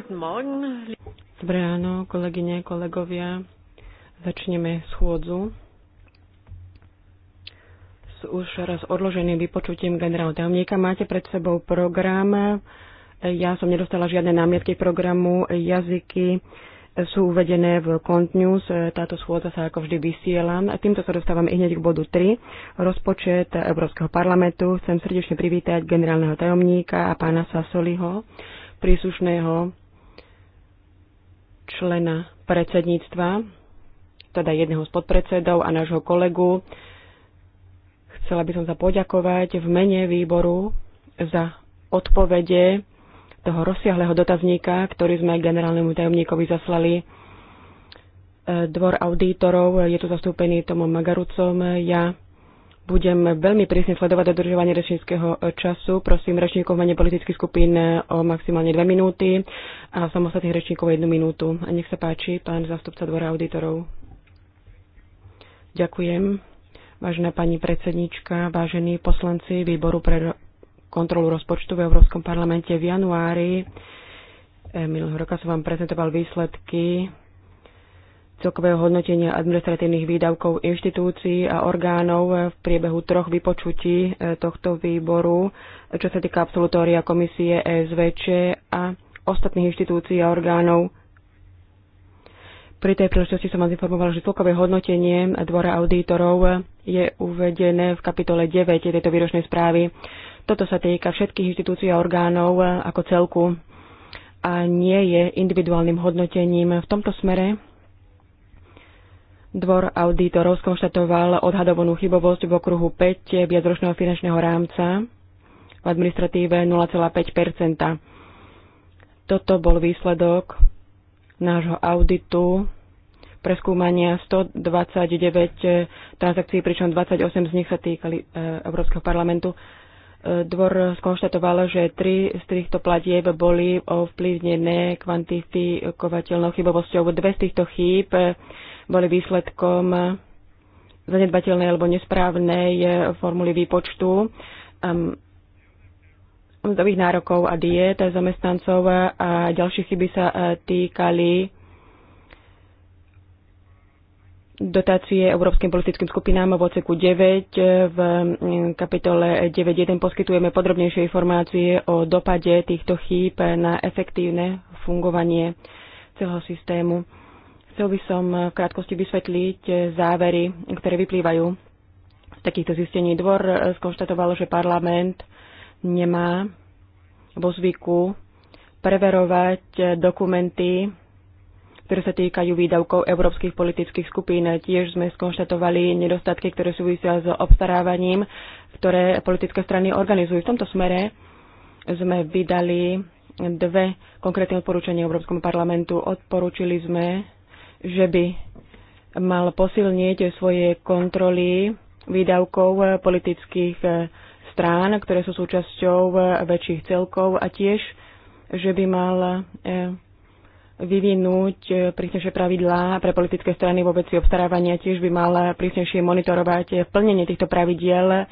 guten Morgen. Dobré ráno, kolegyne, kolegovia. Začneme schôdzu s už raz odloženým vypočutím generálneho tajomníka. Máte pred sebou program. Ja som nedostala žiadne námietky programu. Jazyky sú uvedené v Contnews. Táto schôdza sa ako vždy vysiela. Týmto sa dostávam i hneď k bodu 3. Rozpočet Európskeho parlamentu. Chcem srdečne privítať generálneho tajomníka a pána Sasoliho, príslušného člena predsedníctva, teda jedného z podpredsedov a nášho kolegu. Chcela by som sa poďakovať v mene výboru za odpovede toho rozsiahleho dotazníka, ktorý sme generálnemu tajomníkovi zaslali. E, dvor auditorov je tu zastúpený Tomom Magarucom, ja budem veľmi prísne sledovať dodržovanie rečníckého času. Prosím rečníkov menej politických skupín o maximálne dve minúty a samostatných rečníkov jednu minútu. A nech sa páči, pán zastupca dvora auditorov. Ďakujem. Vážená pani predsednička, vážení poslanci výboru pre kontrolu rozpočtu v Európskom parlamente v januári minulého roka som vám prezentoval výsledky celkového hodnotenia administratívnych výdavkov inštitúcií a orgánov v priebehu troch vypočutí e, tohto výboru, čo sa týka absolutória komisie ESVČ a ostatných inštitúcií a orgánov. Pri tej príležitosti som vás informovala, že celkové hodnotenie Dvora auditorov je uvedené v kapitole 9 tejto výročnej správy. Toto sa týka všetkých inštitúcií a orgánov ako celku a nie je individuálnym hodnotením. V tomto smere Dvor auditorov skonštatoval odhadovanú chybovosť v okruhu 5 viacročného finančného rámca v administratíve 0,5 Toto bol výsledok nášho auditu preskúmania 129 transakcií, pričom 28 z nich sa týkali e, Európskeho parlamentu. E, dvor skonštatoval, že tri z týchto platieb boli ovplyvnené kvantifikovateľnou chybovosťou. Dve z týchto chýb boli výsledkom zanedbateľnej alebo nesprávnej eh, formuly výpočtu ehm, mzdových nárokov a diet zamestnancov a ďalšie chyby sa eh, týkali dotácie európskym politickým skupinám v oceku 9. Eh, v mm, kapitole 9.1 poskytujeme podrobnejšie informácie o dopade týchto chýb na efektívne fungovanie celého systému. Chcel by som v krátkosti vysvetliť závery, ktoré vyplývajú z takýchto zistení. Dvor eh, skonštatoval, že parlament nemá vo zvyku preverovať eh, dokumenty, ktoré sa týkajú výdavkov európskych politických skupín. Tiež sme skonštatovali nedostatky, ktoré súvisia s obstarávaním, ktoré politické strany organizujú. V tomto smere sme vydali dve konkrétne odporúčania Európskemu parlamentu. Odporúčili sme že by mal posilniť svoje kontroly výdavkov politických eh, strán, ktoré sú súčasťou eh, väčších celkov a tiež, že by mal eh, vyvinúť prísnejšie pravidlá pre politické strany vo veci obstarávania, tiež by mal prísnejšie monitorovať plnenie týchto pravidiel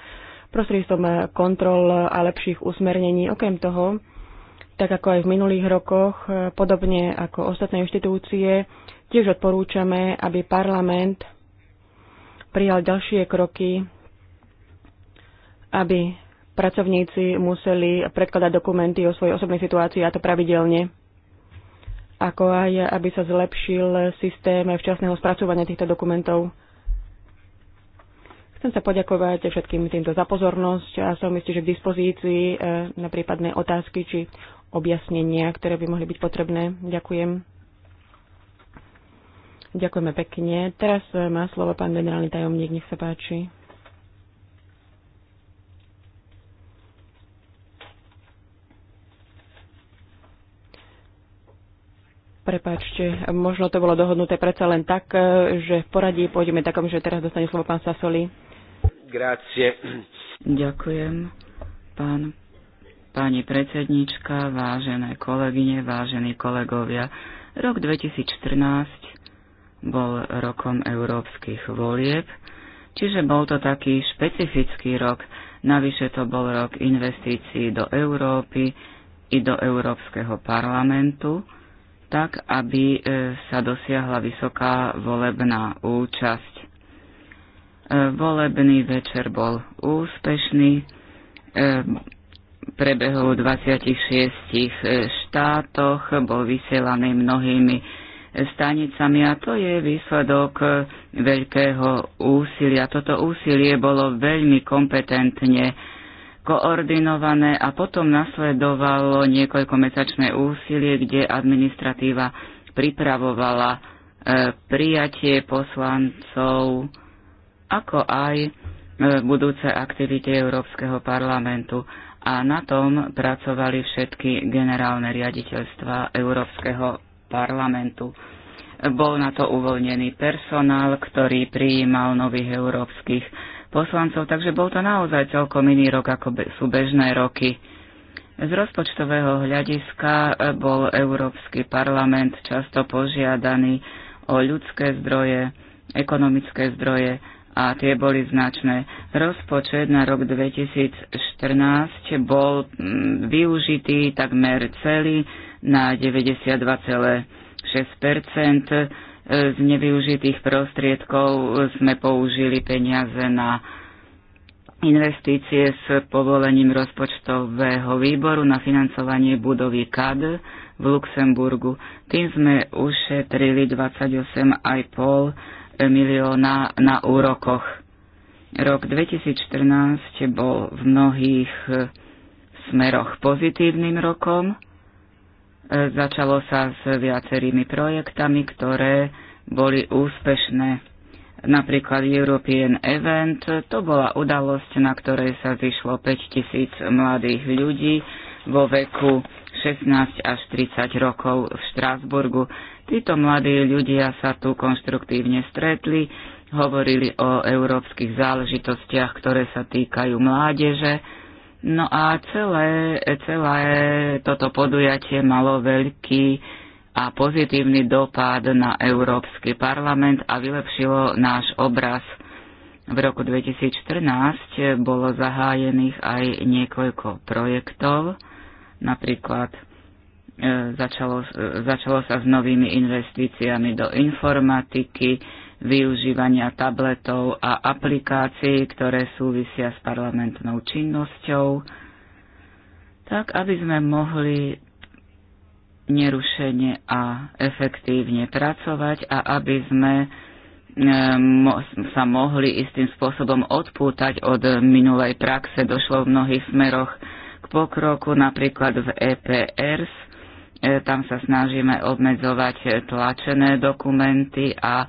prostredstvom kontrol a lepších usmernení. Okrem toho, tak ako aj v minulých rokoch, e, podobne ako ostatné inštitúcie, tiež odporúčame, aby parlament prijal ďalšie kroky, aby pracovníci museli predkladať dokumenty o svojej osobnej situácii a to pravidelne, ako aj aby sa zlepšil systém včasného spracovania týchto dokumentov. Chcem sa poďakovať všetkým týmto za pozornosť a som istý, že k dispozícii e, na prípadné otázky či objasnenia, ktoré by mohli byť potrebné. Ďakujem. Ďakujeme pekne. Teraz eh, má slovo pán generálny tajomník, nech sa páči. Prepáčte, možno to bolo dohodnuté predsa len tak, eh, že v poradí pôjdeme takom, že teraz dostane slovo pán Sasoli. Grazie. Ďakujem, pán pani predsednička, vážené kolegyne, vážení kolegovia. Rok 2014 bol rokom európskych volieb, čiže bol to taký špecifický rok. Navyše to bol rok investícií do Európy i do Európskeho parlamentu, tak aby e, sa dosiahla vysoká volebná účasť e, volebný večer bol úspešný, e, prebehu 26 štátoch, bol vysielaný mnohými stanicami a to je výsledok veľkého úsilia. Toto úsilie bolo veľmi kompetentne koordinované a potom nasledovalo niekoľkomesačné úsilie, kde administratíva pripravovala e, prijatie poslancov, ako aj e, budúce aktivity Európskeho parlamentu a na tom pracovali všetky generálne riaditeľstva Európskeho parlamentu. Bol na to uvoľnený personál, ktorý prijímal nových európskych poslancov, takže bol to naozaj celkom iný rok, ako sú bežné roky. Z rozpočtového hľadiska e, bol Európsky parlament často požiadaný o ľudské zdroje, ekonomické zdroje, a tie boli značné. Rozpočet na rok 2014 bol mm, využitý takmer celý na 92,6 e, z nevyužitých prostriedkov sme použili peniaze na investície s povolením rozpočtového výboru na financovanie budovy KAD v Luxemburgu. Tým sme ušetrili 28,5 milióna na úrokoch. Rok 2014 bol v mnohých e, smeroch pozitívnym rokom. E, začalo sa s viacerými projektami, ktoré boli úspešné. Napríklad European Event, to bola udalosť, na ktorej sa zišlo 5000 mladých ľudí vo veku 16 až 30 rokov v Štrásburgu. Títo mladí ľudia sa tu konštruktívne stretli, hovorili o európskych záležitostiach, ktoré sa týkajú mládeže. No a celé, celé toto podujatie malo veľký a pozitívny dopad na Európsky parlament a vylepšilo náš obraz. V roku 2014 bolo zahájených aj niekoľko projektov, napríklad začalo, začalo sa s novými investíciami do informatiky, využívania tabletov a aplikácií, ktoré súvisia s parlamentnou činnosťou, tak aby sme mohli nerušene a efektívne pracovať a aby sme ehm, sa mohli istým spôsobom odpútať od minulej praxe. Došlo v mnohých smeroch k pokroku, napríklad v EPRS, E, tam sa snažíme obmedzovať tlačené dokumenty a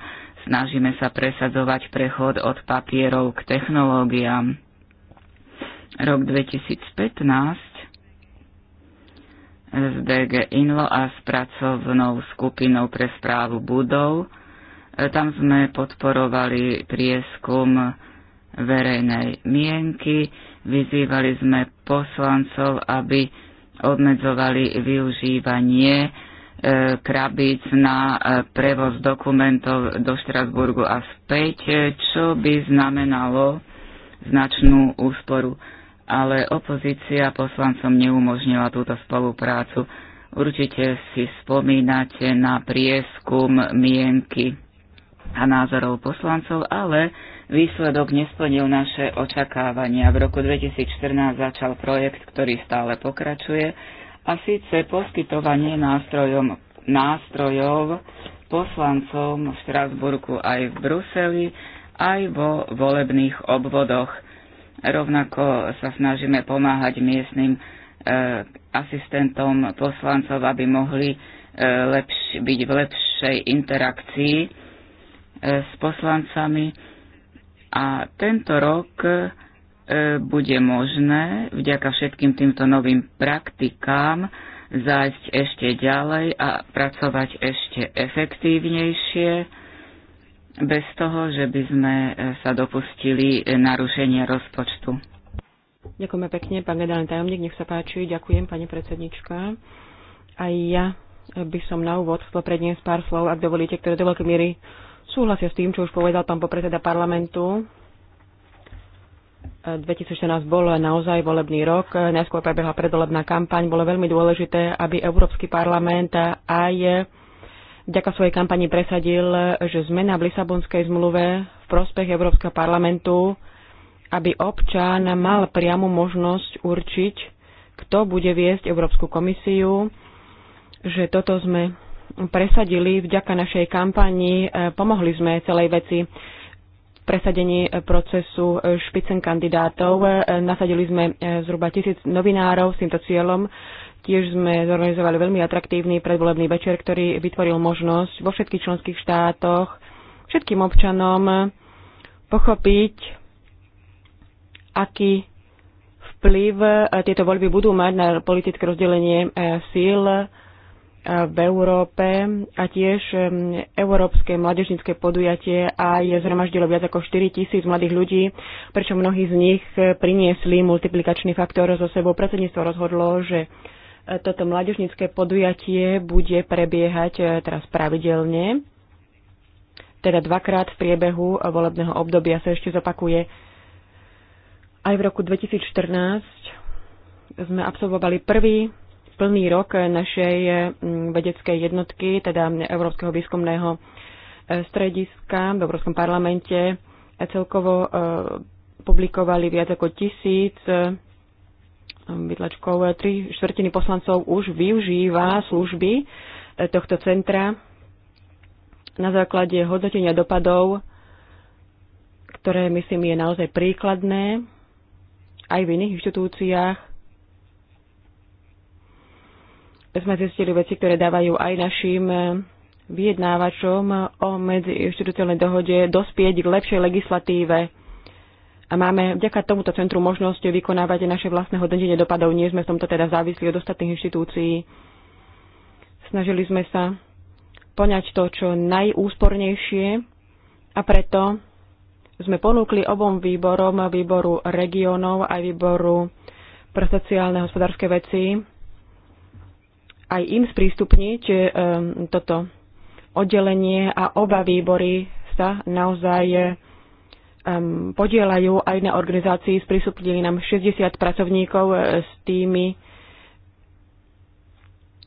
snažíme sa presadzovať prechod od papierov k technológiám. Rok 2015 z DG Inlo a s pracovnou skupinou pre správu budov. E, tam sme podporovali prieskum verejnej mienky, vyzývali sme poslancov, aby obmedzovali využívanie e, krabíc na e, prevoz dokumentov do Štrasburgu a späť, e, čo by znamenalo značnú úsporu. Ale opozícia poslancom neumožnila túto spoluprácu. Určite si spomínate na prieskum mienky a názorov poslancov, ale Výsledok nesplnil naše očakávania. V roku 2014 začal projekt, ktorý stále pokračuje, a síce poskytovanie nástrojom, nástrojov poslancom v Štrasburku aj v Bruseli, aj vo volebných obvodoch. Rovnako sa snažíme pomáhať miestnym e, asistentom poslancov, aby mohli e, lepš- byť v lepšej interakcii e, s poslancami a tento rok e, bude možné vďaka všetkým týmto novým praktikám zájsť ešte ďalej a pracovať ešte efektívnejšie, bez toho, že by sme e, sa dopustili e, narušenia rozpočtu. Ďakujeme pekne, pán generálny tajomník, nech sa páči. Ďakujem, pani predsednička. Aj ja by som na úvod chcel predniesť pár slov, ak dovolíte, ktoré do veľkej miery Súhlasia s tým, čo už povedal pán popredseda parlamentu. 2014 e, bol naozaj volebný rok, e, najskôr prebehla predvolebná kampaň, bolo veľmi dôležité, aby Európsky parlament aj vďaka svojej kampani presadil, že zmena v Lisabonskej zmluve v prospech Európskeho parlamentu, aby občan mal priamu možnosť určiť, kto bude viesť Európsku komisiu, že toto sme presadili vďaka našej kampani. E, pomohli sme celej veci v presadení e, procesu e, špicen kandidátov. Nasadili sme zhruba tisíc novinárov s týmto cieľom. Tiež sme zorganizovali veľmi atraktívny predvolebný večer, ktorý vytvoril možnosť vo všetkých členských štátoch všetkým občanom pochopiť, aký vplyv tieto voľby budú mať na politické rozdelenie síl v Európe a tiež Európske mladežnické podujatie a je zhromaždilo viac ako 4 tisíc mladých ľudí, prečo mnohí z nich priniesli multiplikačný faktor so sebou. Predsedníctvo rozhodlo, že e, toto mladežnické podujatie bude prebiehať e, teraz pravidelne, teda dvakrát v priebehu volebného obdobia sa ešte zopakuje. Aj v roku 2014 sme absolvovali prvý plný rok našej mm, vedeckej jednotky, teda Európskeho výskumného e, strediska v Európskom parlamente. E, celkovo e, publikovali viac ako tisíc vytlačkov. Tri štvrtiny poslancov už využíva služby tohto centra na základe hodnotenia dopadov, ktoré myslím je naozaj príkladné aj v iných inštitúciách sme zistili veci, ktoré dávajú aj našim eh, vyjednávačom eh, o medziinstitucionálnej dohode dospieť k lepšej legislatíve. A máme vďaka tomuto centru možnosť vykonávať naše vlastné hodnotenie dopadov. Nie sme v tomto teda závislí od ostatných inštitúcií. Snažili sme sa poňať to, čo najúspornejšie a preto sme ponúkli obom výborom, výboru regionov aj výboru pre sociálne hospodárske veci, aj im sprístupniť e, toto oddelenie a oba výbory sa naozaj e, podielajú aj na organizácii. Sprístupnili nám 60 pracovníkov e, s tými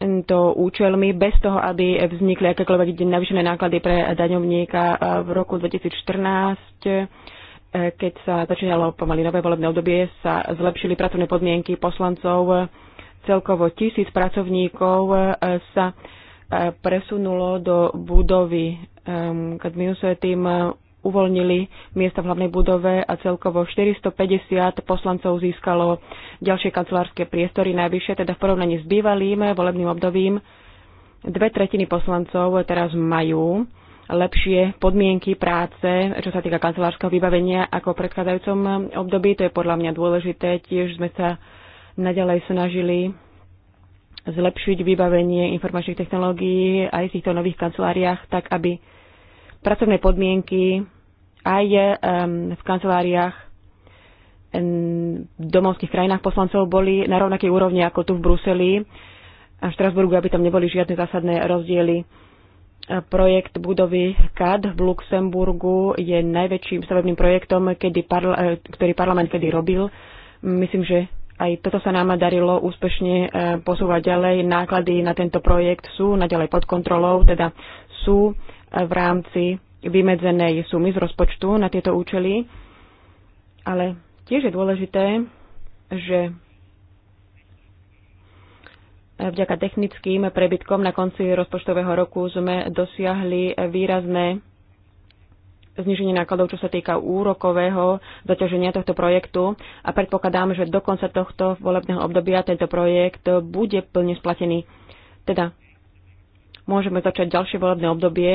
to účelmi bez toho, aby vznikli akékoľvek navýšené náklady pre daňovníka. V roku 2014, keď sa začínalo pomaly nové volebné obdobie, sa zlepšili pracovné podmienky poslancov celkovo tisíc pracovníkov e, sa e, presunulo do budovy. Keď minusuje tým e, uvoľnili miesta v hlavnej budove a celkovo 450 poslancov získalo ďalšie kancelárske priestory, najvyššie teda v porovnaní s bývalým volebným obdobím. Dve tretiny poslancov teraz majú lepšie podmienky práce, čo sa týka kancelárskeho vybavenia ako v predchádzajúcom období. To je podľa mňa dôležité. Tiež sme sa naďalej snažili zlepšiť vybavenie informačných technológií aj v týchto nových kanceláriách, tak aby pracovné podmienky aj eh, v kanceláriách v domovských krajinách poslancov boli na rovnakej úrovni ako tu v Bruseli a v Štrasburgu, aby tam neboli žiadne zásadné rozdiely. Eh, projekt budovy CAD v Luxemburgu je najväčším stavebným projektom, kedy parla- eh, ktorý parlament kedy robil. Myslím, že aj toto sa nám darilo úspešne e, posúvať ďalej. Náklady na tento projekt sú naďalej pod kontrolou, teda sú e, v rámci vymedzenej sumy z rozpočtu na tieto účely. Ale tiež je dôležité, že e, vďaka technickým prebytkom na konci rozpočtového roku sme dosiahli výrazné zniženie nákladov, čo sa týka úrokového zaťaženia tohto projektu a predpokladám, že do konca tohto volebného obdobia tento projekt bude plne splatený. Teda môžeme začať ďalšie volebné obdobie,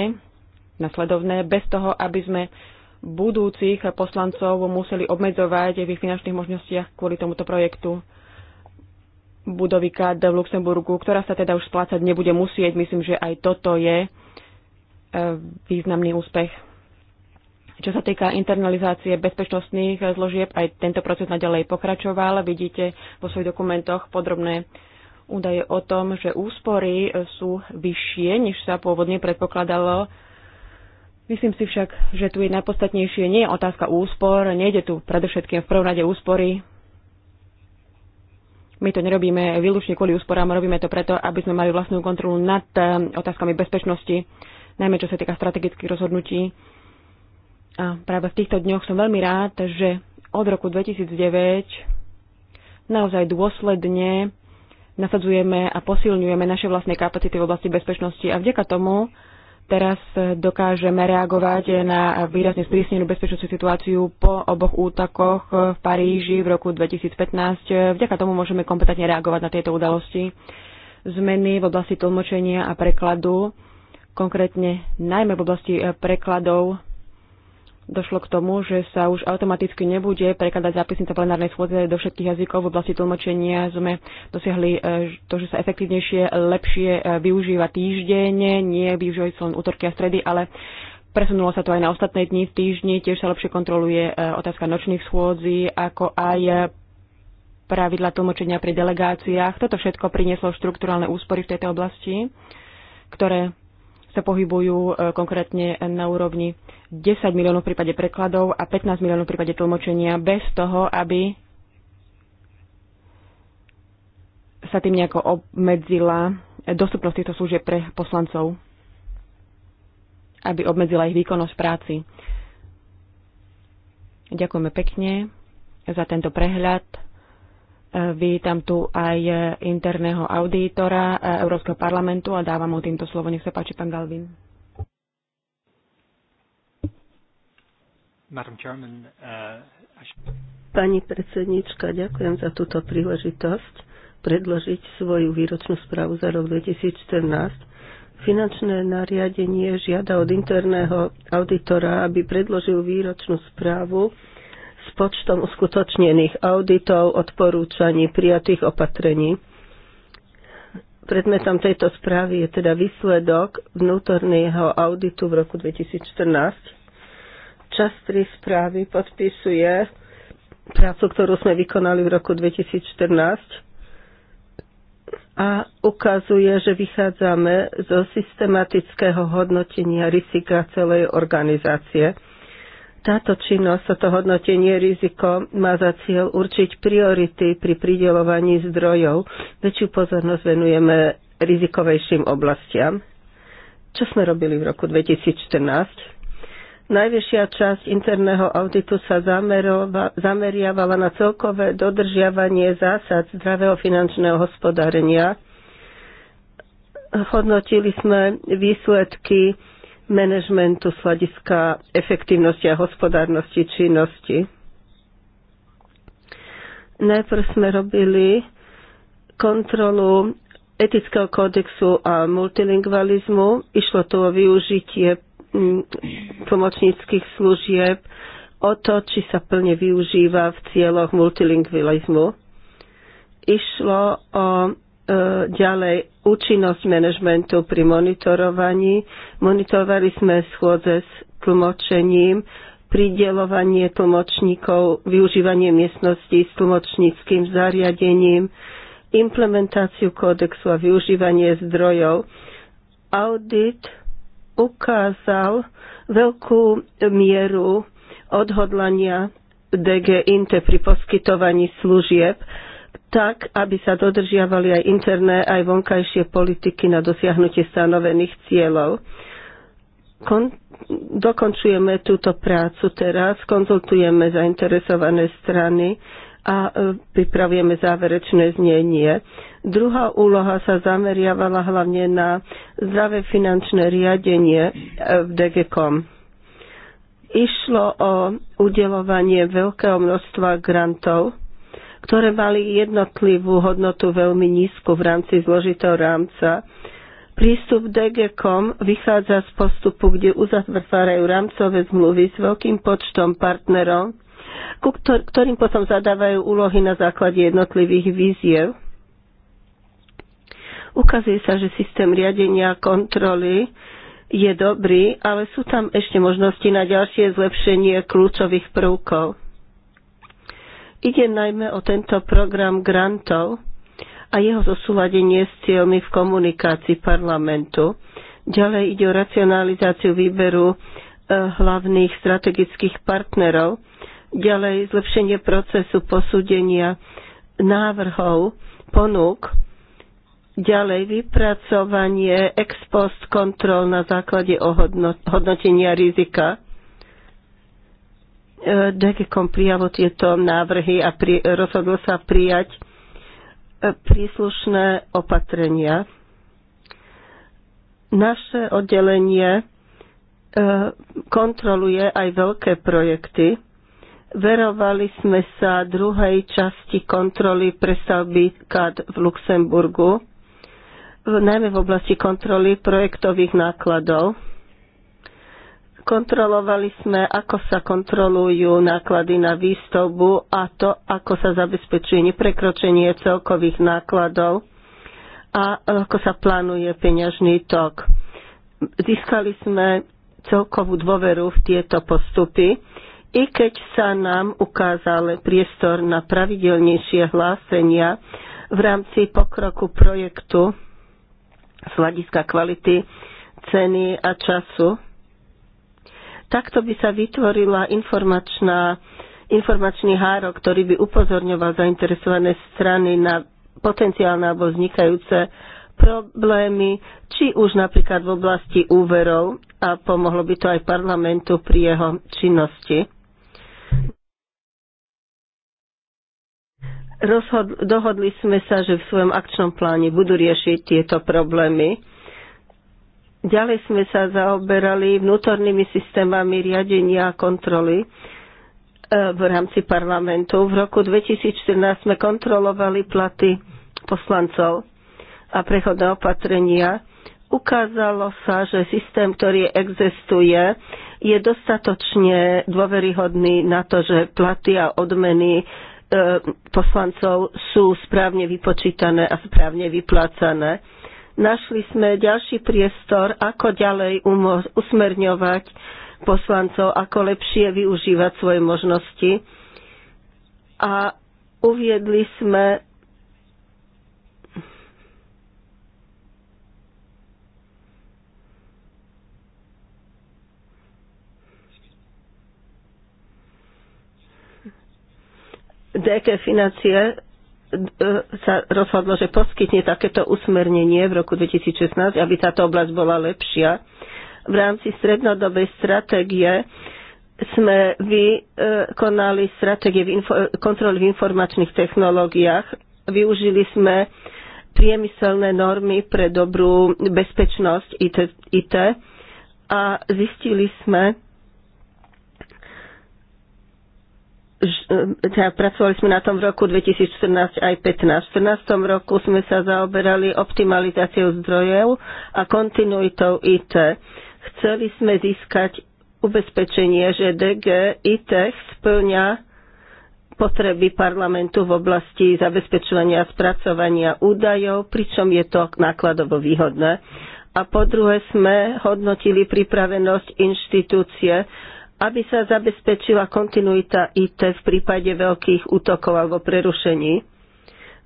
nasledovné, bez toho, aby sme budúcich poslancov museli obmedzovať v ich finančných možnostiach kvôli tomuto projektu budovy KAD v Luxemburgu, ktorá sa teda už splácať nebude musieť. Myslím, že aj toto je e, významný úspech. Čo sa týka internalizácie bezpečnostných zložieb, aj tento proces naďalej pokračoval. Vidíte vo svojich dokumentoch podrobné údaje o tom, že úspory sú vyššie, než sa pôvodne predpokladalo. Myslím si však, že tu je najpodstatnejšie nie je otázka úspor, nejde tu predovšetkým v prvom rade úspory. My to nerobíme výlučne kvôli úsporám, robíme to preto, aby sme mali vlastnú kontrolu nad eh, otázkami bezpečnosti, najmä čo sa týka strategických rozhodnutí a práve v týchto dňoch som veľmi rád, že od roku 2009 naozaj dôsledne nasadzujeme a posilňujeme naše vlastné kapacity v oblasti bezpečnosti a vďaka tomu teraz dokážeme reagovať na výrazne sprísnenú bezpečnostnú situáciu po oboch útakoch v Paríži v roku 2015. Vďaka tomu môžeme kompetentne reagovať na tieto udalosti. Zmeny v oblasti tlmočenia a prekladu, konkrétne najmä v oblasti prekladov došlo k tomu, že sa už automaticky nebude prekladať zápisnice plenárnej schôdze do všetkých jazykov v oblasti tlmočenia. Sme dosiahli e, to, že sa efektívnejšie, lepšie e, využíva týždenne, nie využívajú sa len útorky a stredy, ale Presunulo sa to aj na ostatné dni v týždni, tiež sa lepšie kontroluje e, otázka nočných schôdzí, ako aj pravidla tlmočenia pri delegáciách. Toto všetko prinieslo štruktúrálne úspory v tejto oblasti, ktoré sa pohybujú e, konkrétne na úrovni 10 miliónov v prípade prekladov a 15 miliónov v prípade tlmočenia bez toho, aby sa tým nejako obmedzila dostupnosť týchto služieb pre poslancov, aby obmedzila ich výkonnosť práci. Ďakujeme pekne za tento prehľad. Vítam tu aj e, interného auditora e, Európskeho parlamentu a dávam mu týmto slovo. Nech sa páči, pán Galvin. Uh, Pani predsednička, ďakujem za túto príležitosť predložiť svoju výročnú správu za rok 2014. Finančné nariadenie žiada od interného auditora, aby predložil výročnú správu počtom uskutočnených auditov, odporúčaní, prijatých opatrení. Predmetom tejto správy je teda výsledok vnútorného auditu v roku 2014. Čas 3 správy podpisuje prácu, ktorú sme vykonali v roku 2014 a ukazuje, že vychádzame zo systematického hodnotenia rizika celej organizácie. Táto činnosť, toto hodnotenie riziko má za cieľ určiť priority pri pridelovaní zdrojov. Väčšiu pozornosť venujeme rizikovejším oblastiam. Čo sme robili v roku 2014? Najvyššia časť interného auditu sa zameriavala na celkové dodržiavanie zásad zdravého finančného hospodárenia. Hodnotili sme výsledky manažmentu z hľadiska efektívnosti a hospodárnosti činnosti. Najprv sme robili kontrolu etického kódexu a multilingvalizmu. Išlo to o využitie mm, pomocníckých služieb, o to, či sa plne využíva v cieľoch multilingvalizmu. Išlo o E, ďalej účinnosť manažmentu pri monitorovaní. Monitorovali sme schôdze s tlmočením, pridelovanie tlmočníkov, využívanie miestností s tlmočníckým zariadením, implementáciu kódexu a využívanie zdrojov. Audit ukázal veľkú mieru odhodlania DG INTE pri poskytovaní služieb tak, aby sa dodržiavali aj interné, aj vonkajšie politiky na dosiahnutie stanovených cieľov. Kon- dokončujeme túto prácu teraz, konzultujeme zainteresované strany a e, pripravujeme záverečné znenie. Druhá úloha sa zameriavala hlavne na zdravé finančné riadenie e, v DGCOM. Išlo o udelovanie veľkého množstva grantov, ktoré mali jednotlivú hodnotu veľmi nízku v rámci zložitého rámca. Prístup DGCOM vychádza z postupu, kde uzatvárajú rámcové zmluvy s veľkým počtom partnerov, ku ktorým potom zadávajú úlohy na základe jednotlivých víziev. Ukazuje sa, že systém riadenia a kontroly je dobrý, ale sú tam ešte možnosti na ďalšie zlepšenie kľúčových prvkov. Ide najmä o tento program grantov a jeho zosúladenie s cieľmi v komunikácii parlamentu. Ďalej ide o racionalizáciu výberu eh, hlavných strategických partnerov, ďalej zlepšenie procesu posúdenia návrhov, ponúk, ďalej vypracovanie ex post kontrol na základe hodnotenia rizika, E, DGCOM prijalo tieto návrhy a pri, rozhodlo sa prijať e, príslušné opatrenia. Naše oddelenie e, kontroluje aj veľké projekty. Verovali sme sa druhej časti kontroly prestavby KAD v Luxemburgu, najmä v oblasti kontroly projektových nákladov kontrolovali sme, ako sa kontrolujú náklady na výstavbu a to, ako sa zabezpečuje neprekročenie celkových nákladov a ako sa plánuje peňažný tok. Získali sme celkovú dôveru v tieto postupy, i keď sa nám ukázal priestor na pravidelnejšie hlásenia v rámci pokroku projektu z hľadiska kvality, ceny a času Takto by sa vytvorila informačná, informačný hárok, ktorý by upozorňoval zainteresované strany na potenciálne alebo vznikajúce problémy, či už napríklad v oblasti úverov a pomohlo by to aj parlamentu pri jeho činnosti. Rozhod- dohodli sme sa, že v svojom akčnom pláne budú riešiť tieto problémy Ďalej sme sa zaoberali vnútornými systémami riadenia a kontroly e, v rámci parlamentu. V roku 2014 sme kontrolovali platy poslancov a prechodné opatrenia. Ukázalo sa, že systém, ktorý existuje, je dostatočne dôveryhodný na to, že platy a odmeny e, poslancov sú správne vypočítané a správne vyplácané Našli sme ďalší priestor, ako ďalej usmerňovať poslancov, ako lepšie využívať svoje možnosti. A uviedli sme DK financie sa rozhodlo, že poskytne takéto usmernenie v roku 2016, aby táto oblasť bola lepšia. V rámci strednodobej stratégie sme vykonali stratégie kontroly v informačných technológiách. Využili sme priemyselné normy pre dobrú bezpečnosť IT, IT a zistili sme, E, teda pracovali sme na tom v roku 2014 aj 15. V 2014 roku sme sa zaoberali optimalizáciou zdrojov a kontinuitou IT. Chceli sme získať ubezpečenie, že DG IT splňa potreby parlamentu v oblasti zabezpečovania a spracovania údajov, pričom je to nákladovo výhodné. A po druhé sme hodnotili pripravenosť inštitúcie aby sa zabezpečila kontinuita IT v prípade veľkých útokov alebo prerušení.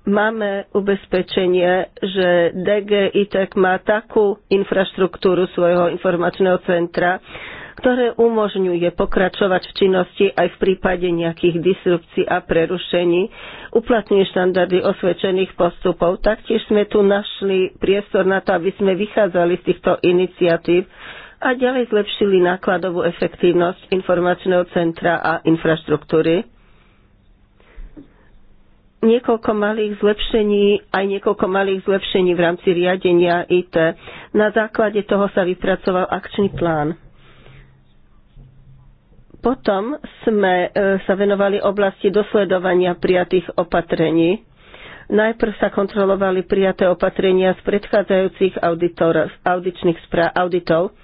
Máme ubezpečenie, že DG ITEC má takú infraštruktúru svojho informačného centra, ktoré umožňuje pokračovať v činnosti aj v prípade nejakých disrupcií a prerušení, uplatňuje štandardy osvedčených postupov. Taktiež sme tu našli priestor na to, aby sme vychádzali z týchto iniciatív a ďalej zlepšili nákladovú efektívnosť informačného centra a infraštruktúry. Niekoľko malých zlepšení, aj niekoľko malých zlepšení v rámci riadenia IT. Na základe toho sa vypracoval akčný plán. Potom sme e, sa venovali oblasti dosledovania prijatých opatrení. Najprv sa kontrolovali prijaté opatrenia z predchádzajúcich auditor, audičných správ, auditov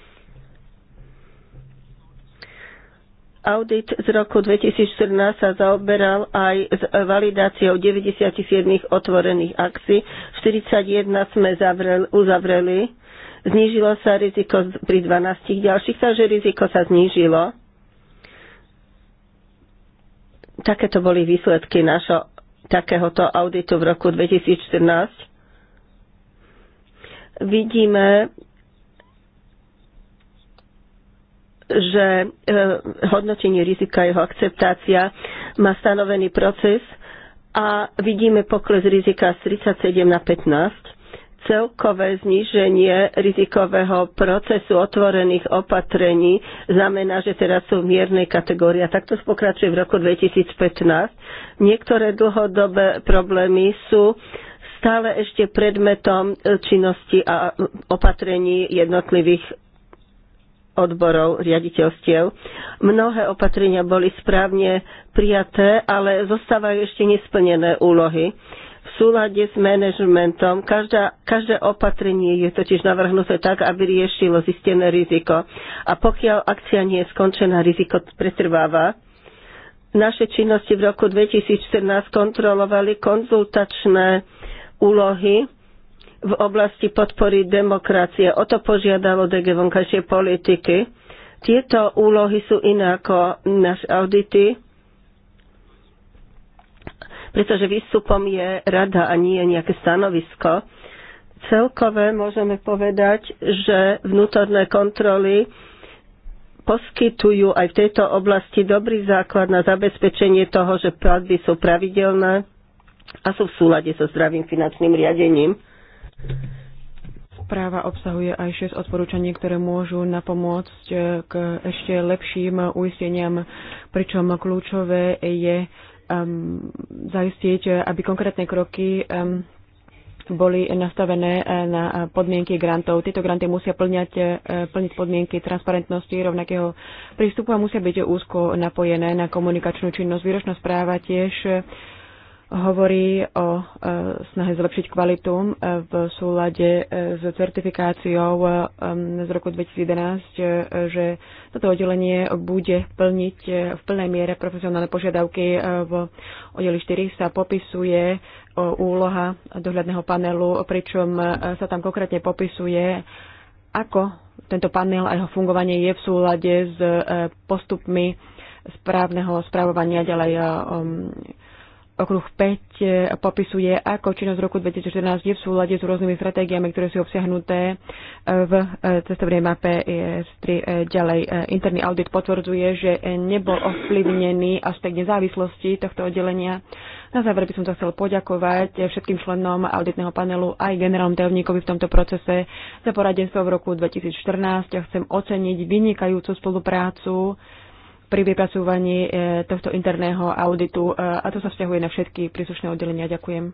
Audit z roku 2014 sa zaoberal aj s validáciou 97 otvorených akcií. 41 sme zavrel, uzavreli. Znížilo sa riziko pri 12 ďalších, takže riziko sa znížilo. Takéto boli výsledky našho takéhoto auditu v roku 2014. Vidíme že e, hodnotenie rizika, jeho akceptácia má stanovený proces a vidíme pokles rizika z 37 na 15 celkové zníženie rizikového procesu otvorených opatrení znamená, že teraz sú v miernej kategórii. A takto pokračuje v roku 2015. Niektoré dlhodobé problémy sú stále ešte predmetom činnosti a opatrení jednotlivých odborov riaditeľstiev. Mnohé opatrenia boli správne prijaté, ale zostávajú ešte nesplnené úlohy. V súlade s manažmentom každá, každé opatrenie je totiž navrhnuté tak, aby riešilo zistené riziko. A pokiaľ akcia nie je skončená, riziko pretrváva. Naše činnosti v roku 2014 kontrolovali konzultačné úlohy v oblasti podpory demokracie. O to požiadalo DG vonkajšie politiky. Tieto úlohy sú iné ako naše audity, pretože výstupom je rada a nie nejaké stanovisko. Celkové môžeme povedať, že vnútorné kontroly poskytujú aj v tejto oblasti dobrý základ na zabezpečenie toho, že platby sú pravidelné a sú v súlade so zdravým finančným riadením. Práva obsahuje aj 6 odporúčaní, ktoré môžu napomôcť eh, k ešte lepším uisteniam, pričom kľúčové je um, zaistiť, aby konkrétne kroky um, boli nastavené eh, na podmienky grantov. Tieto granty musia plňať, eh, plniť podmienky transparentnosti, rovnakého prístupu a musia byť úzko napojené na komunikačnú činnosť. Výročná správa tiež hovorí o e, snahe zlepšiť kvalitu e, v súlade e, s certifikáciou z roku 2011, že toto oddelenie bude plniť v plnej miere profesionálne požiadavky. V oddeli 4 sa popisuje úloha dohľadného panelu, pričom sa tam konkrétne popisuje, ako tento panel a jeho fungovanie je v súlade s postupmi správneho správovania ďalej Okruh 5 e, popisuje, ako činnosť roku 2014 je v súlade s rôznymi stratégiami, ktoré sú obsiahnuté e, v e, cestovnej mape ES3. Ďalej, interný audit potvrdzuje, že nebol ovplyvnený aspekt nezávislosti tohto oddelenia. Na záver by som sa chcel poďakovať všetkým členom auditného panelu aj generálnom tajomníkovi v tomto procese za poradenstvo v roku 2014 Ja chcem oceniť vynikajúcu spoluprácu pri vypracúvaní e, tohto interného auditu e, a to sa vzťahuje na všetky príslušné oddelenia. Ďakujem.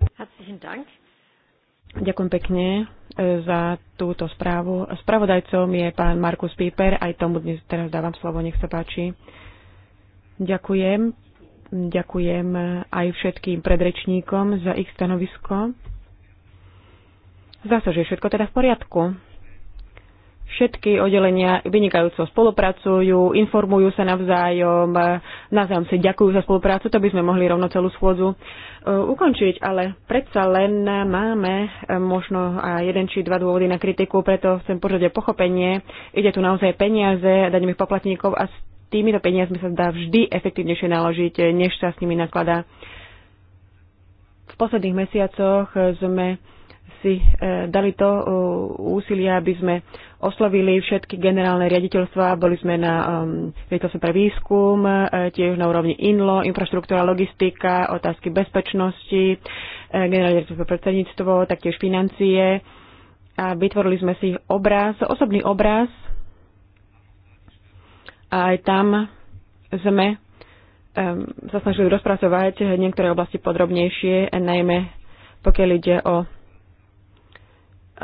Ďakujem pekne e, za túto správu. Spravodajcom je pán Markus Píper, aj tomu dnes teraz dávam slovo, nech sa páči. Ďakujem. Ďakujem aj všetkým predrečníkom za ich stanovisko. Zdá sa, že je všetko teda v poriadku. Všetky oddelenia vynikajúco spolupracujú, informujú sa navzájom, navzájom si ďakujú za spoluprácu, to by sme mohli rovno celú schôdzu e, ukončiť, ale predsa len máme e, možno aj jeden či dva dôvody na kritiku, preto chcem požiadať pochopenie. Ide tu naozaj peniaze daňových poplatníkov a s týmito peniazmi sa dá vždy efektívnejšie naložiť, než sa s nimi nakladá. V posledných mesiacoch sme si e, dali to úsilie, aby sme oslovili všetky generálne riaditeľstva, boli sme na um, pre výskum, e, tiež na úrovni INLO, infraštruktúra, logistika, otázky bezpečnosti, e, generálne riaditeľstvo pre predsedníctvo, taktiež financie a vytvorili sme si obraz, osobný obraz a aj tam sme um, sa snažili rozpracovať niektoré oblasti podrobnejšie, najmä pokiaľ ide o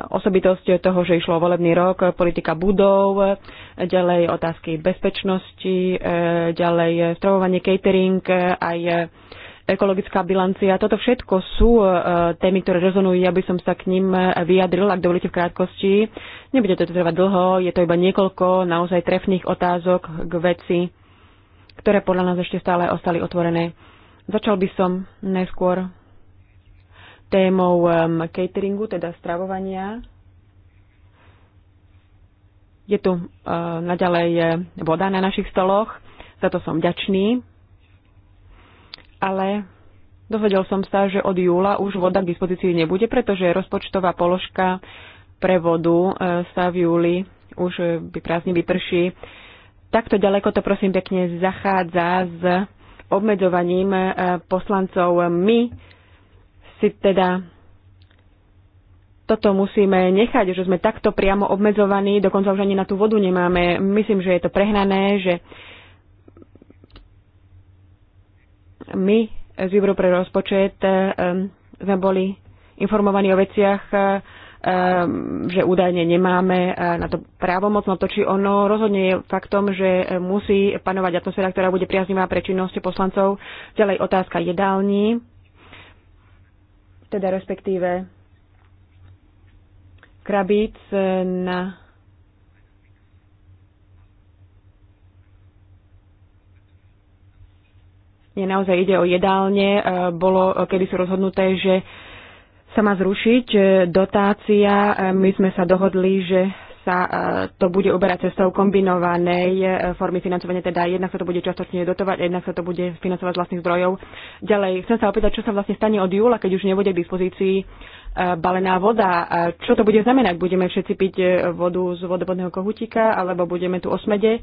osobitosť toho, že išlo o volebný rok, politika budov, ďalej otázky bezpečnosti, ďalej stravovanie, catering, aj ekologická bilancia. Toto všetko sú e, témy, ktoré rezonujú, aby som sa k ním vyjadril, ak dovolíte v krátkosti. Nebude to trvať dlho, je to iba niekoľko naozaj trefných otázok k veci, ktoré podľa nás ešte stále ostali otvorené. Začal by som najskôr témou um, cateringu, teda stravovania. Je tu uh, naďalej uh, voda na našich stoloch, za to som ďačný, ale dozvedel som sa, že od júla už voda k dispozícii nebude, pretože rozpočtová položka pre vodu uh, sa v júli už uh, by prázdne vyprší. Takto ďaleko to prosím pekne zachádza s obmedzovaním poslancov. My si teda toto musíme nechať, že sme takto priamo obmedzovaní, dokonca už ani na tú vodu nemáme. Myslím, že je to prehnané, že my z výboru pre rozpočet eh, eh, sme boli informovaní o veciach, eh, že údajne nemáme na to právomoc, no to či ono rozhodne je faktom, že musí panovať atmosféra, ktorá bude priaznivá pre činnosti poslancov. Ďalej otázka jedálni teda respektíve krabíc e, na nie naozaj ide o jedálne. E, bolo e, kedy sú rozhodnuté, že sa má zrušiť dotácia. My sme sa dohodli, že sa e, to bude uberať cestou kombinovanej e, formy financovania, teda jednak sa to bude častočne dotovať, jednak sa to bude financovať z vlastných zdrojov. Ďalej, chcem sa opýtať, čo sa vlastne stane od júla, keď už nebude k dispozícii e, balená voda. Čo to bude znamenať? Budeme všetci piť vodu z vodovodného kohutíka, alebo budeme tu osmede?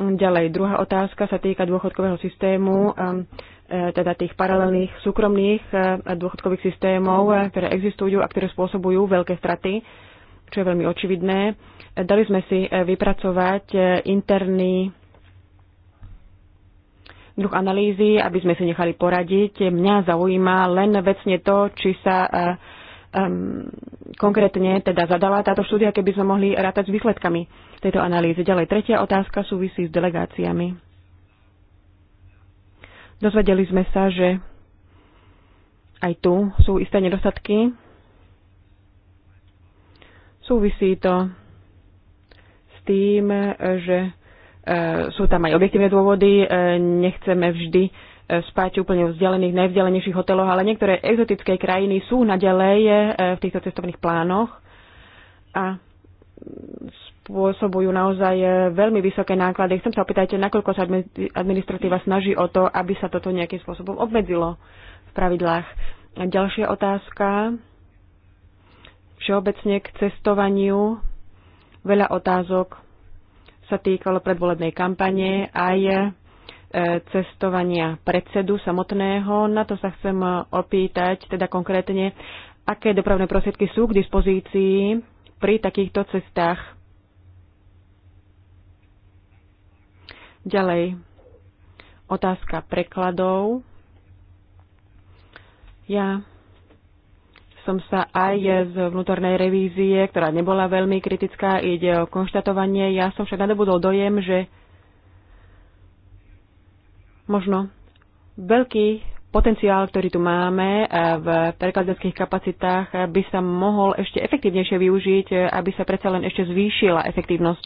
Ďalej, druhá otázka sa týka dôchodkového systému, teda tých paralelných súkromných dôchodkových systémov, ktoré existujú a ktoré spôsobujú veľké straty čo je veľmi očividné. Dali sme si eh, vypracovať eh, interný druh analýzy, aby sme si nechali poradiť. Mňa zaujíma len vecne to, či sa um, konkrétne teda zadala táto štúdia, keby sme mohli rátať s výsledkami tejto analýzy. Ďalej, tretia otázka súvisí s delegáciami. Dozvedeli sme sa, že aj tu sú isté nedostatky Súvisí to s tým, že e, sú tam aj objektívne dôvody, e, nechceme vždy e, spať úplne v vzdialených, najvzdialenejších hoteloch, ale niektoré exotické krajiny sú naďalej v týchto cestovných plánoch a spôsobujú naozaj veľmi vysoké náklady. Chcem sa opýtať, nakoľko sa administratíva snaží o to, aby sa toto nejakým spôsobom obmedzilo v pravidlách. A ďalšia otázka Všeobecne k cestovaniu veľa otázok sa týkalo predvolebnej kampane aj e, cestovania predsedu samotného. Na to sa chcem opýtať, teda konkrétne, aké dopravné prostriedky sú k dispozícii pri takýchto cestách. Ďalej, otázka prekladov. Ja som sa aj z vnútornej revízie, ktorá nebola veľmi kritická, ide o konštatovanie. Ja som však nadobudol dojem, že možno veľký potenciál, ktorý tu máme eh, v prekladeckých kapacitách, eh, by sa mohol ešte efektívnejšie využiť, eh, aby sa predsa len ešte zvýšila efektívnosť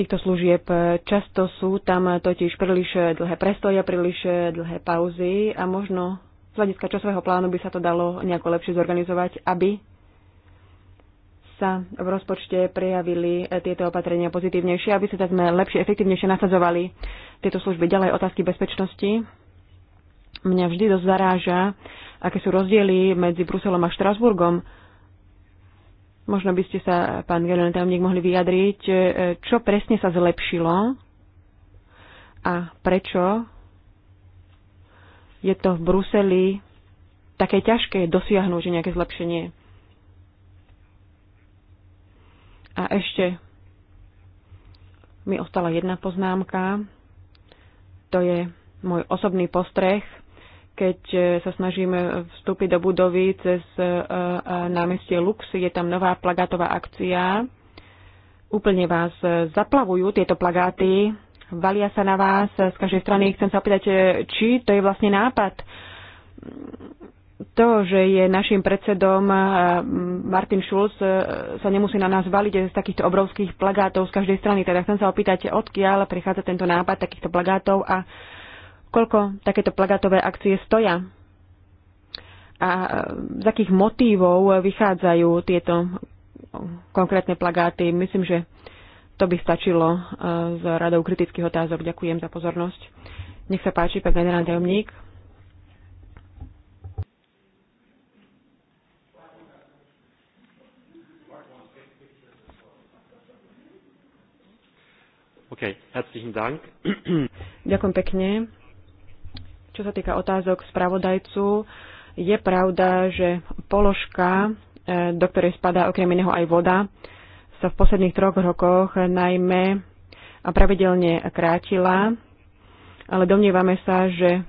týchto služieb. Často sú tam totiž príliš dlhé prestoje, príliš dlhé pauzy a možno z hľadiska časového plánu by sa to dalo nejako lepšie zorganizovať, aby sa v rozpočte prejavili e, tieto opatrenia pozitívnejšie, aby sa sme lepšie, efektívnejšie nasadzovali tieto služby. Ďalej otázky bezpečnosti. Mňa vždy dosť zaráža, aké sú rozdiely medzi Bruselom a Štrasburgom. Možno by ste sa, pán generálny tajomník, mohli vyjadriť, e, čo presne sa zlepšilo a prečo je to v Bruseli také ťažké dosiahnuť nejaké zlepšenie. A ešte mi ostala jedna poznámka. To je môj osobný postreh, keď e, sa snažíme vstúpiť do budovy cez e, e, námestie Lux. Je tam nová plagátová akcia. Úplne vás zaplavujú tieto plagáty valia sa na vás z každej strany. Chcem sa opýtať, e, či to je vlastne nápad. To, že je našim predsedom e, Martin Schulz, e, sa nemusí na nás valiť z takýchto obrovských plagátov z každej strany. Teda chcem sa opýtať, odkiaľ prichádza tento nápad takýchto plagátov a koľko takéto plagátové akcie stoja a z akých motívov vychádzajú tieto konkrétne plagáty. Myslím, že to by stačilo z eh, radou kritických otázok. Ďakujem za pozornosť. Nech sa páči, pán generálny tajomník. herzlichen Dank. Ďakujem pekne. Čo sa týka otázok spravodajcu, je pravda, že položka, eh, do ktorej spadá okrem iného aj voda, sa v posledných troch rokoch najmä a pravidelne krátila, ale domnievame sa, že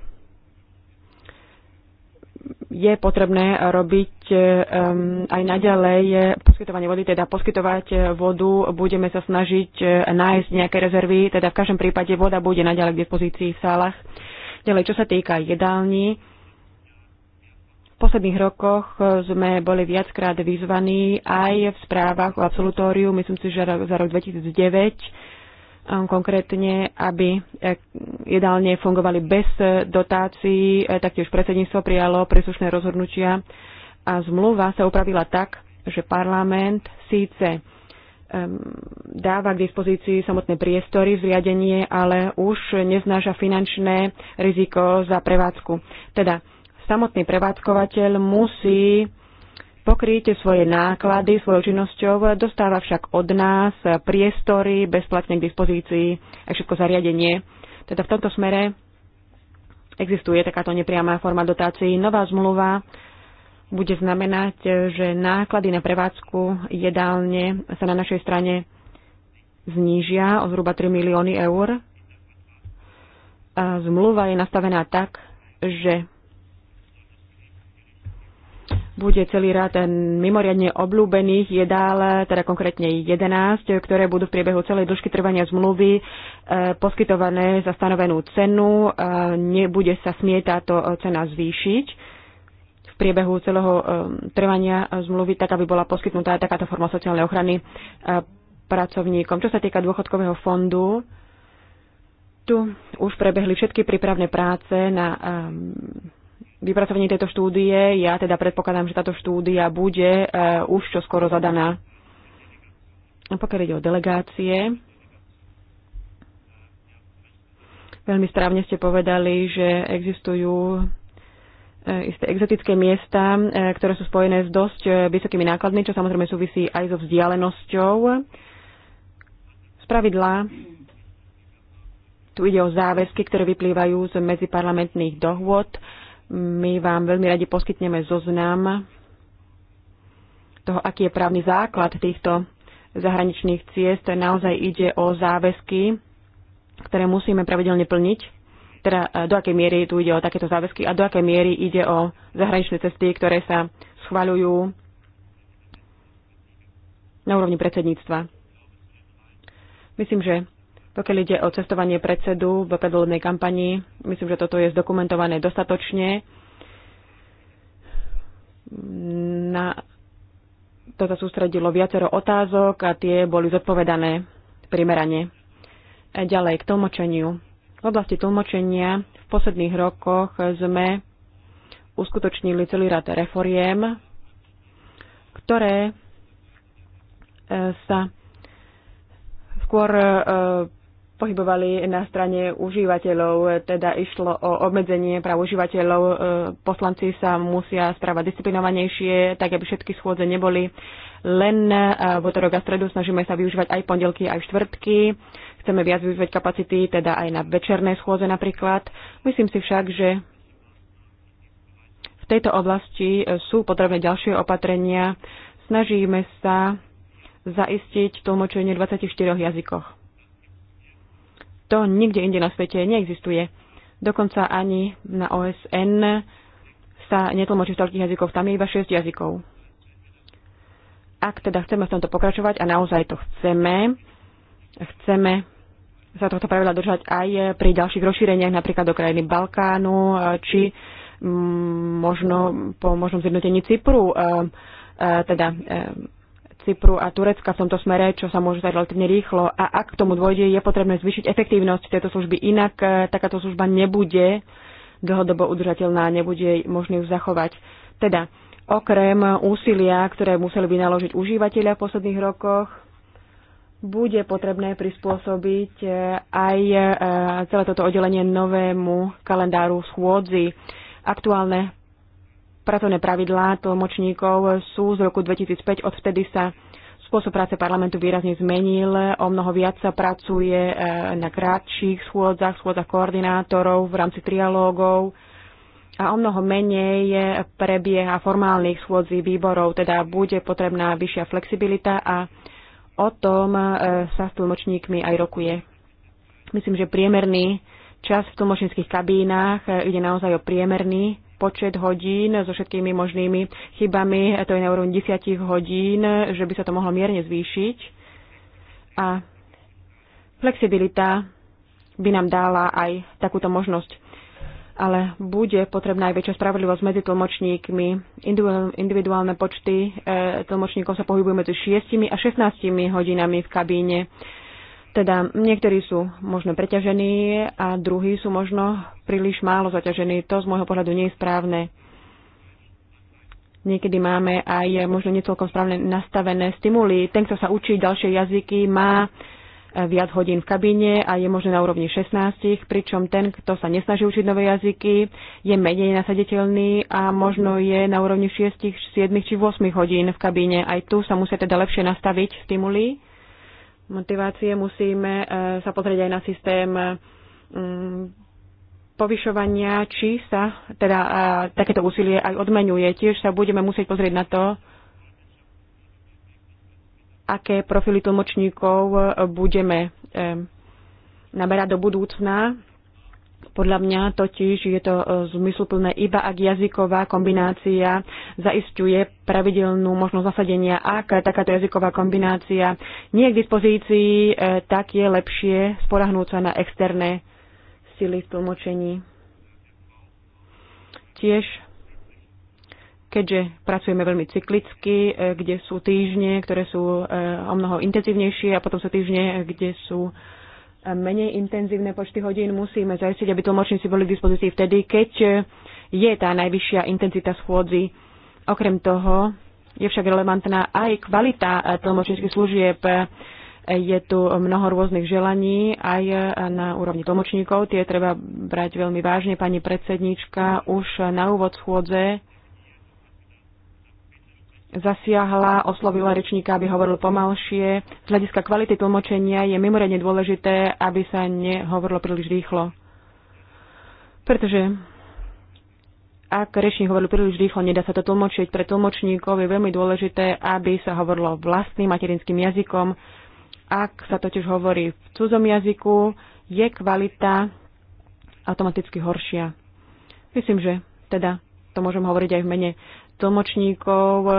je potrebné robiť um, aj naďalej poskytovanie vody, teda poskytovať vodu. Budeme sa snažiť e, nájsť nejaké rezervy, teda v každom prípade voda bude naďalej k dispozícii v sálach. Ďalej, čo sa týka jedálni, posledných rokoch e, sme boli viackrát vyzvaní aj v správach o absolutóriu, myslím si, že za rok 2009 um, konkrétne, aby e, jedálne fungovali bez e, dotácií, taktiež predsedníctvo prijalo príslušné rozhodnutia a zmluva sa upravila tak, že parlament síce dáva k dispozícii samotné priestory, zriadenie, ale už neznáša finančné riziko za prevádzku. Teda samotný prevádzkovateľ musí pokryť svoje náklady svojou činnosťou, dostáva však od nás priestory bezplatne k dispozícii a všetko zariadenie. Teda v tomto smere existuje takáto nepriamá forma dotácií. Nová zmluva bude znamenať, že náklady na prevádzku jedálne sa na našej strane znížia o zhruba 3 milióny eur. A zmluva je nastavená tak, že bude celý rád eh, mimoriadne obľúbených jedál, teda konkrétne 11, ktoré budú v priebehu celej dĺžky trvania zmluvy eh, poskytované za stanovenú cenu. Eh, nebude sa smieť táto cena zvýšiť v priebehu celého trvania zmluvy, tak aby bola poskytnutá takáto forma sociálnej ochrany pracovníkom. Čo sa týka dôchodkového fondu, tu už prebehli všetky prípravné práce na Vypracovanie tejto štúdie. Ja teda predpokladám, že táto štúdia bude e, už čo skoro zadaná. A pokiaľ ide o delegácie, veľmi správne ste povedali, že existujú e, isté exotické miesta, e, ktoré sú spojené s dosť vysokými nákladmi, čo samozrejme súvisí aj so vzdialenosťou. Spravidla tu ide o záväzky, ktoré vyplývajú z medziparlamentných dohôd my vám veľmi radi poskytneme zoznam toho, aký je právny základ týchto zahraničných ciest. Naozaj ide o záväzky, ktoré musíme pravidelne plniť teda e, do akej miery tu ide o takéto záväzky a do akej miery ide o zahraničné cesty, ktoré sa schvaľujú na úrovni predsedníctva. Myslím, že pokiaľ ide o cestovanie predsedu v predvolebnej kampani, myslím, že toto je zdokumentované dostatočne. Na to sa sústredilo viacero otázok a tie boli zodpovedané primerane. Ďalej k tlmočeniu. V oblasti tlmočenia v posledných rokoch sme uskutočnili celý rad reforiem, ktoré e, sa skôr e, pohybovali na strane užívateľov, teda išlo o obmedzenie práv užívateľov. E, poslanci sa musia správať disciplinovanejšie, tak aby všetky schôdze neboli len e, v útorok a stredu. Snažíme sa využívať aj pondelky, aj štvrtky. Chceme viac využívať kapacity, teda aj na večerné schôdze napríklad. Myslím si však, že v tejto oblasti sú potrebné ďalšie opatrenia. Snažíme sa zaistiť tlmočenie v 24 jazykoch. To nikde inde na svete neexistuje. Dokonca ani na OSN sa netlmočí v toľkých jazykov, tam je iba 6 jazykov. Ak teda chceme v tomto pokračovať a naozaj to chceme, chceme sa tohto pravidla držať aj pri ďalších rozšíreniach, napríklad do krajiny Balkánu, či možno po možnom zjednotení Cypru, e, e, teda e, Cypru a Turecka v tomto smere, čo sa môže stať relatívne rýchlo. A ak k tomu dôjde, je potrebné zvýšiť efektívnosť tejto služby. Inak e, takáto služba nebude dlhodobo udržateľná, nebude možné ju zachovať. Teda, okrem úsilia, ktoré museli vynaložiť užívateľia v posledných rokoch, bude potrebné prispôsobiť e, aj e, celé toto oddelenie novému kalendáru schôdzi. Aktuálne pracovné pravidlá tlmočníkov sú z roku 2005. Odvtedy sa spôsob práce parlamentu výrazne zmenil. O mnoho viac sa pracuje e, na krátších schôdzach, schôdzach koordinátorov v rámci trialógov a o mnoho menej prebieha formálnych schôdzí výborov, teda bude potrebná vyššia flexibilita a o tom e, sa s tlmočníkmi aj rokuje. Myslím, že priemerný čas v tlmočníckých kabínach e, ide naozaj o priemerný počet hodín so všetkými možnými chybami, to je na úrovni 10 hodín, že by sa to mohlo mierne zvýšiť. A flexibilita by nám dala aj takúto možnosť. Ale bude potrebná aj väčšia spravodlivosť medzi tlmočníkmi. Individuálne počty e, tlmočníkov sa pohybujú medzi 6 a 16 hodinami v kabíne. Teda niektorí sú možno preťažení a druhí sú možno príliš málo zaťažení. To z môjho pohľadu nie je správne. Niekedy máme aj možno necelkom správne nastavené stimuly. Ten, kto sa učí ďalšie jazyky, má viac hodín v kabíne a je možno na úrovni 16, pričom ten, kto sa nesnaží učiť nové jazyky, je menej nasaditeľný a možno je na úrovni 6, 7 či 8 hodín v kabíne. Aj tu sa musia teda lepšie nastaviť stimuly motivácie, musíme e, sa pozrieť aj na systém e, povyšovania, či sa teda e, takéto úsilie aj odmenuje. Tiež sa budeme musieť pozrieť na to, aké profily tlmočníkov budeme naberať do budúcna. Podľa mňa totiž je to e, zmysluplné iba ak jazyková kombinácia zaisťuje pravidelnú možnosť zasadenia. Ak takáto jazyková kombinácia nie je k dispozícii, e, tak je lepšie sporahnúť sa na externé sily v tlmočení. Tiež keďže pracujeme veľmi cyklicky, e, kde sú týždne, ktoré sú o mnoho intenzívnejšie a potom sú týždne, kde sú menej intenzívne počty hodín musíme zajistiť, aby tlmočníci boli k dispozícii vtedy, keď je tá najvyššia intenzita schôdzi. Okrem toho je však relevantná aj kvalita eh, tlmočníckých služieb. Je tu mnoho rôznych želaní aj eh, na úrovni tlmočníkov. Tie treba brať veľmi vážne. Pani predsedníčka už na úvod schôdze zasiahla, oslovila rečníka, aby hovoril pomalšie. Z hľadiska kvality tlmočenia je mimoriadne dôležité, aby sa nehovorilo príliš rýchlo. Pretože ak rečník hovoril príliš rýchlo, nedá sa to tlmočiť. Pre tlmočníkov je veľmi dôležité, aby sa hovorilo vlastným materinským jazykom. Ak sa totiž hovorí v cudzom jazyku, je kvalita automaticky horšia. Myslím, že teda to môžem hovoriť aj v mene tlmočníkov. E,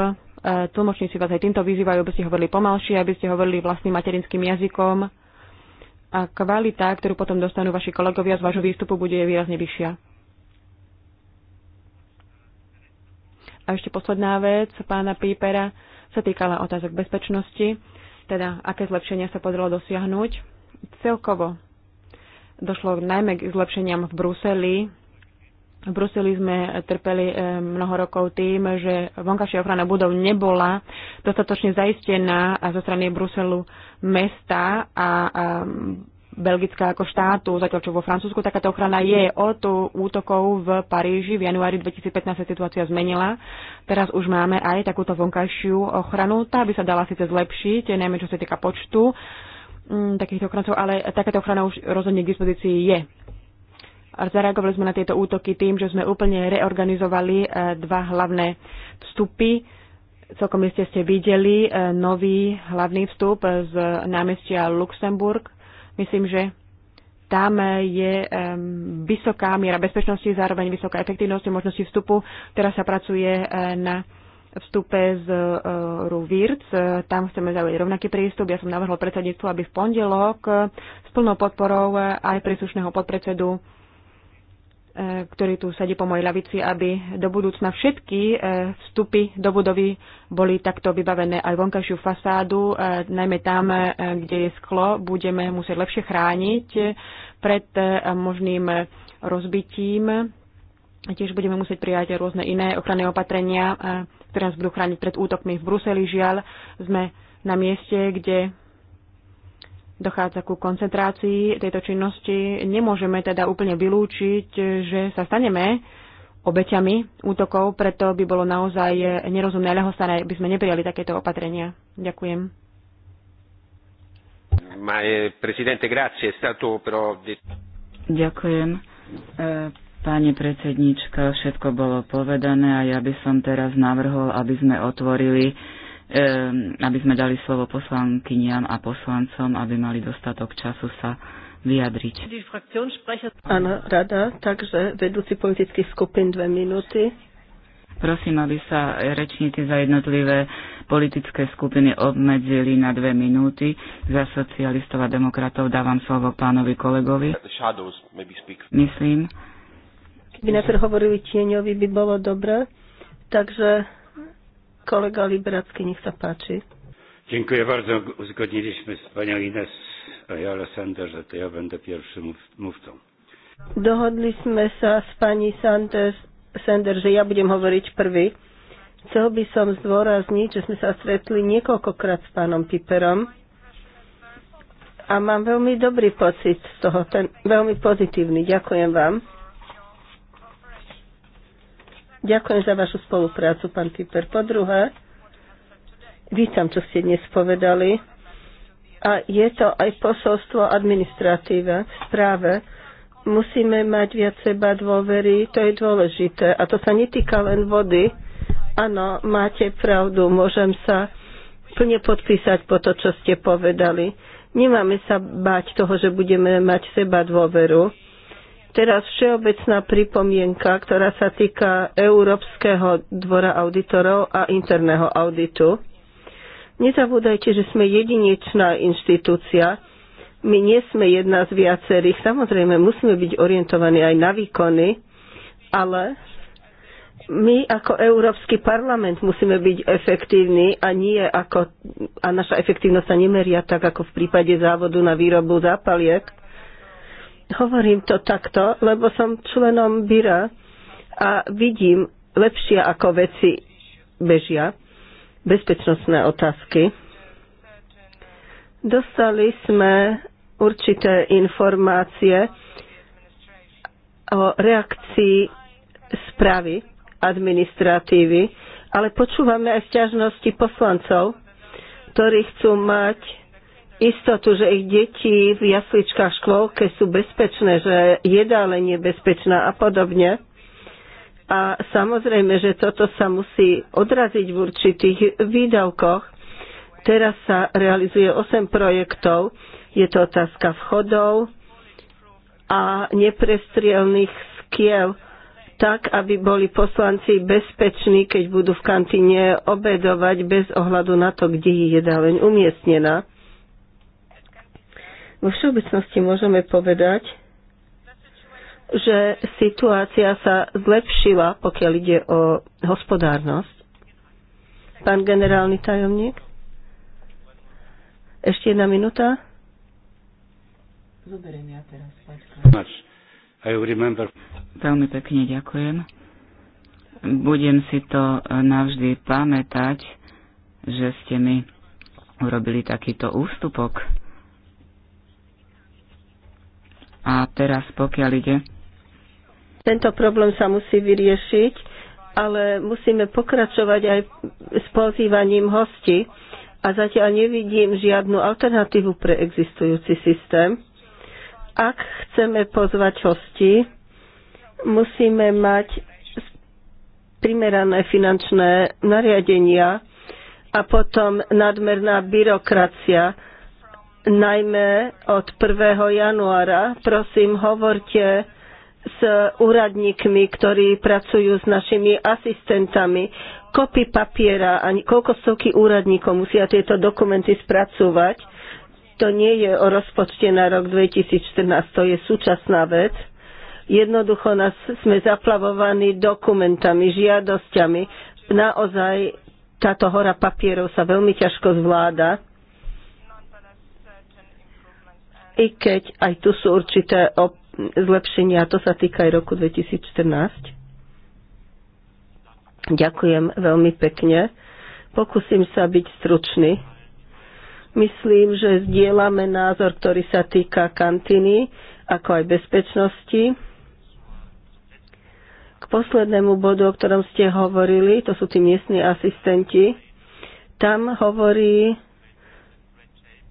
tlmočníci vás aj týmto vyzývajú, aby ste hovorili pomalšie, aby ste hovorili vlastným materinským jazykom a kvalita, ktorú potom dostanú vaši kolegovia z vášho výstupu, bude výrazne vyššia. A ešte posledná vec pána Pípera sa týkala otázok bezpečnosti, teda aké zlepšenia sa podarilo dosiahnuť. Celkovo došlo najmä k zlepšeniam v Bruseli, v Bruseli sme trpeli eh, mnoho rokov tým, že vonkajšia ochrana budov nebola dostatočne zaistená zo strany Bruselu mesta a, a Belgická ako štátu, zatiaľ čo vo Francúzsku takáto ochrana je. Od útokov v Paríži v januári 2015 sa situácia zmenila. Teraz už máme aj takúto vonkajšiu ochranu. Tá by sa dala síce zlepšiť, najmä čo sa týka počtu mm, takýchto ochrancov, ale takáto ochrana už rozhodne k dispozícii je. A zareagovali sme na tieto útoky tým, že sme úplne reorganizovali e, dva hlavné vstupy. Celkom iste ste videli e, nový hlavný vstup z námestia Luxemburg. Myslím, že tam je vysoká miera bezpečnosti, zároveň vysoká efektívnosť možnosti vstupu. Teraz sa pracuje e, na vstupe z Ruvirc. Tam chceme zaujať rovnaký prístup. Ja som navrhol predsedníctvu, aby v pondelok s plnou podporou aj príslušného podpredsedu E, ktorý tu sedí po mojej lavici, aby do budúcna všetky e, vstupy do budovy boli takto vybavené. Aj vonkajšiu fasádu, e, najmä tam, kde je sklo, budeme musieť lepšie chrániť pred možným rozbitím. Tiež budeme musieť prijať rôzne iné ochranné opatrenia, ktoré nás budú chrániť pred útokmi. V Bruseli žiaľ sme na mieste, kde dochádza ku koncentrácii tejto činnosti. Nemôžeme teda úplne vylúčiť, že sa staneme obeťami útokov, preto by bolo naozaj nerozumné lehostané, by sme neprijali takéto opatrenia. Ďakujem. Eh, Ďakujem. Eh, pani predsednička, všetko bolo povedané a ja by som teraz navrhol, aby sme otvorili Ehm, aby sme dali slovo poslankyniam a poslancom, aby mali dostatok času sa vyjadriť. Áno, rada, takže vedúci politických skupín dve minúty. Prosím, aby sa rečníci za jednotlivé politické skupiny obmedzili na dve minúty. Za socialistov a demokratov dávam slovo pánovi kolegovi. Myslím. Keby najprv hovorili tieňovi, by bolo dobré. Takže Kolega Liberacký, nech sa páči. Dziękuję bardzo. Uzgodniliśmy z panią Ines ja Sander, że to ja będę pierwszym mówcą. Dohodliśmy się sa pani Sanders, Sander, że ja będę mówić prvý. Chcel by som zdôrazniť, že sme sa stretli niekoľkokrát s pánom Piperom a mám veľmi dobrý pocit z toho, ten, veľmi pozitívny. Ďakujem vám. Ďakujem za vašu spoluprácu, pán Piper. Po druhé, vítam, čo ste dnes povedali. A je to aj posolstvo administratíve v správe. Musíme mať viac seba dôvery, to je dôležité. A to sa netýka len vody. Áno, máte pravdu, môžem sa plne podpísať po to, čo ste povedali. Nemáme sa báť toho, že budeme mať seba dôveru Teraz všeobecná pripomienka, ktorá sa týka Európskeho dvora auditorov a interného auditu. Nezabúdajte, že sme jedinečná inštitúcia. My nie sme jedna z viacerých. Samozrejme, musíme byť orientovaní aj na výkony, ale my ako Európsky parlament musíme byť efektívni a nie ako, a naša efektívnosť sa nemeria tak ako v prípade závodu na výrobu zápaliek Hovorím to takto, lebo som členom byra a vidím lepšie, ako veci bežia, bezpečnostné otázky. Dostali sme určité informácie o reakcii správy administratívy, ale počúvame aj sťažnosti poslancov, ktorí chcú mať istotu, že ich deti v jasličkách, škôlke sú bezpečné, že jedálenie je bezpečná a podobne. A samozrejme, že toto sa musí odraziť v určitých výdavkoch. Teraz sa realizuje 8 projektov. Je to otázka vchodov a neprestrielných skiel tak, aby boli poslanci bezpeční, keď budú v kantíne obedovať bez ohľadu na to, kde je jedáleň umiestnená. Vo všeobecnosti môžeme povedať, že situácia sa zlepšila, pokiaľ ide o hospodárnosť. Pán generálny tajomník? Ešte jedna minúta? Zoberiem ja teraz, Veľmi pekne ďakujem. Budem si to e, navždy pamätať, že ste mi urobili takýto ústupok. A teraz pokiaľ ide. Tento problém sa musí vyriešiť, ale musíme pokračovať aj s pozývaním hostí a zatiaľ nevidím žiadnu alternatívu pre existujúci systém. Ak chceme pozvať hosti, musíme mať primerané finančné nariadenia a potom nadmerná byrokracia najmä od 1. januára. Prosím, hovorte s úradníkmi, ktorí pracujú s našimi asistentami. Kopy papiera a koľko stovky úradníkov musia tieto dokumenty spracovať. To nie je o rozpočte na rok 2014, to je súčasná vec. Jednoducho nás sme zaplavovaní dokumentami, žiadosťami. Naozaj táto hora papierov sa veľmi ťažko zvláda i keď aj tu sú určité zlepšenia, to sa týka aj roku 2014. Ďakujem veľmi pekne. Pokúsim sa byť stručný. Myslím, že zdieľame názor, ktorý sa týka kantiny, ako aj bezpečnosti. K poslednému bodu, o ktorom ste hovorili, to sú tí miestni asistenti, tam hovorí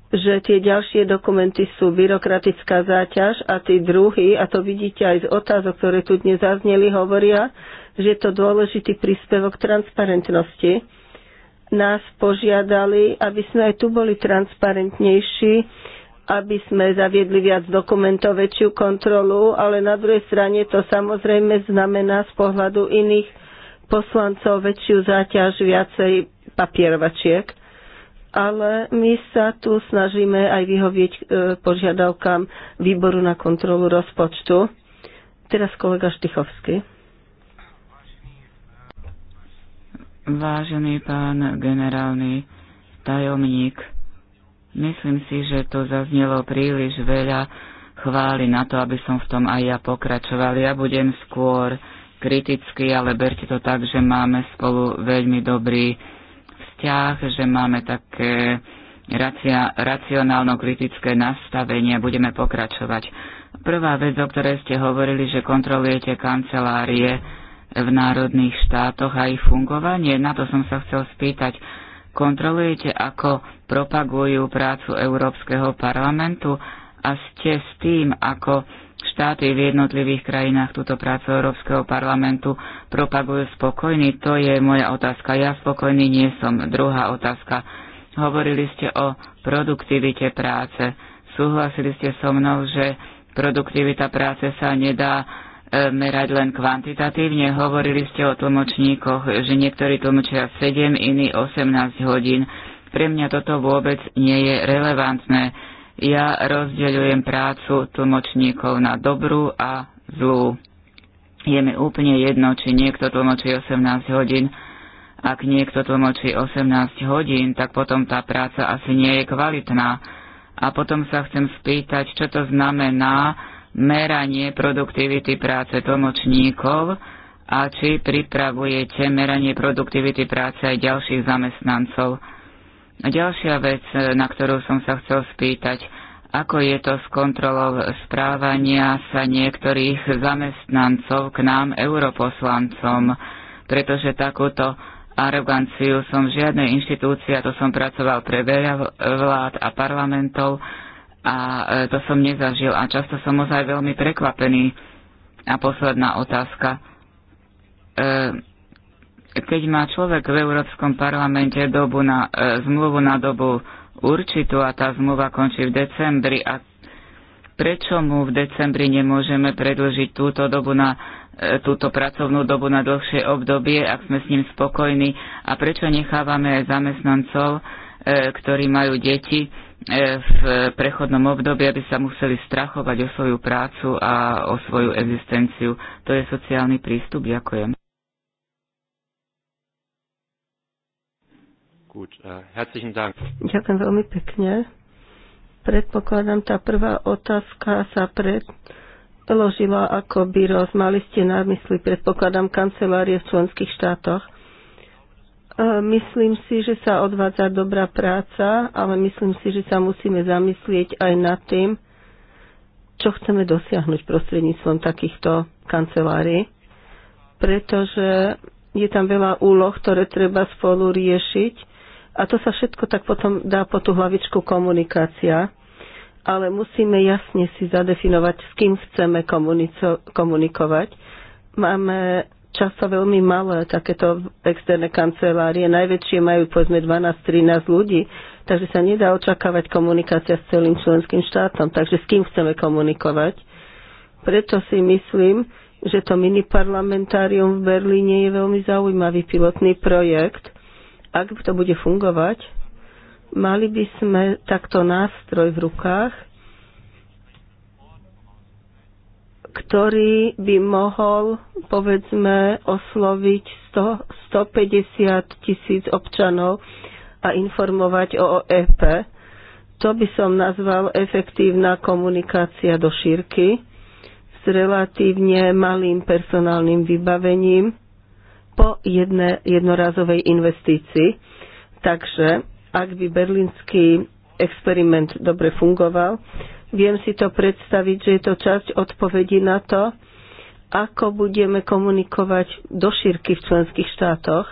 že tie ďalšie dokumenty sú byrokratická záťaž a tí druhy, a to vidíte aj z otázok, ktoré tu dnes zazneli, hovoria, že je to dôležitý príspevok transparentnosti. Nás požiadali, aby sme aj tu boli transparentnejší, aby sme zaviedli viac dokumentov, väčšiu kontrolu, ale na druhej strane to samozrejme znamená z pohľadu iných poslancov väčšiu záťaž, viacej papierovačiek ale my sa tu snažíme aj vyhovieť e, požiadavkám výboru na kontrolu rozpočtu. Teraz kolega Štichovský. Vážený pán generálny tajomník, myslím si, že to zaznelo príliš veľa chvály na to, aby som v tom aj ja pokračoval. Ja budem skôr kritický, ale berte to tak, že máme spolu veľmi dobrý vzťah, že máme také racia, racionálno-kritické nastavenie. Budeme pokračovať. Prvá vec, o ktorej ste hovorili, že kontrolujete kancelárie v národných štátoch a ich fungovanie, na to som sa chcel spýtať. Kontrolujete, ako propagujú prácu Európskeho parlamentu a ste s tým, ako štáty v jednotlivých krajinách túto prácu Európskeho parlamentu propagujú spokojný, To je moja otázka. Ja spokojný nie som. Druhá otázka. Hovorili ste o produktivite práce. Súhlasili ste so mnou, že produktivita práce sa nedá e, merať len kvantitatívne. Hovorili ste o tlmočníkoch, že niektorí tlmočia 7, iní 18 hodín. Pre mňa toto vôbec nie je relevantné ja rozdeľujem prácu tlmočníkov na dobrú a zlú. Je mi úplne jedno, či niekto tlmočí 18 hodín. Ak niekto tlmočí 18 hodín, tak potom tá práca asi nie je kvalitná. A potom sa chcem spýtať, čo to znamená meranie produktivity práce tlmočníkov a či pripravujete meranie produktivity práce aj ďalších zamestnancov. A ďalšia vec, e, na ktorú som sa chcel spýtať, ako je to s kontrolou správania sa niektorých zamestnancov k nám, europoslancom, pretože takúto aroganciu som v žiadnej inštitúcii, a to som pracoval pre veľa vlád a parlamentov, a e, to som nezažil a často som ozaj veľmi prekvapený. A posledná otázka. E, keď má človek v Európskom parlamente dobu na, e, zmluvu na dobu určitú a tá zmluva končí v decembri a prečo mu v decembri nemôžeme predlžiť túto dobu na e, túto pracovnú dobu na dlhšie obdobie, ak sme s ním spokojní a prečo nechávame aj zamestnancov, e, ktorí majú deti e, v prechodnom období, aby sa museli strachovať o svoju prácu a o svoju existenciu. To je sociálny prístup. Ďakujem. Gut, äh, herzlichen Dank. Ďakujem veľmi pekne. Predpokladám, tá prvá otázka sa predložila ako by Mali ste na mysli, predpokladám, kancelárie v členských štátoch. E, myslím si, že sa odvádza dobrá práca, ale myslím si, že sa musíme zamyslieť aj nad tým, čo chceme dosiahnuť prostredníctvom takýchto kancelárií, pretože je tam veľa úloh, ktoré treba spolu riešiť a to sa všetko tak potom dá po tú hlavičku komunikácia, ale musíme jasne si zadefinovať, s kým chceme komunikovať. Máme často veľmi malé takéto externé kancelárie. Najväčšie majú povedzme 12-13 ľudí, takže sa nedá očakávať komunikácia s celým členským štátom. Takže s kým chceme komunikovať? Preto si myslím, že to mini parlamentárium v Berlíne je veľmi zaujímavý pilotný projekt, ak to bude fungovať, mali by sme takto nástroj v rukách, ktorý by mohol, povedzme, osloviť 100, 150 tisíc občanov a informovať o EP. To by som nazval efektívna komunikácia do šírky s relatívne malým personálnym vybavením po jedne, jednorazovej investícii. Takže ak by berlínsky experiment dobre fungoval, viem si to predstaviť, že je to časť odpovedí na to, ako budeme komunikovať do šírky v členských štátoch.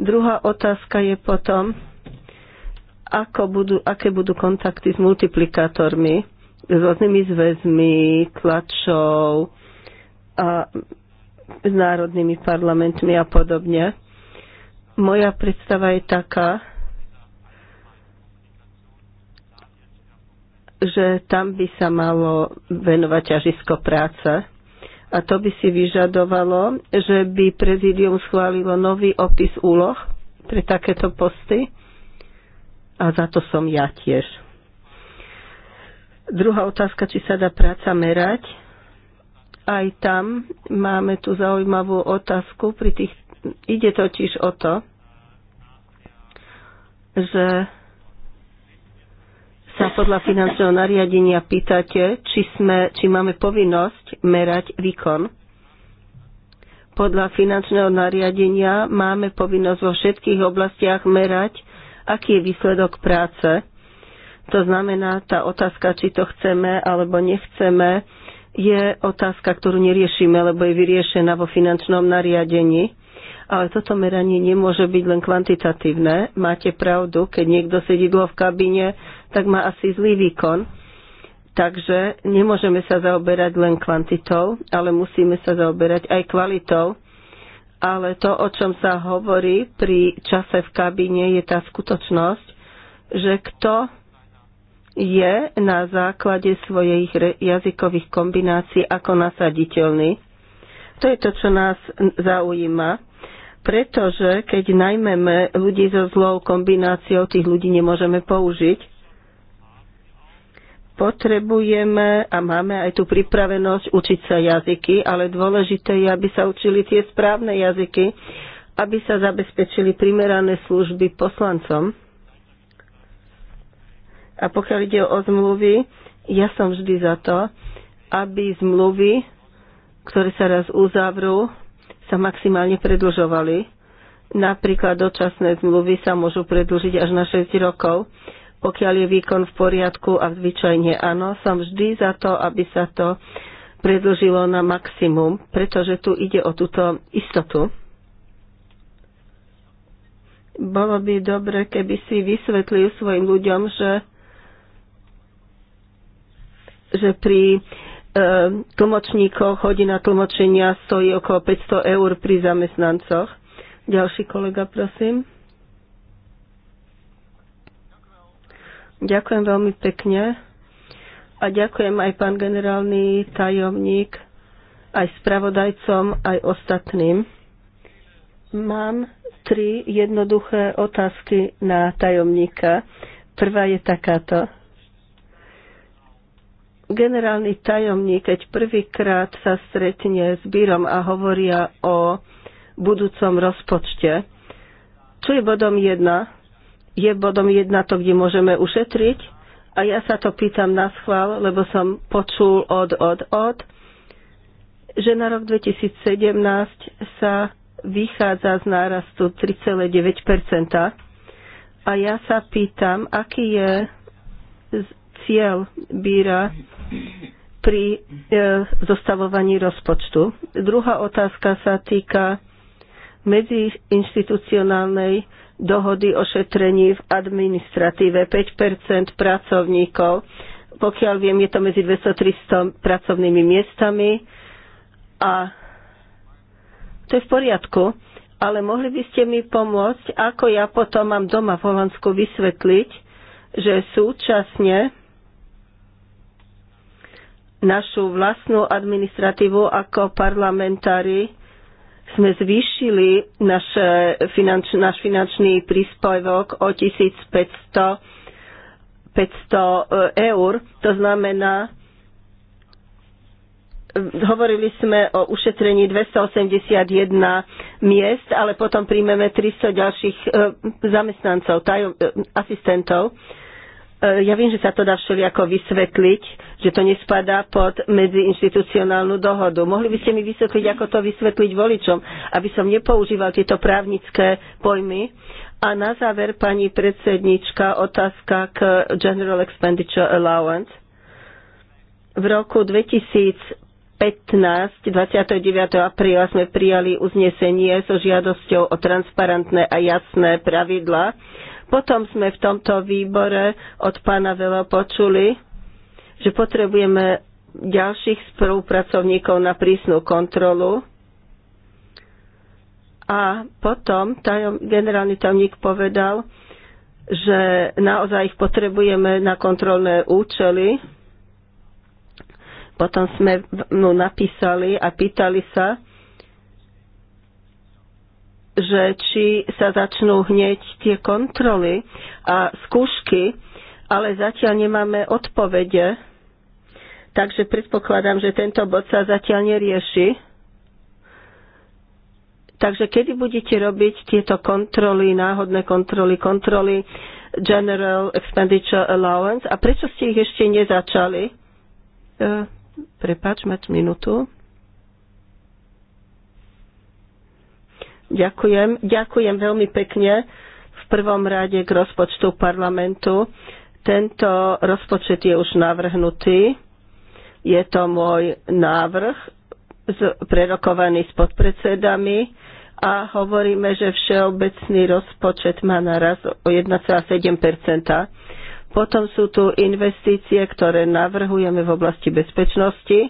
Druhá otázka je potom, ako budú, aké budú kontakty s multiplikátormi, s rôznymi zväzmi, tlačov a s národnými parlamentmi a podobne. Moja predstava je taká, že tam by sa malo venovať ťažisko práce a to by si vyžadovalo, že by prezidium schválilo nový opis úloh pre takéto posty a za to som ja tiež. Druhá otázka, či sa dá práca merať aj tam máme tú zaujímavú otázku. Pri tých, ide totiž o to, že sa podľa finančného nariadenia pýtate, či, sme, či máme povinnosť merať výkon. Podľa finančného nariadenia máme povinnosť vo všetkých oblastiach merať, aký je výsledok práce. To znamená, tá otázka, či to chceme alebo nechceme, je otázka, ktorú neriešime, lebo je vyriešená vo finančnom nariadení. Ale toto meranie nemôže byť len kvantitatívne. Máte pravdu, keď niekto sedí dlho v kabíne, tak má asi zlý výkon. Takže nemôžeme sa zaoberať len kvantitou, ale musíme sa zaoberať aj kvalitou. Ale to, o čom sa hovorí pri čase v kabíne, je tá skutočnosť, že kto je na základe svojich jazykových kombinácií ako nasaditeľný. To je to, čo nás zaujíma, pretože keď najmeme ľudí so zlou kombináciou, tých ľudí nemôžeme použiť. Potrebujeme a máme aj tú pripravenosť učiť sa jazyky, ale dôležité je, aby sa učili tie správne jazyky, aby sa zabezpečili primerané služby poslancom a pokiaľ ide o zmluvy, ja som vždy za to, aby zmluvy, ktoré sa raz uzavrú, sa maximálne predlžovali. Napríklad dočasné zmluvy sa môžu predlžiť až na 6 rokov, pokiaľ je výkon v poriadku a zvyčajne áno. Som vždy za to, aby sa to predlžilo na maximum, pretože tu ide o túto istotu. Bolo by dobre, keby si vysvetlil svojim ľuďom, že že pri e, tlmočníkoch hodina tlmočenia stojí okolo 500 eur pri zamestnancoch. Ďalší kolega, prosím. Ďakujem veľmi pekne a ďakujem aj pán generálny tajomník, aj spravodajcom, aj ostatným. Mám tri jednoduché otázky na tajomníka. Prvá je takáto generálny tajomník, keď prvýkrát sa stretne s Bírom a hovoria o budúcom rozpočte, čo je bodom jedna? Je bodom jedna to, kde môžeme ušetriť? A ja sa to pýtam na schvál, lebo som počul od, od, od, že na rok 2017 sa vychádza z nárastu 3,9 A ja sa pýtam, aký je cieľ Bíra pri e, zostavovaní rozpočtu. Druhá otázka sa týka medziinstitucionálnej dohody o šetrení v administratíve 5 pracovníkov. Pokiaľ viem, je to medzi 200-300 pracovnými miestami a to je v poriadku, ale mohli by ste mi pomôcť, ako ja potom mám doma v Holandsku vysvetliť, že súčasne našu vlastnú administratívu ako parlamentári sme zvýšili náš finanč, finančný príspevok o 1500 500 e, eur. To znamená, hovorili sme o ušetrení 281 miest, ale potom príjmeme 300 ďalších e, zamestnancov, e, asistentov. E, ja viem, že sa to dá všelijako vysvetliť, že to nespadá pod medziinstitucionálnu dohodu. Mohli by ste mi vysvetliť, ako to vysvetliť voličom, aby som nepoužíval tieto právnické pojmy. A na záver, pani predsednička, otázka k General Expenditure Allowance. V roku 2000 15, 29. apríla sme prijali uznesenie so žiadosťou o transparentné a jasné pravidla potom sme v tomto výbore od pána veľa počuli, že potrebujeme ďalších spolupracovníkov na prísnu kontrolu. A potom tajom, generálny tajomník povedal, že naozaj ich potrebujeme na kontrolné účely. Potom sme mu no, napísali a pýtali sa, že či sa začnú hneď tie kontroly a skúšky, ale zatiaľ nemáme odpovede, takže predpokladám, že tento bod sa zatiaľ nerieši. Takže kedy budete robiť tieto kontroly, náhodné kontroly, kontroly General Expenditure Allowance a prečo ste ich ešte nezačali? E, prepač, mať minútu. Ďakujem. Ďakujem veľmi pekne v prvom rade k rozpočtu parlamentu. Tento rozpočet je už navrhnutý. Je to môj návrh prerokovaný s podpredsedami a hovoríme, že všeobecný rozpočet má naraz o 1,7 Potom sú tu investície, ktoré navrhujeme v oblasti bezpečnosti.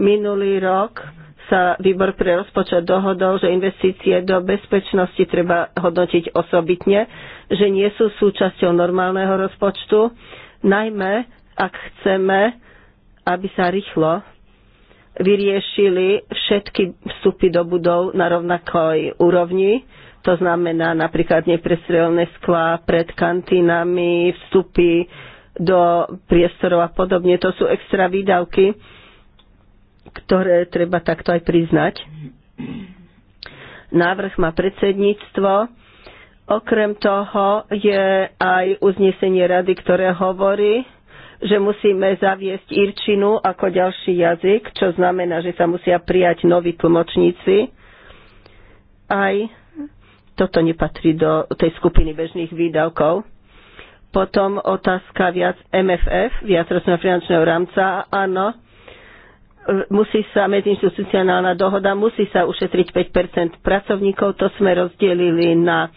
Minulý rok sa výbor pre rozpočet dohodol, že investície do bezpečnosti treba hodnotiť osobitne, že nie sú súčasťou normálneho rozpočtu, najmä ak chceme, aby sa rýchlo vyriešili všetky vstupy do budov na rovnakoj úrovni, to znamená napríklad neprestrelné skla pred kantínami, vstupy do priestorov a podobne. To sú extra výdavky, ktoré treba takto aj priznať. Návrh má predsedníctvo. Okrem toho je aj uznesenie rady, ktoré hovorí, že musíme zaviesť Irčinu ako ďalší jazyk, čo znamená, že sa musia prijať noví tlmočníci. Aj toto nepatrí do tej skupiny bežných výdavkov. Potom otázka viac MFF, viacročného finančného rámca. Áno, E, musí sa medziinstitucionálna dohoda, musí sa ušetriť 5 pracovníkov, to sme rozdielili na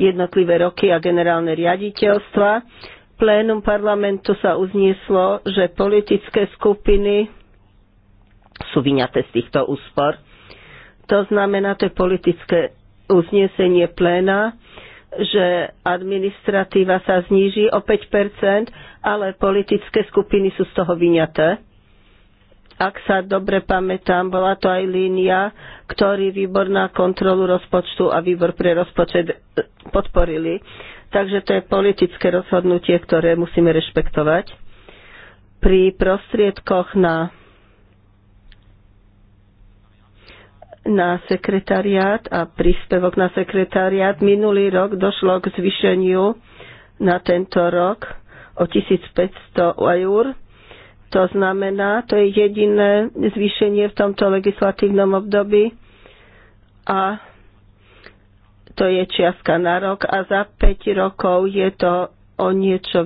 jednotlivé roky a generálne riaditeľstva. Plénum parlamentu sa uznieslo, že politické skupiny sú vyňaté z týchto úspor. To znamená, to je politické uznesenie pléna, že administratíva sa zníži o 5 ale politické skupiny sú z toho vyňaté ak sa dobre pamätám, bola to aj línia, ktorý výbor na kontrolu rozpočtu a výbor pre rozpočet e, podporili. Takže to je politické rozhodnutie, ktoré musíme rešpektovať. Pri prostriedkoch na, na sekretariát a príspevok na sekretariát minulý rok došlo k zvýšeniu na tento rok o 1500 eur to znamená, to je jediné zvýšenie v tomto legislatívnom období a to je čiastka na rok a za 5 rokov je to o niečo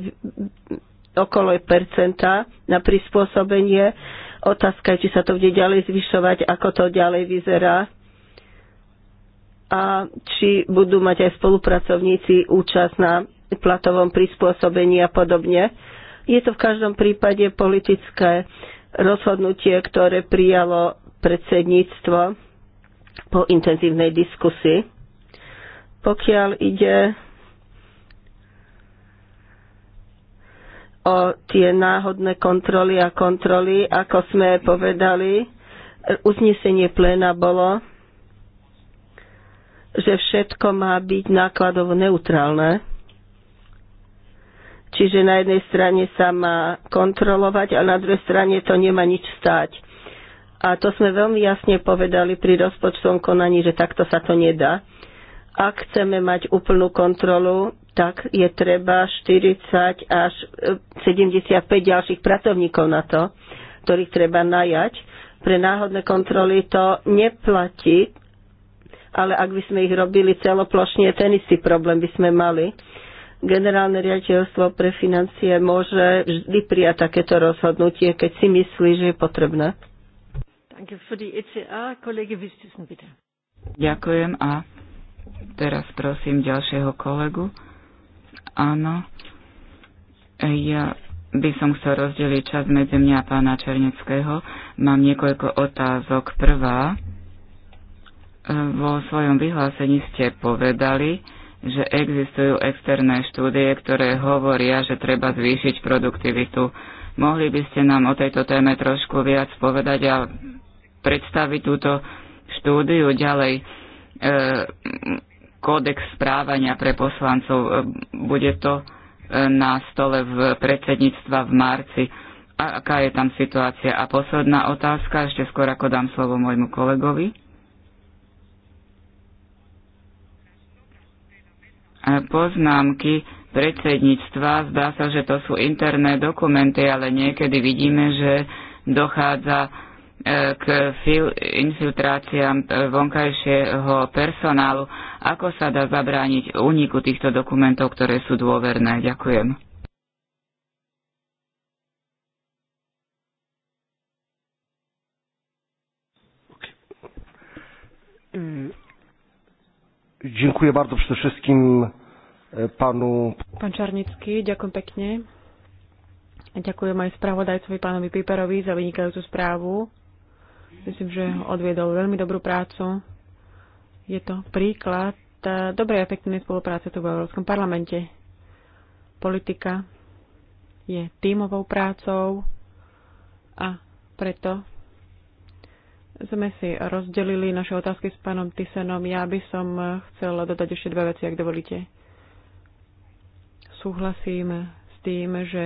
okolo percenta na prispôsobenie. Otázka je, či sa to bude ďalej zvyšovať, ako to ďalej vyzerá a či budú mať aj spolupracovníci účasť na platovom prispôsobení a podobne. Je to v každom prípade politické rozhodnutie, ktoré prijalo predsedníctvo po intenzívnej diskusii. Pokiaľ ide o tie náhodné kontroly a kontroly, ako sme povedali, uznesenie pléna bolo, že všetko má byť nákladovo neutrálne. Čiže na jednej strane sa má kontrolovať a na druhej strane to nemá nič stáť. A to sme veľmi jasne povedali pri rozpočtovom konaní, že takto sa to nedá. Ak chceme mať úplnú kontrolu, tak je treba 40 až 75 e, ďalších pracovníkov na to, ktorých treba najať. Pre náhodné kontroly to neplatí, ale ak by sme ich robili celoplošne, ten istý problém by sme mali generálne riaditeľstvo pre financie môže vždy prijať takéto rozhodnutie, keď si myslí, že je potrebné. E Ďakujem a teraz prosím ďalšieho kolegu. Áno, ja by som chcel rozdeliť čas medzi mňa a pána Černeckého. Mám niekoľko otázok. Prvá, vo svojom vyhlásení ste povedali, že existujú externé štúdie, ktoré hovoria, že treba zvýšiť produktivitu. Mohli by ste nám o tejto téme trošku viac povedať a predstaviť túto štúdiu ďalej. E, kódex správania pre poslancov, e, bude to e, na stole v predsedníctva v marci. A aká je tam situácia? A posledná otázka, ešte skôr ako dám slovo môjmu kolegovi. poznámky predsedníctva. Zdá sa, že to sú interné dokumenty, ale niekedy vidíme, že dochádza e, k infiltráciám e, vonkajšieho personálu. Ako sa dá zabrániť úniku týchto dokumentov, ktoré sú dôverné? Ďakujem. Okay. Mm. Dziękuję bardzo przede wszystkim e, panu... Pan Czarnicki, dziękuję pięknie. Dziękuję mojej sprawodajcowi pánovi Piperowi za wynikającą sprawę. Myślę, że odviedol bardzo dobrą pracę. Jest to przykład e, dobrej efektywnej współpracy tu w Europejskim Parlamencie. Polityka jest teamową pracą a preto sme si rozdelili naše otázky s pánom Tysenom, Ja by som chcela dodať ešte dve veci, ak dovolíte. Súhlasím s tým, že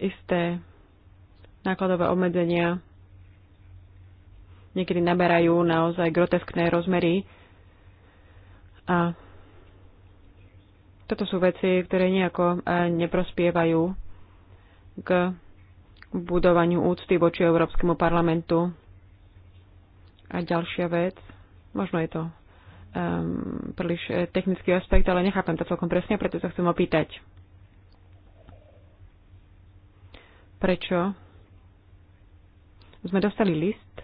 isté nákladové obmedzenia niekedy naberajú naozaj groteskné rozmery a toto sú veci, ktoré nejako eh, neprospievajú k budovaniu úcty voči Európskemu parlamentu. A ďalšia vec, možno je to um, príliš eh, technický aspekt, ale nechápem to celkom presne, preto sa chcem opýtať. Prečo? Sme dostali list,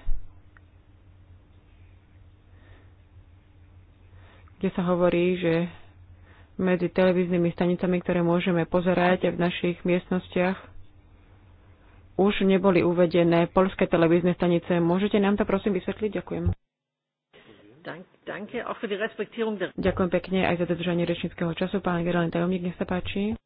kde sa hovorí, že medzi televíznymi stanicami, ktoré môžeme pozerať v našich miestnostiach, už neboli uvedené polské televízne stanice. Môžete nám to prosím vysvetliť? Ďakujem. Ďakujem pekne aj za dodržanie rečníckého času. Pán generálny tajomník, nech sa páči.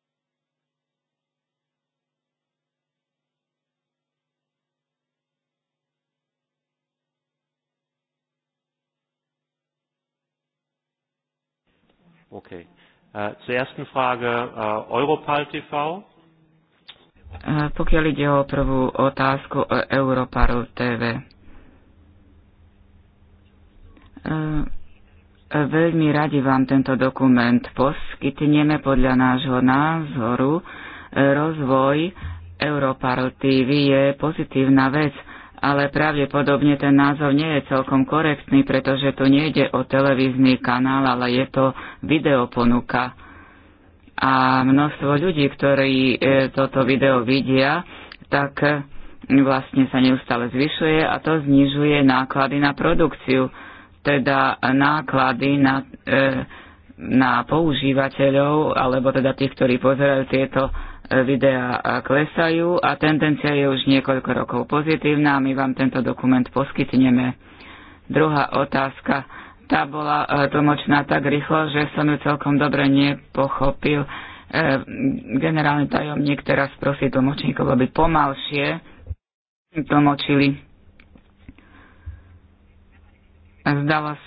Okay. Uh, zur ersten Frage uh, Europal TV. Pokiaľ ide o prvú otázku o e, Europarl TV. E, e, veľmi radi vám tento dokument poskytneme podľa nášho názoru. Rozvoj Europarl TV je pozitívna vec, ale pravdepodobne ten názov nie je celkom korektný, pretože tu nejde o televízny kanál, ale je to videoponuka a množstvo ľudí, ktorí e, toto video vidia, tak e, vlastne sa neustále zvyšuje a to znižuje náklady na produkciu, teda náklady na, e, na používateľov, alebo teda tých, ktorí pozerajú tieto videá klesajú a tendencia je už niekoľko rokov pozitívna a my vám tento dokument poskytneme. Druhá otázka tá bola e, tlmočná tak rýchlo, že som ju celkom dobre nepochopil. E, generálny tajomník teraz prosí tlmočníkov, aby pomalšie tlmočili. Zdala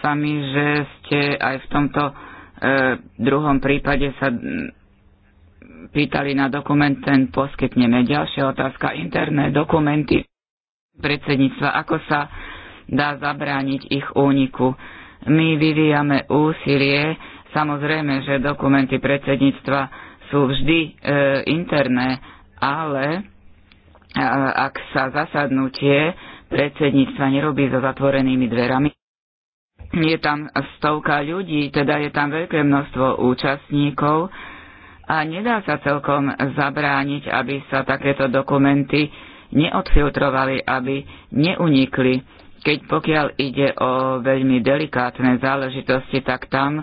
sa mi, že ste aj v tomto e, druhom prípade sa pýtali na dokument, ten poskytneme. Ďalšia otázka, interné dokumenty predsedníctva. Ako sa dá zabrániť ich úniku. My vyvíjame úsilie, samozrejme, že dokumenty predsedníctva sú vždy e, interné, ale e, ak sa zasadnutie predsedníctva nerobí so zatvorenými dverami, je tam stovka ľudí, teda je tam veľké množstvo účastníkov a nedá sa celkom zabrániť, aby sa takéto dokumenty neodfiltrovali, aby neunikli keď pokiaľ ide o veľmi delikátne záležitosti, tak tam e,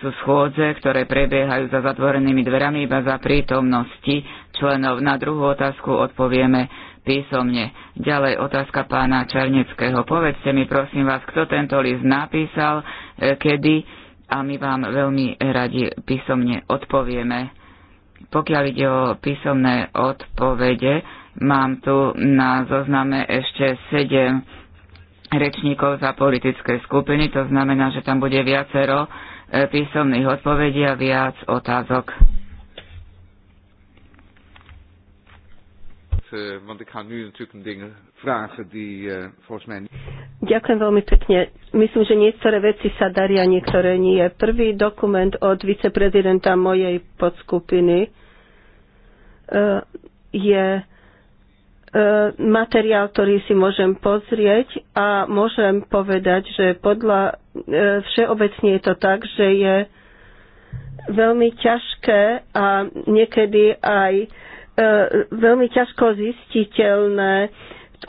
sú schôdze, ktoré prebiehajú za zatvorenými dverami iba za prítomnosti členov. Na druhú otázku odpovieme písomne. Ďalej otázka pána Čarneckého. Povedzte mi, prosím vás, kto tento list napísal, e, kedy a my vám veľmi radi písomne odpovieme. Pokiaľ ide o písomné odpovede, mám tu na zozname ešte sedem rečníkov za politické skupiny, to znamená, že tam bude viacero e, písomných odpovedí a viac otázok. Eh, eh, Ďakujem veľmi pekne. Myslím, že niektoré veci sa daria, niektoré nie. Prvý dokument od viceprezidenta mojej podskupiny eh, je E, materiál, ktorý si môžem pozrieť a môžem povedať, že podľa e, všeobecne je to tak, že je veľmi ťažké a niekedy aj e, veľmi ťažko zistiteľné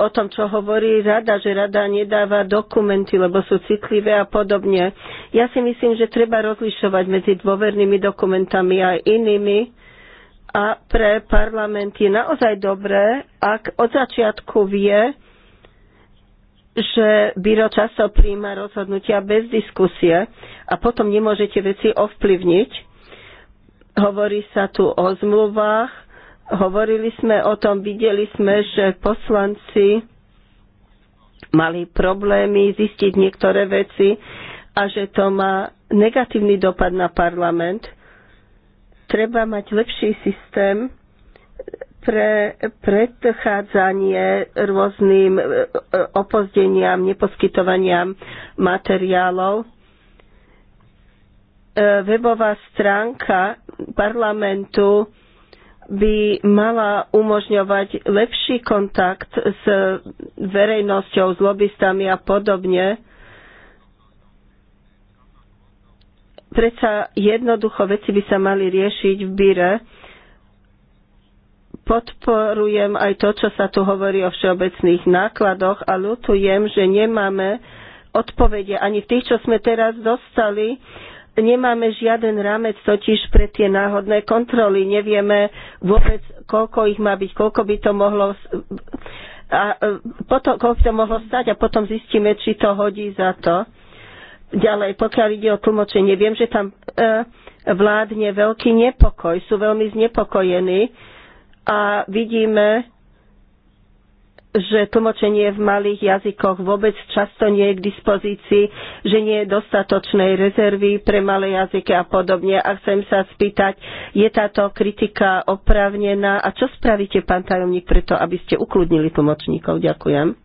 o tom, čo hovorí rada, že rada nedáva dokumenty, lebo sú citlivé a podobne. Ja si myslím, že treba rozlišovať medzi dôvernými dokumentami a inými a pre parlament je naozaj dobré, ak od začiatku vie, že byro často príjma rozhodnutia bez diskusie a potom nemôžete veci ovplyvniť. Hovorí sa tu o zmluvách, hovorili sme o tom, videli sme, že poslanci mali problémy zistiť niektoré veci a že to má negatívny dopad na parlament treba mať lepší systém pre predchádzanie rôznym e, e, opozdeniam, neposkytovaniam materiálov. E, webová stránka parlamentu by mala umožňovať lepší kontakt s verejnosťou, s lobbystami a podobne predsa jednoducho veci by sa mali riešiť v Bire. Podporujem aj to, čo sa tu hovorí o všeobecných nákladoch a ľutujem, že nemáme odpovede ani v tých, čo sme teraz dostali, nemáme žiaden rámec totiž pre tie náhodné kontroly. Nevieme vôbec, koľko ich má byť, koľko by to mohlo a e, potom, koľko by to mohlo stať a potom zistíme, či to hodí za to. Ďalej, pokiaľ ide o tlmočenie, viem, že tam e, vládne veľký nepokoj, sú veľmi znepokojení a vidíme, že tlmočenie v malých jazykoch vôbec často nie je k dispozícii, že nie je dostatočnej rezervy pre malé jazyky a podobne. A chcem sa spýtať, je táto kritika oprávnená a čo spravíte, pán tajomník, preto, aby ste ukludnili tlmočníkov? Ďakujem.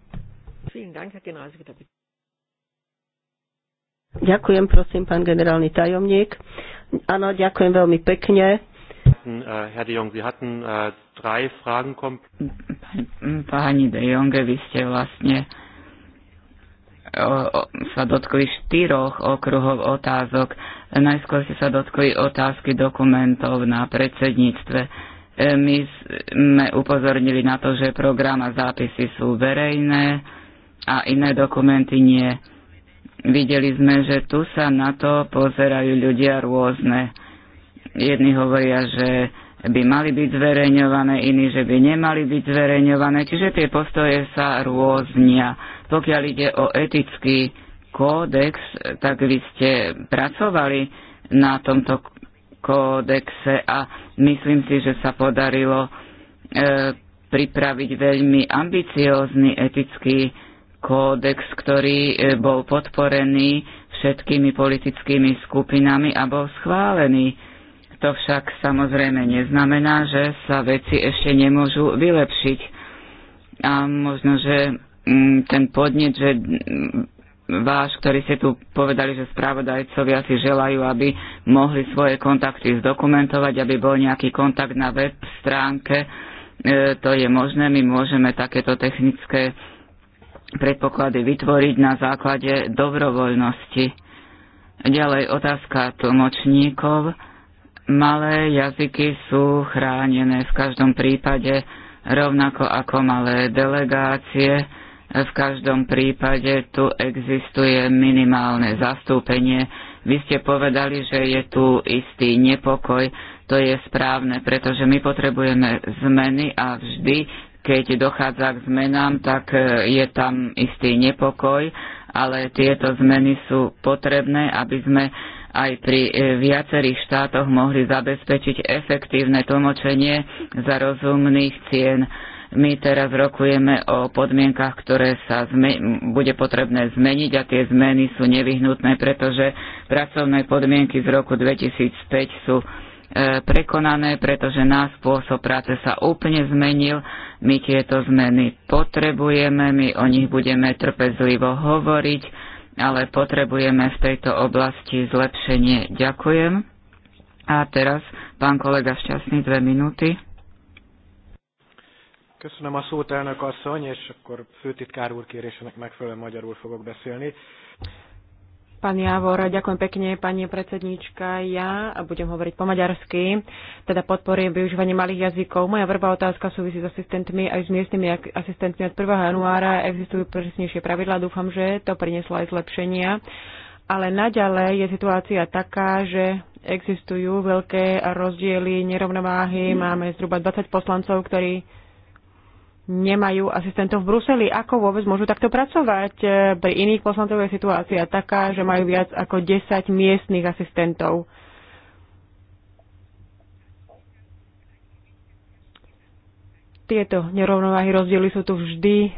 Ďakujem, prosím, pán generálny tajomník. Áno, ďakujem veľmi pekne. Äh, Herr de Jong, Sie hatten äh, drei Fragen. Páni de Jonge, vy ste vlastne sa dotkli štyroch okruhov otázok. Najskôr ste sa dotkli otázky dokumentov na predsedníctve. E, my sme upozornili na to, že program a zápisy sú verejné a iné dokumenty nie. Videli sme, že tu sa na to pozerajú ľudia rôzne. Jedni hovoria, že by mali byť zverejňované, iní, že by nemali byť zverejňované, čiže tie postoje sa rôznia. Pokiaľ ide o etický kódex, tak vy ste pracovali na tomto kódexe a myslím si, že sa podarilo e, pripraviť veľmi ambiciózny etický kódex, ktorý e, bol podporený všetkými politickými skupinami a bol schválený. To však samozrejme neznamená, že sa veci ešte nemôžu vylepšiť. A možno, že mm, ten podnet, že mm, váš, ktorí ste tu povedali, že správodajcovia si želajú, aby mohli svoje kontakty zdokumentovať, aby bol nejaký kontakt na web stránke. E, to je možné, my môžeme takéto technické predpoklady vytvoriť na základe dobrovoľnosti. Ďalej otázka tlmočníkov. Malé jazyky sú chránené v každom prípade, rovnako ako malé delegácie. V každom prípade tu existuje minimálne zastúpenie. Vy ste povedali, že je tu istý nepokoj. To je správne, pretože my potrebujeme zmeny a vždy keď dochádza k zmenám, tak e, je tam istý nepokoj, ale tieto zmeny sú potrebné, aby sme aj pri e, viacerých štátoch mohli zabezpečiť efektívne tlmočenie za rozumných cien. My teraz rokujeme o podmienkach, ktoré sa bude potrebné zmeniť a tie zmeny sú nevyhnutné, pretože pracovné podmienky z roku 2005 sú e, prekonané, pretože náš spôsob práce sa úplne zmenil. My tieto zmeny potrebujeme, my o nich budeme trpezlivo hovoriť, ale potrebujeme v tejto oblasti zlepšenie. Ďakujem. A teraz pán kolega Šťastný, dve minúty. Köszönöm a szót, elnök asszony, és akkor főtitkár úr kérésének megfelelően magyarul fogok beszélni. Pán Javor, ďakujem pekne, pani predsedníčka. Ja budem hovoriť po maďarsky, teda podporujem využívanie malých jazykov. Moja prvá otázka súvisí s asistentmi aj s miestnymi asistentmi od 1. januára. Existujú presnejšie pravidlá, dúfam, že to prinieslo aj zlepšenia. Ale naďalej je situácia taká, že existujú veľké rozdiely, nerovnováhy. Máme zhruba 20 poslancov, ktorí nemajú asistentov v Bruseli. Ako vôbec môžu takto pracovať? E, pri iných poslancov je situácia taká, že majú viac ako 10 miestnych asistentov. Tieto nerovnováhy rozdiely sú tu vždy e,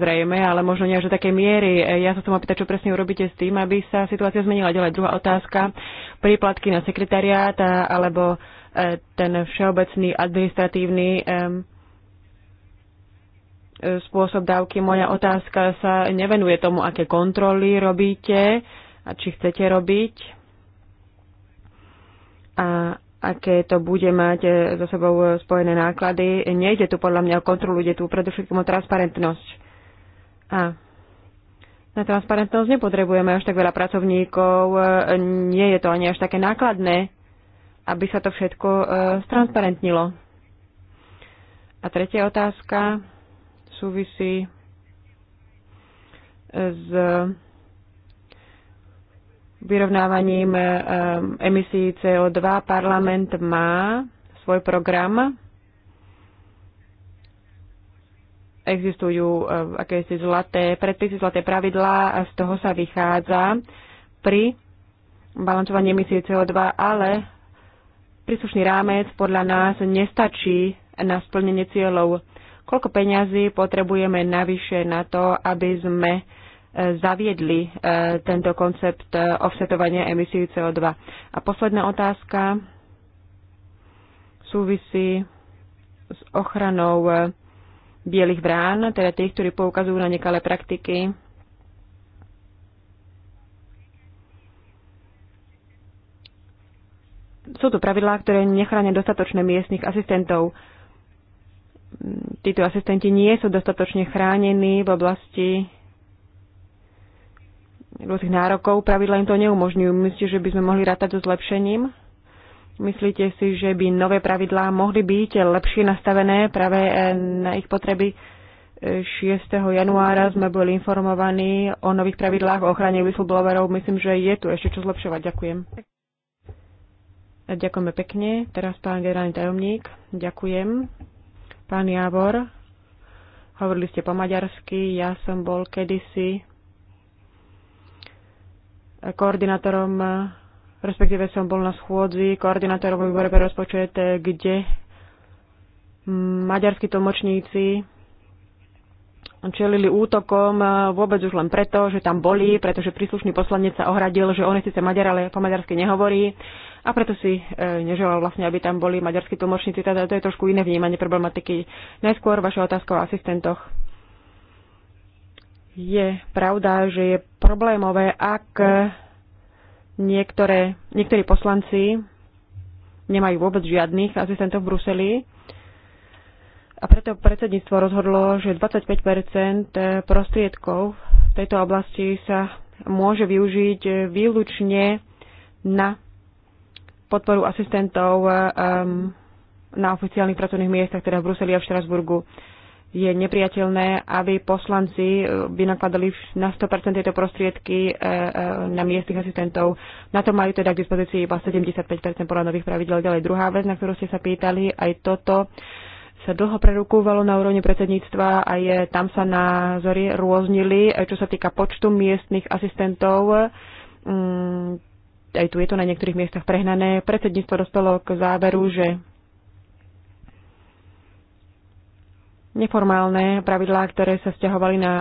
zrejme, ale možno nie až do takej miery. E, ja sa chcem opýtať, čo presne urobíte s tým, aby sa situácia zmenila. Ďalej druhá otázka. Príplatky na sekretariát alebo e, ten všeobecný administratívny e, spôsob dávky. Moja otázka sa nevenuje tomu, aké kontroly robíte a či chcete robiť a aké to bude mať eh, so sebou spojené náklady. Nejde tu podľa mňa o kontrolu, ide tu predovšetkým o transparentnosť. A na transparentnosť nepotrebujeme až tak veľa pracovníkov, eh, nie je to ani až také nákladné, aby sa to všetko stransparentnilo. Eh, a tretia otázka súvisí e, s vyrovnávaním e, emisí CO2. Parlament má svoj program. Existujú e, akési zlaté predpisy, zlaté pravidlá a z toho sa vychádza pri balancovaní emisí CO2, ale príslušný rámec podľa nás nestačí na splnenie cieľov koľko peňazí potrebujeme navyše na to, aby sme e, zaviedli e, tento koncept e, offsetovania emisí CO2. A posledná otázka súvisí s ochranou bielých brán, teda tých, ktorí poukazujú na nekalé praktiky. Sú tu pravidlá, ktoré nechránia dostatočné miestnych asistentov títo asistenti nie sú dostatočne chránení v oblasti rôznych nárokov. Pravidla im to neumožňujú. Myslíte, že by sme mohli rátať so zlepšením? Myslíte si, že by nové pravidlá mohli byť lepšie nastavené práve e, na ich potreby? 6. E, januára sme boli informovaní o nových pravidlách o ochrane whistleblowerov. Myslím, že je tu ešte čo zlepšovať. Ďakujem. Ďakujeme pekne. Teraz pán generálny tajomník. Ďakujem. Pán Javor, hovorili ste po maďarsky, ja som bol kedysi koordinátorom, respektíve som bol na schôdzi koordinátorom výbore pre rozpočet, kde maďarskí tlmočníci čelili útokom e, vôbec už len preto, že tam boli, pretože príslušný poslanec sa ohradil, že on je síce Maďar, ale po maďarsky nehovorí a preto si e, neželal vlastne, aby tam boli maďarskí tlmočníci. Teda to je trošku iné vnímanie problematiky. Najskôr vaša otázka o asistentoch. Je pravda, že je problémové, ak niektoré, niektorí poslanci nemajú vôbec žiadnych asistentov v Bruseli, a preto predsedníctvo rozhodlo, že 25 prostriedkov v tejto oblasti sa môže využiť výlučne na podporu asistentov ehm, na oficiálnych pracovných miestach, teda v Bruseli a v Štrasburgu. Je nepriateľné, aby poslanci eh, vynakladali na 100% tieto prostriedky eh, eh, na miestnych asistentov. Na to majú teda k dispozícii iba 75% podľa nových pravidel. Ďalej druhá vec, na ktorú ste sa pýtali, aj toto sa dlho prerukúvalo na úrovni predsedníctva a je, tam sa názory rôznili, čo sa týka počtu miestnych asistentov. Mm, aj tu je to na niektorých miestach prehnané. Predsedníctvo dospelo k záveru, že neformálne pravidlá, ktoré sa stiahovali na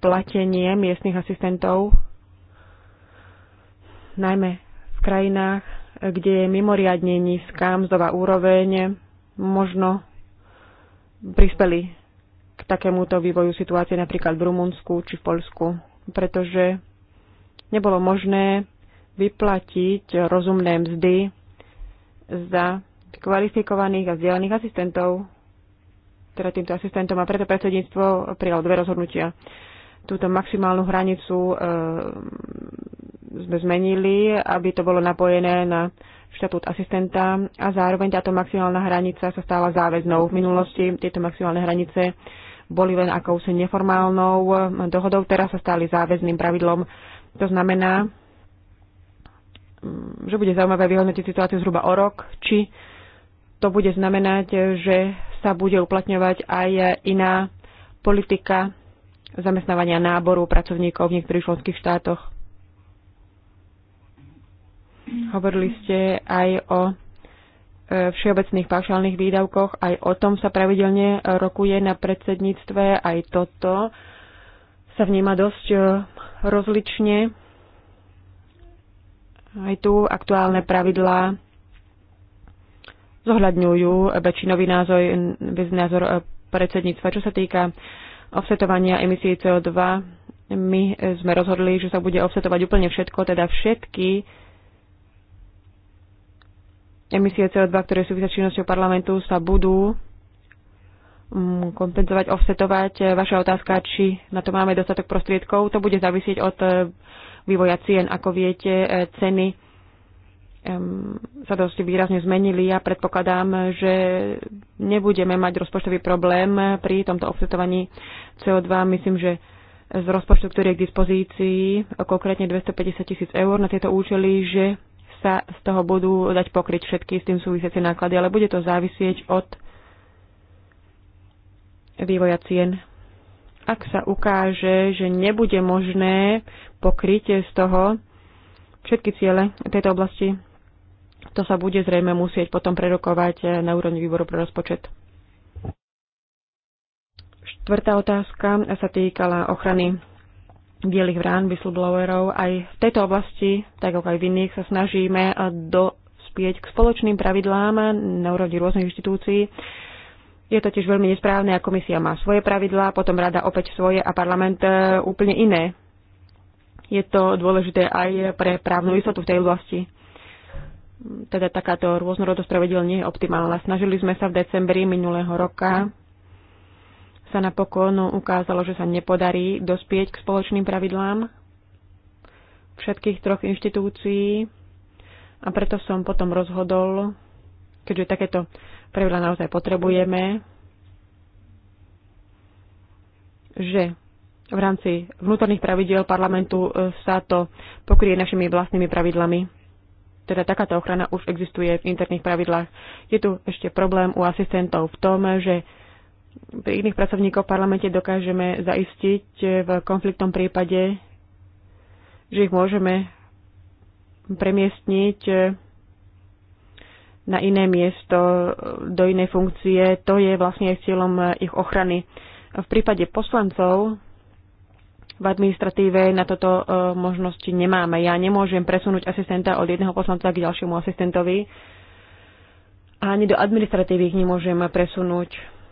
platenie miestnych asistentov, najmä v krajinách, kde je mimoriadne nízka mzdová úroveň, možno prispeli k takémuto vývoju situácie napríklad v Rumunsku či v Polsku, pretože nebolo možné vyplatiť rozumné mzdy za kvalifikovaných a vzdelaných asistentov, teda týmto asistentom a preto predsedníctvo prijalo dve rozhodnutia. Túto maximálnu hranicu e, sme zmenili, aby to bolo napojené na štatút asistenta a zároveň táto maximálna hranica sa stala záväznou. V minulosti tieto maximálne hranice boli len akousi neformálnou dohodou, teraz sa stali záväzným pravidlom. To znamená, mm, že bude zaujímavé vyhodnotiť situáciu zhruba o rok, či to bude znamenať, že sa bude uplatňovať aj iná politika zamestnávania náboru pracovníkov v niektorých členských štátoch. Hovorili ste aj o e, všeobecných paušálnych výdavkoch, aj o tom sa pravidelne rokuje na predsedníctve, aj toto sa vníma dosť e, rozlične. Aj tu aktuálne pravidlá zohľadňujú väčšinový názor, názor e, predsedníctva. Čo sa týka offsetovania emisí CO2, my sme rozhodli, že sa bude offsetovať úplne všetko, teda všetky emisie CO2, ktoré súvisia s činnosťou parlamentu, sa budú mm, kompenzovať, offsetovať. Vaša otázka, či na to máme dostatok prostriedkov, to bude závisieť od e, vývoja cien. Ako viete, e, ceny sa dosť výrazne zmenili. Ja predpokladám, že nebudeme mať rozpočtový problém pri tomto offsetovaní CO2. Myslím, že z rozpočtu, ktorý je k dispozícii, konkrétne 250 tisíc eur na tieto účely, že sa z toho budú dať pokryť všetky s tým súvisiace náklady, ale bude to závisieť od vývoja cien. Ak sa ukáže, že nebude možné pokryť z toho všetky ciele tejto oblasti, to sa bude zrejme musieť potom prerokovať na úrovni výboru pre rozpočet. Štvrtá otázka sa týkala ochrany bielých vrán, whistleblowerov. Aj v tejto oblasti, tak ako aj v iných, sa snažíme eh, dospieť k spoločným pravidlám na úrovni rôznych inštitúcií. Je to tiež veľmi nesprávne a komisia má svoje pravidlá, potom rada opäť svoje a parlament eh, úplne iné. Je to dôležité aj pre právnu istotu v tej oblasti. Teda takáto rôznorodosť pravidel nie je optimálna. Snažili sme sa v decembri minulého roka sa napokon ukázalo, že sa nepodarí dospieť k spoločným pravidlám všetkých troch inštitúcií a preto som potom rozhodol, keďže takéto pravidla naozaj potrebujeme, že v rámci vnútorných pravidiel parlamentu e, sa to pokrie našimi vlastnými pravidlami. Teda takáto ochrana už existuje v interných pravidlách. Je tu ešte problém u asistentov v tom, že pri iných pracovníkov v parlamente dokážeme zaistiť eh, v konfliktnom prípade, že ich môžeme premiestniť eh, na iné miesto, eh, do inej funkcie. To je vlastne aj cieľom ich ochrany. V prípade poslancov v administratíve na toto možnosti nemáme. Ja nemôžem presunúť asistenta od jedného poslanca k ďalšiemu asistentovi. Ani do administratívy ich nemôžem presunúť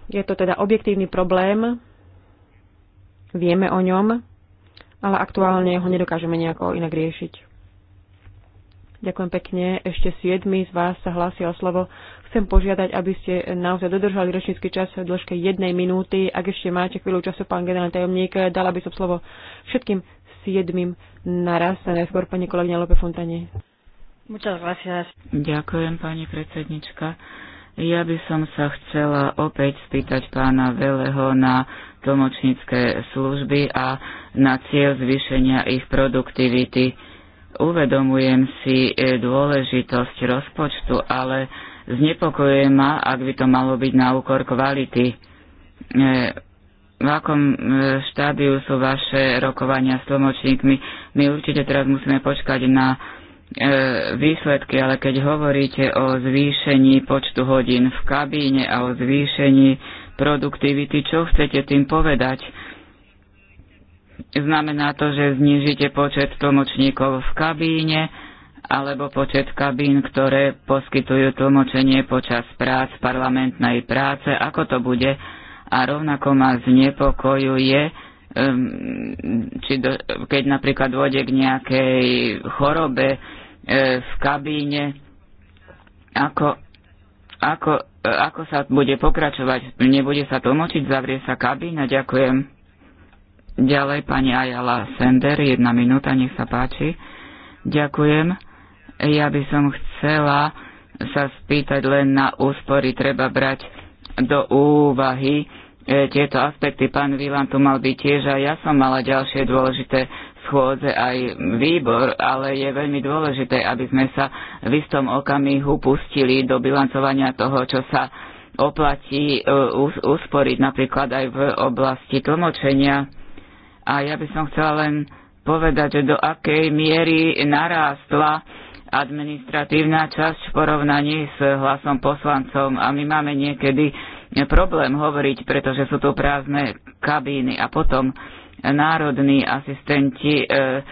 je to teda objektívny problém, vieme o ňom, ale aktuálne ho nedokážeme nejako inak riešiť. Ďakujem pekne. Ešte siedmi z vás sa hlási o slovo. Chcem požiadať, aby ste naozaj dodržali rečnícky čas v dĺžke jednej minúty. Ak ešte máte chvíľu času, pán generálny tajomník, dala by som slovo všetkým siedmim naraz. Najskôr pani kolegyňa Lope Fontani. Ďakujem, pani predsednička. Ja by som sa chcela opäť spýtať pána Veleho na tlmočnícke služby a na cieľ zvýšenia ich produktivity. Uvedomujem si e, dôležitosť rozpočtu, ale znepokojuje ma, ak by to malo byť na úkor kvality. E, v akom e, štádiu sú vaše rokovania s tlmočníkmi? My určite teraz musíme počkať na E, výsledky, ale keď hovoríte o zvýšení počtu hodín v kabíne a o zvýšení produktivity, čo chcete tým povedať? Znamená to, že znižíte počet tlmočníkov v kabíne alebo počet kabín, ktoré poskytujú tlmočenie počas prác, parlamentnej práce, ako to bude. A rovnako ma znepokojuje, či do, keď napríklad dôjde k nejakej chorobe E, v kabíne, ako, ako, e, ako sa bude pokračovať, nebude sa tlmočiť, zavrie sa kabína, ďakujem. Ďalej pani Ajala Sender, jedna minúta, nech sa páči. Ďakujem. Ja by som chcela sa spýtať len na úspory, treba brať do úvahy e, tieto aspekty. Pán Vilan tu mal byť tiež a ja som mala ďalšie dôležité schôdze aj výbor, ale je veľmi dôležité, aby sme sa v istom okamihu pustili do bilancovania toho, čo sa oplatí e, usporiť napríklad aj v oblasti tlmočenia. A ja by som chcela len povedať, že do akej miery narástla administratívna časť v porovnaní s hlasom poslancom a my máme niekedy problém hovoriť, pretože sú tu prázdne kabíny a potom národní asistenti e, e,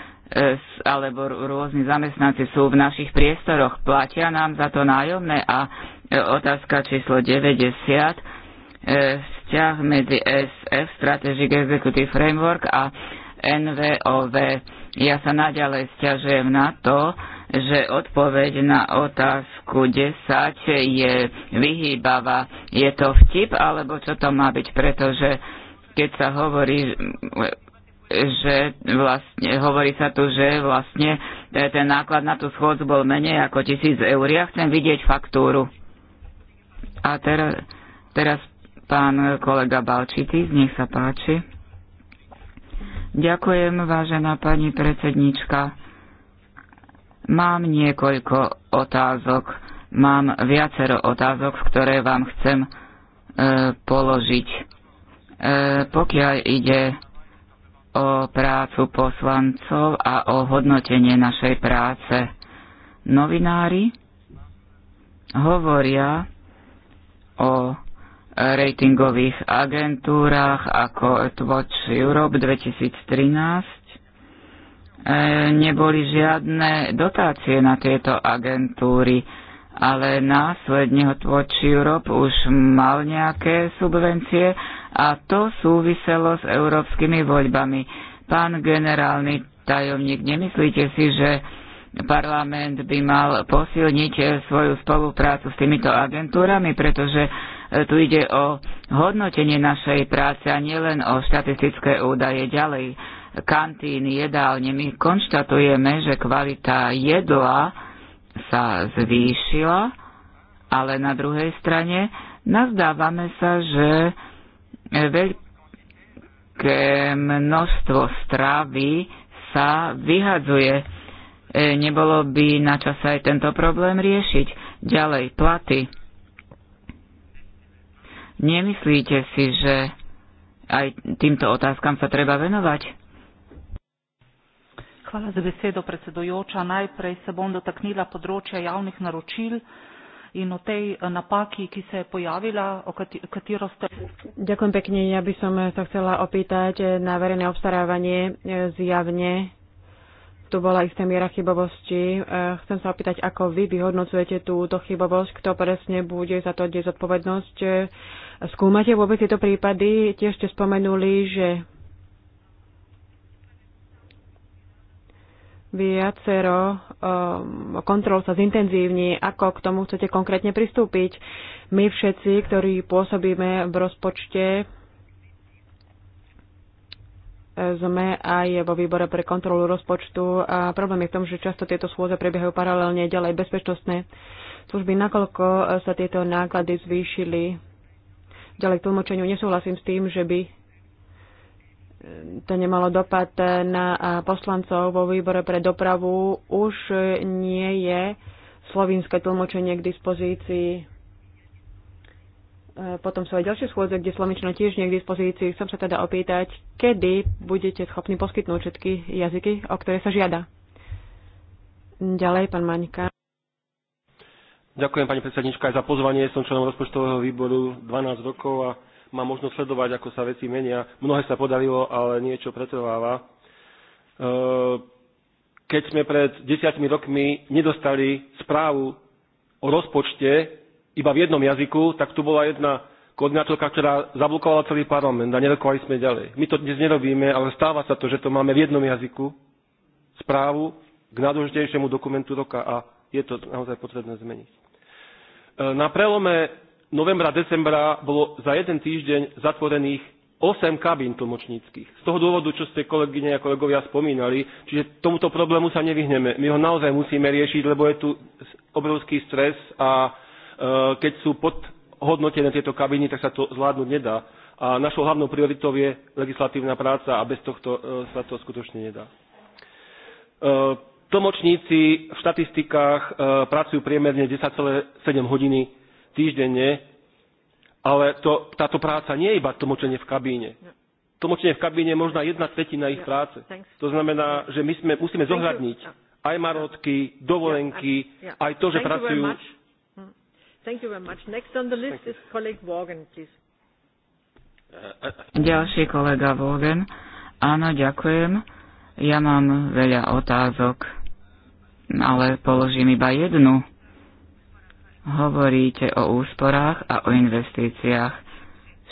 alebo rôzni zamestnanci sú v našich priestoroch, platia nám za to nájomné a e, otázka číslo 90, vzťah medzi SF, Strategic Executive Framework a NVOV. Ja sa naďalej stiažujem na to, že odpoveď na otázku 10 je vyhýbava. Je to vtip, alebo čo to má byť, pretože keď sa hovorí, že vlastne, hovorí sa tu, že vlastne ten náklad na tú schôdzu bol menej ako tisíc eur. Ja chcem vidieť faktúru. A teraz, teraz pán kolega z nech sa páči. Ďakujem, vážená pani predsednička. Mám niekoľko otázok. Mám viacero otázok, ktoré vám chcem e, položiť. E, pokiaľ ide o prácu poslancov a o hodnotenie našej práce. Novinári hovoria o ratingových agentúrach ako Watch Europe 2013. E, neboli žiadne dotácie na tieto agentúry, ale následne Watch Europe už mal nejaké subvencie a to súviselo s európskymi voľbami. Pán generálny tajomník, nemyslíte si, že parlament by mal posilniť svoju spoluprácu s týmito agentúrami, pretože tu ide o hodnotenie našej práce a nielen o štatistické údaje ďalej. Kantín, jedálne, my konštatujeme, že kvalita jedla sa zvýšila, ale na druhej strane nazdávame sa, že veľké množstvo stravy sa vyhadzuje. E, nebolo by na čas aj tento problém riešiť. Ďalej, platy. Nemyslíte si, že aj týmto otázkam sa treba venovať? Hvala za besedo, predsedujoča. Najprej sa bom dotaknila področja javnih naročil in o tej eh, napaki, ki se je pojavila, o katero ste. Ďakujem pekne. Ja by som eh, sa chcela opýtať eh, na verejné obstarávanie zjavne. Tu bola istá miera chybovosti. Chcem sa opýtať, ako vy vyhodnocujete túto chybovosť, kto presne bude za to, kde zodpovednosť. Skúmate vôbec tieto prípady? Tiež ste spomenuli, že viacero um, kontrol sa zintenzívni, ako k tomu chcete konkrétne pristúpiť. My všetci, ktorí pôsobíme v rozpočte, e, sme aj vo výbore pre kontrolu rozpočtu a problém je v tom, že často tieto schôdze prebiehajú paralelne ďalej bezpečnostné služby, nakoľko e, sa tieto náklady zvýšili. Ďalej k tlmočeniu nesúhlasím s tým, že by to nemalo dopad na poslancov vo výbore pre dopravu, už nie je slovinské tlmočenie k dispozícii. E, potom sú aj ďalšie schôdze, kde slovenčino tiež nie je k dispozícii. Chcem sa teda opýtať, kedy budete schopní poskytnúť všetky jazyky, o ktoré sa žiada. Ďalej, pán Maňka. Ďakujem, pani predsednička, aj za pozvanie. Som členom rozpočtového výboru 12 rokov a má možnosť sledovať, ako sa veci menia. Mnohé sa podarilo, ale niečo pretrváva. E, keď sme pred desiatimi rokmi nedostali správu o rozpočte iba v jednom jazyku, tak tu bola jedna koordinátorka, ktorá zablokovala celý parlament a nerokovali sme ďalej. My to dnes nerobíme, ale stáva sa to, že to máme v jednom jazyku správu k najdôležitejšiemu dokumentu roka a je to naozaj potrebné zmeniť. E, na prelome novembra, decembra bolo za jeden týždeň zatvorených 8 kabín tlmočníckých. Z toho dôvodu, čo ste kolegyne a kolegovia spomínali, čiže tomuto problému sa nevyhneme. My ho naozaj musíme riešiť, lebo je tu obrovský stres a e, keď sú podhodnotené tieto kabíny, tak sa to zvládnuť nedá. A našou hlavnou prioritou je legislatívna práca a bez tohto e, sa to skutočne nedá. E, tlmočníci v štatistikách e, pracujú priemerne 10,7 hodiny týždenne, ale to, táto práca nie je iba tlmočenie v kabíne. No. Tlmočenie v kabíne je možná jedna tretina ich no, práce. To znamená, že my sme, musíme zohľadniť no. aj marotky, dovolenky, aj to, že pracujú. Hmm. Uh, uh, uh. Ďalší kolega Vogen. Áno, ďakujem. Ja mám veľa otázok, ale položím iba jednu. Hovoríte o úsporách a o investíciách.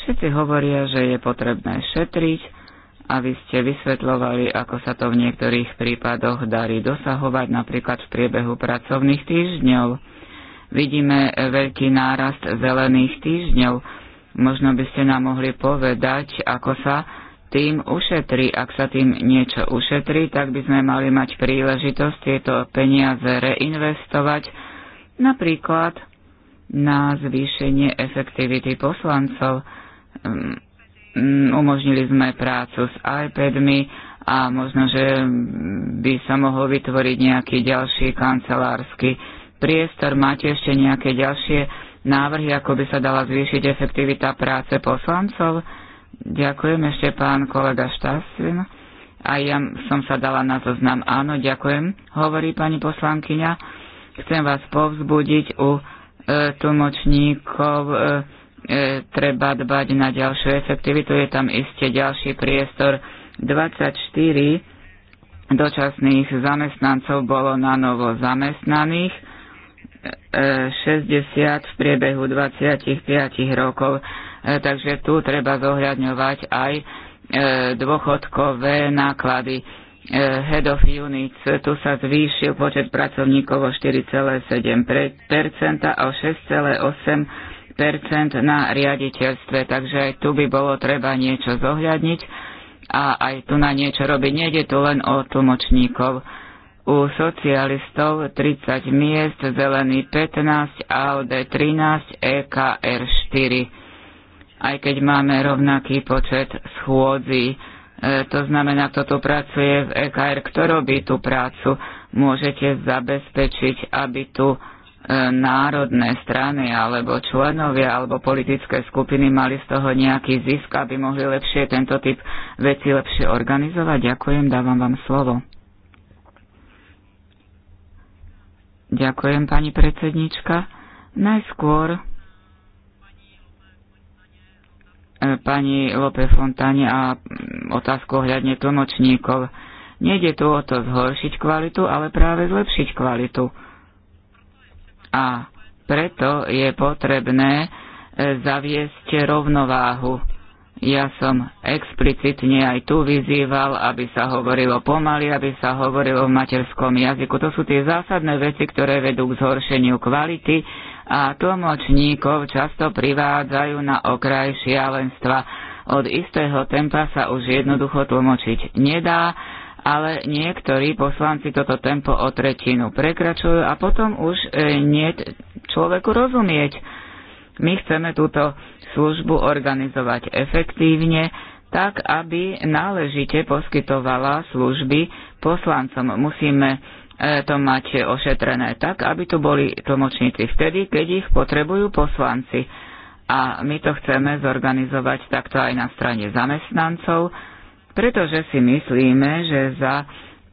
Všetci hovoria, že je potrebné šetriť aby ste vysvetľovali, ako sa to v niektorých prípadoch darí dosahovať, napríklad v priebehu pracovných týždňov. Vidíme veľký nárast zelených týždňov. Možno by ste nám mohli povedať, ako sa tým ušetrí. Ak sa tým niečo ušetrí, tak by sme mali mať príležitosť tieto peniaze reinvestovať Napríklad na zvýšenie efektivity poslancov. Mm, mm, umožnili sme prácu s iPadmi a možno, že by sa mohol vytvoriť nejaký ďalší kancelársky priestor. Máte ešte nejaké ďalšie návrhy, ako by sa dala zvýšiť efektivita práce poslancov? Ďakujem ešte pán kolega Štasvin. A ja som sa dala na zoznam. Áno, ďakujem, hovorí pani poslankyňa. Chcem vás povzbudiť u e, tlmočníkov, e, e, treba dbať na ďalšiu efektivitu. Je tam iste ďalší priestor. 24 dočasných zamestnancov bolo na novo zamestnaných, 60 e, v priebehu 25 rokov. E, takže tu treba zohľadňovať aj e, dôchodkové náklady Eh, head of units, eh, tu sa zvýšil počet pracovníkov o 4,7% a o 6,8% na riaditeľstve, takže aj tu by bolo treba niečo zohľadniť a aj tu na niečo robiť. Nejde tu len o tlmočníkov. U socialistov 30 miest, zelený 15, AOD 13, EKR 4. Aj keď máme rovnaký počet schôdzí, E, to znamená, kto tu pracuje v EKR, kto robí tú prácu, môžete zabezpečiť, aby tu e, národné strany alebo členovia alebo politické skupiny mali z toho nejaký zisk, aby mohli lepšie tento typ veci lepšie organizovať. Ďakujem, dávam vám slovo. Ďakujem, pani predsednička. Najskôr pani Lope Fontane a mm, otázku ohľadne tlmočníkov. Nejde tu o to zhoršiť kvalitu, ale práve zlepšiť kvalitu. A preto je potrebné e, zaviesť rovnováhu. Ja som explicitne aj tu vyzýval, aby sa hovorilo pomaly, aby sa hovorilo v materskom jazyku. To sú tie zásadné veci, ktoré vedú k zhoršeniu kvality a tlmočníkov často privádzajú na okraj šialenstva. Od istého tempa sa už jednoducho tlmočiť nedá, ale niektorí poslanci toto tempo o tretinu prekračujú a potom už e, nie človeku rozumieť. My chceme túto službu organizovať efektívne, tak aby náležite poskytovala služby poslancom. Musíme E, to máte ošetrené tak, aby tu boli tlmočníci vtedy, keď ich potrebujú poslanci. A my to chceme zorganizovať takto aj na strane zamestnancov, pretože si myslíme, že za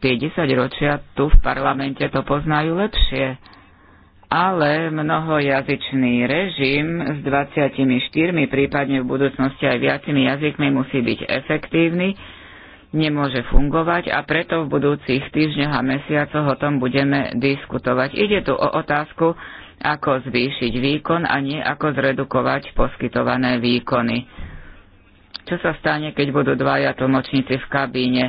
tie 10 ročia tu v parlamente to poznajú lepšie. Ale mnohojazyčný režim s 24, prípadne v budúcnosti aj viacimi jazykmi musí byť efektívny, nemôže fungovať a preto v budúcich týždňoch a mesiacoch o tom budeme diskutovať. Ide tu o otázku, ako zvýšiť výkon a nie ako zredukovať poskytované výkony. Čo sa stane, keď budú dvaja tlmočníci v kabíne?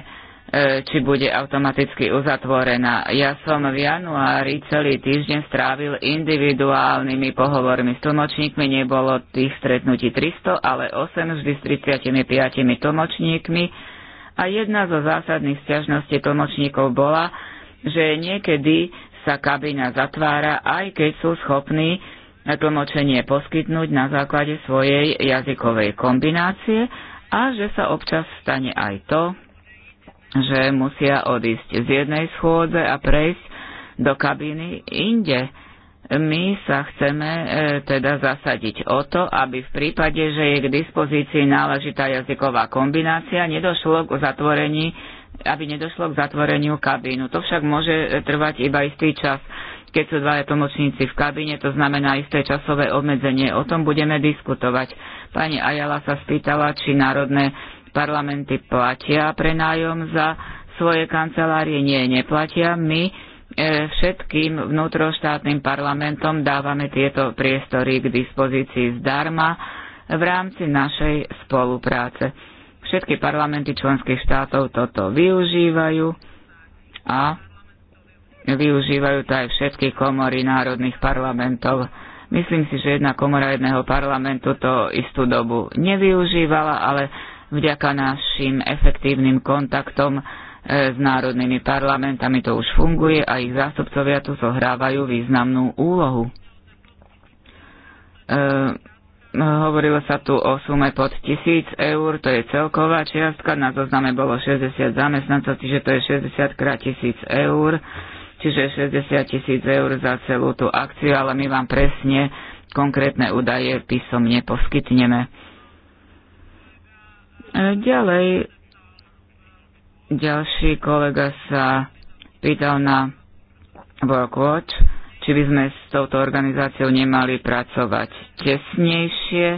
E, či bude automaticky uzatvorená. Ja som v januári celý týždeň strávil individuálnymi pohovormi s tlmočníkmi, nebolo tých stretnutí 300, ale 8 vždy s 35 tlmočníkmi a jedna zo zásadných stiažností tlmočníkov bola, že niekedy sa kabína zatvára, aj keď sú schopní tlmočenie poskytnúť na základe svojej jazykovej kombinácie a že sa občas stane aj to, že musia odísť z jednej schôdze a prejsť do kabíny inde. My sa chceme e, teda zasadiť o to, aby v prípade, že je k dispozícii náležitá jazyková kombinácia, nedošlo k zatvorení, aby nedošlo k zatvoreniu kabínu. To však môže e, trvať iba istý čas. Keď sú dvaja tlmočníci v kabíne, to znamená isté časové obmedzenie. O tom budeme diskutovať. Pani Ajala sa spýtala, či národné parlamenty platia prenájom za svoje kancelárie. Nie, neplatia. My E, všetkým vnútroštátnym parlamentom dávame tieto priestory k dispozícii zdarma v rámci našej spolupráce. Všetky parlamenty členských štátov toto využívajú a využívajú to aj všetky komory národných parlamentov. Myslím si, že jedna komora jedného parlamentu to istú dobu nevyužívala, ale vďaka našim efektívnym kontaktom E, s národnými parlamentami to už funguje a ich zástupcovia tu zohrávajú významnú úlohu. E, no, hovorilo sa tu o sume pod tisíc eur, to je celková čiastka, na zozname bolo 60 zamestnancov, čiže to je 60 krát tisíc eur, čiže 60 tisíc eur za celú tú akciu, ale my vám presne konkrétne údaje písomne poskytneme. E, ďalej ďalší kolega sa pýtal na Watch, či by sme s touto organizáciou nemali pracovať tesnejšie.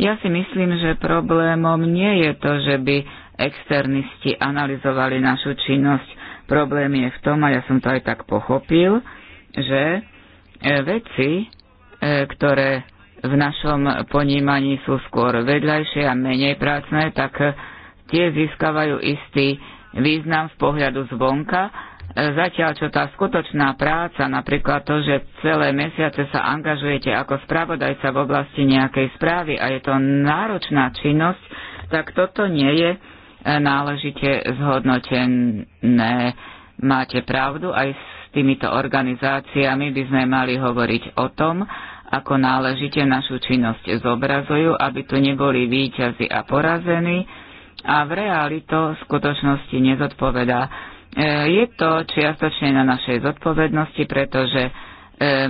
Ja si myslím, že problémom nie je to, že by externisti analyzovali našu činnosť. Problém je v tom, a ja som to aj tak pochopil, že e, veci, e, ktoré v našom ponímaní sú skôr vedľajšie a menej prácne, tak e, tie získavajú istý význam z pohľadu zvonka, e, zatiaľ čo tá skutočná práca, napríklad to, že celé mesiace sa angažujete ako spravodajca v oblasti nejakej správy a je to náročná činnosť, tak toto nie je e, náležite zhodnotené. Máte pravdu, aj s týmito organizáciami by sme mali hovoriť o tom, ako náležite našu činnosť zobrazujú, aby tu neboli výťazy a porazení, a v reáli to v skutočnosti nezodpovedá. E, je to čiastočne na našej zodpovednosti, pretože e,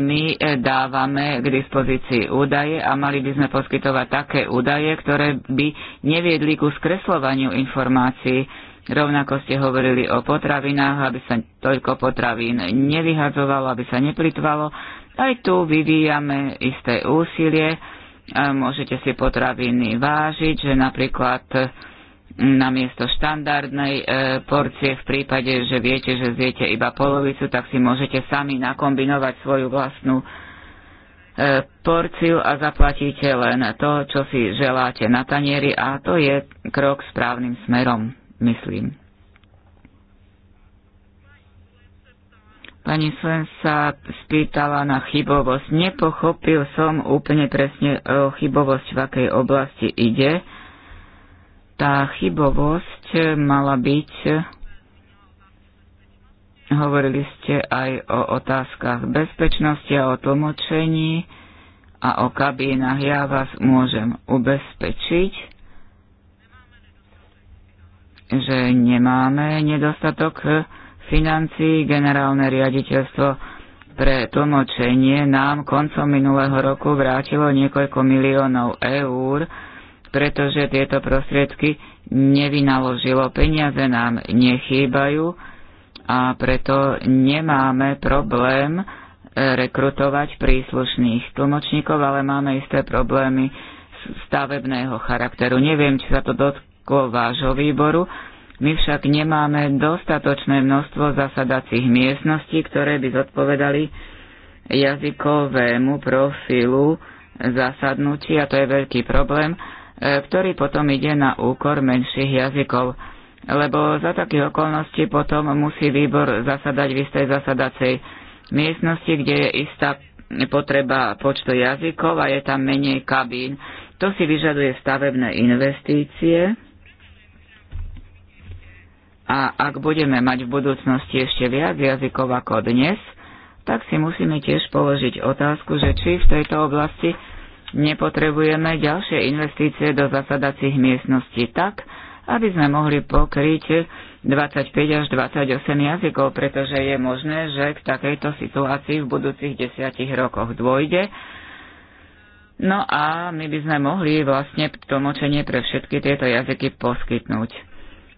my e, dávame k dispozícii údaje a mali by sme poskytovať také údaje, ktoré by neviedli ku skreslovaniu informácií. Rovnako ste hovorili o potravinách, aby sa toľko potravín nevyhadzovalo, aby sa neplitvalo. Aj tu vyvíjame isté úsilie. Môžete si potraviny vážiť, že napríklad namiesto štandardnej e, porcie v prípade, že viete, že zjete iba polovicu, tak si môžete sami nakombinovať svoju vlastnú e, porciu a zaplatíte len to, čo si želáte na tanieri a to je krok správnym smerom, myslím. Pani Sven sa spýtala na chybovosť. Nepochopil som úplne presne o chybovosť, v akej oblasti ide tá chybovosť e, mala byť, hovorili ste aj o otázkach bezpečnosti a o tlmočení a o kabínach. Ja vás môžem ubezpečiť, že nemáme nedostatok e, financií. Generálne riaditeľstvo pre tlmočenie nám koncom minulého roku vrátilo niekoľko miliónov eur pretože tieto prostriedky nevynaložilo. Peniaze nám nechýbajú a preto nemáme problém e, rekrutovať príslušných tlmočníkov, ale máme isté problémy stavebného charakteru. Neviem, či sa to dotklo vášho výboru. My však nemáme dostatočné množstvo zasadacích miestností, ktoré by zodpovedali jazykovému profilu zasadnutí a to je veľký problém E, ktorý potom ide na úkor menších jazykov lebo za takých okolností potom musí výbor zasadať v istej zasadacej miestnosti, kde je istá potreba počtu jazykov a je tam menej kabín. To si vyžaduje stavebné investície a ak budeme mať v budúcnosti ešte viac jazykov ako dnes, tak si musíme tiež položiť otázku, že či v tejto oblasti Nepotrebujeme ďalšie investície do zasadacích miestností tak, aby sme mohli pokryť 25 až 28 jazykov, pretože je možné, že k takejto situácii v budúcich desiatich rokoch dôjde. No a my by sme mohli vlastne tlmočenie pre všetky tieto jazyky poskytnúť.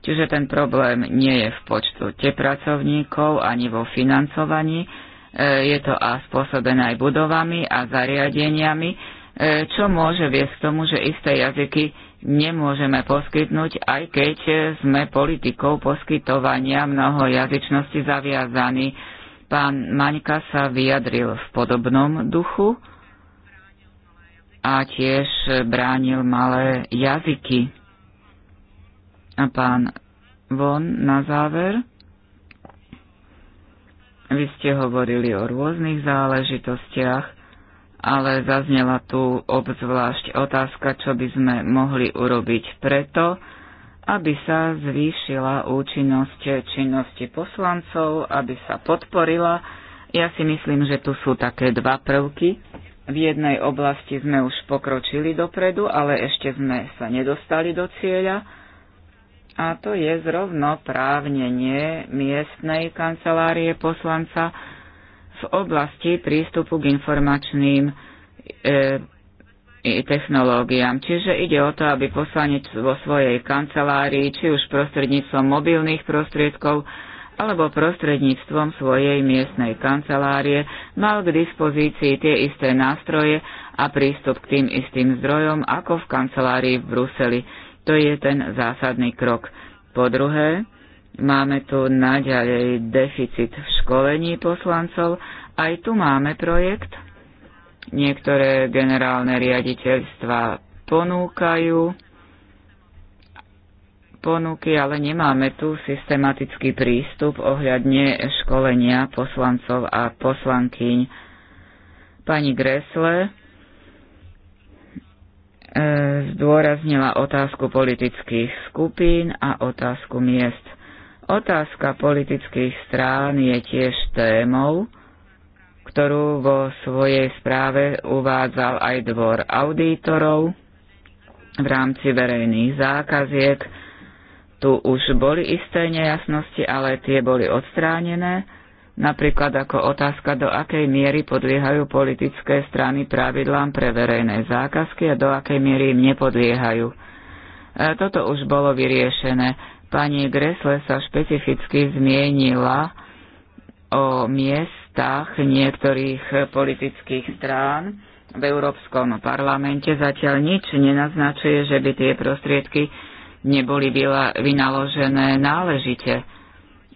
Čiže ten problém nie je v počtote pracovníkov ani vo financovaní, e, je to a spôsobené aj budovami a zariadeniami, E, čo môže viesť k tomu, že isté jazyky nemôžeme poskytnúť, aj keď e, sme politikou poskytovania mnohojazyčnosti zaviazaní. Pán Maňka sa vyjadril v podobnom duchu a tiež bránil malé jazyky. A pán Von na záver. Vy ste hovorili o rôznych záležitostiach ale zaznela tu obzvlášť otázka, čo by sme mohli urobiť preto, aby sa zvýšila účinnosť činnosti poslancov, aby sa podporila. Ja si myslím, že tu sú také dva prvky. V jednej oblasti sme už pokročili dopredu, ale ešte sme sa nedostali do cieľa. A to je právnenie miestnej kancelárie poslanca oblasti prístupu k informačným e, technológiám. Čiže ide o to, aby poslanec vo svojej kancelárii, či už prostredníctvom mobilných prostriedkov, alebo prostredníctvom svojej miestnej kancelárie mal k dispozícii tie isté nástroje a prístup k tým istým zdrojom ako v kancelárii v Bruseli. To je ten zásadný krok. Po druhé, Máme tu naďalej deficit v školení poslancov. Aj tu máme projekt. Niektoré generálne riaditeľstva ponúkajú ponuky, ale nemáme tu systematický prístup ohľadne školenia poslancov a poslankyň. Pani Gresle e, zdôraznila otázku politických skupín a otázku miest. Otázka politických strán je tiež témou, ktorú vo svojej správe uvádzal aj dvor auditorov v rámci verejných zákaziek. Tu už boli isté nejasnosti, ale tie boli odstránené, napríklad ako otázka, do akej miery podliehajú politické strany pravidlám pre verejné zákazky a do akej miery im nepodliehajú. E, toto už bolo vyriešené. Pani Gresle sa špecificky zmienila o miestach niektorých politických strán v Európskom parlamente. Zatiaľ nič nenaznačuje, že by tie prostriedky neboli vynaložené náležite.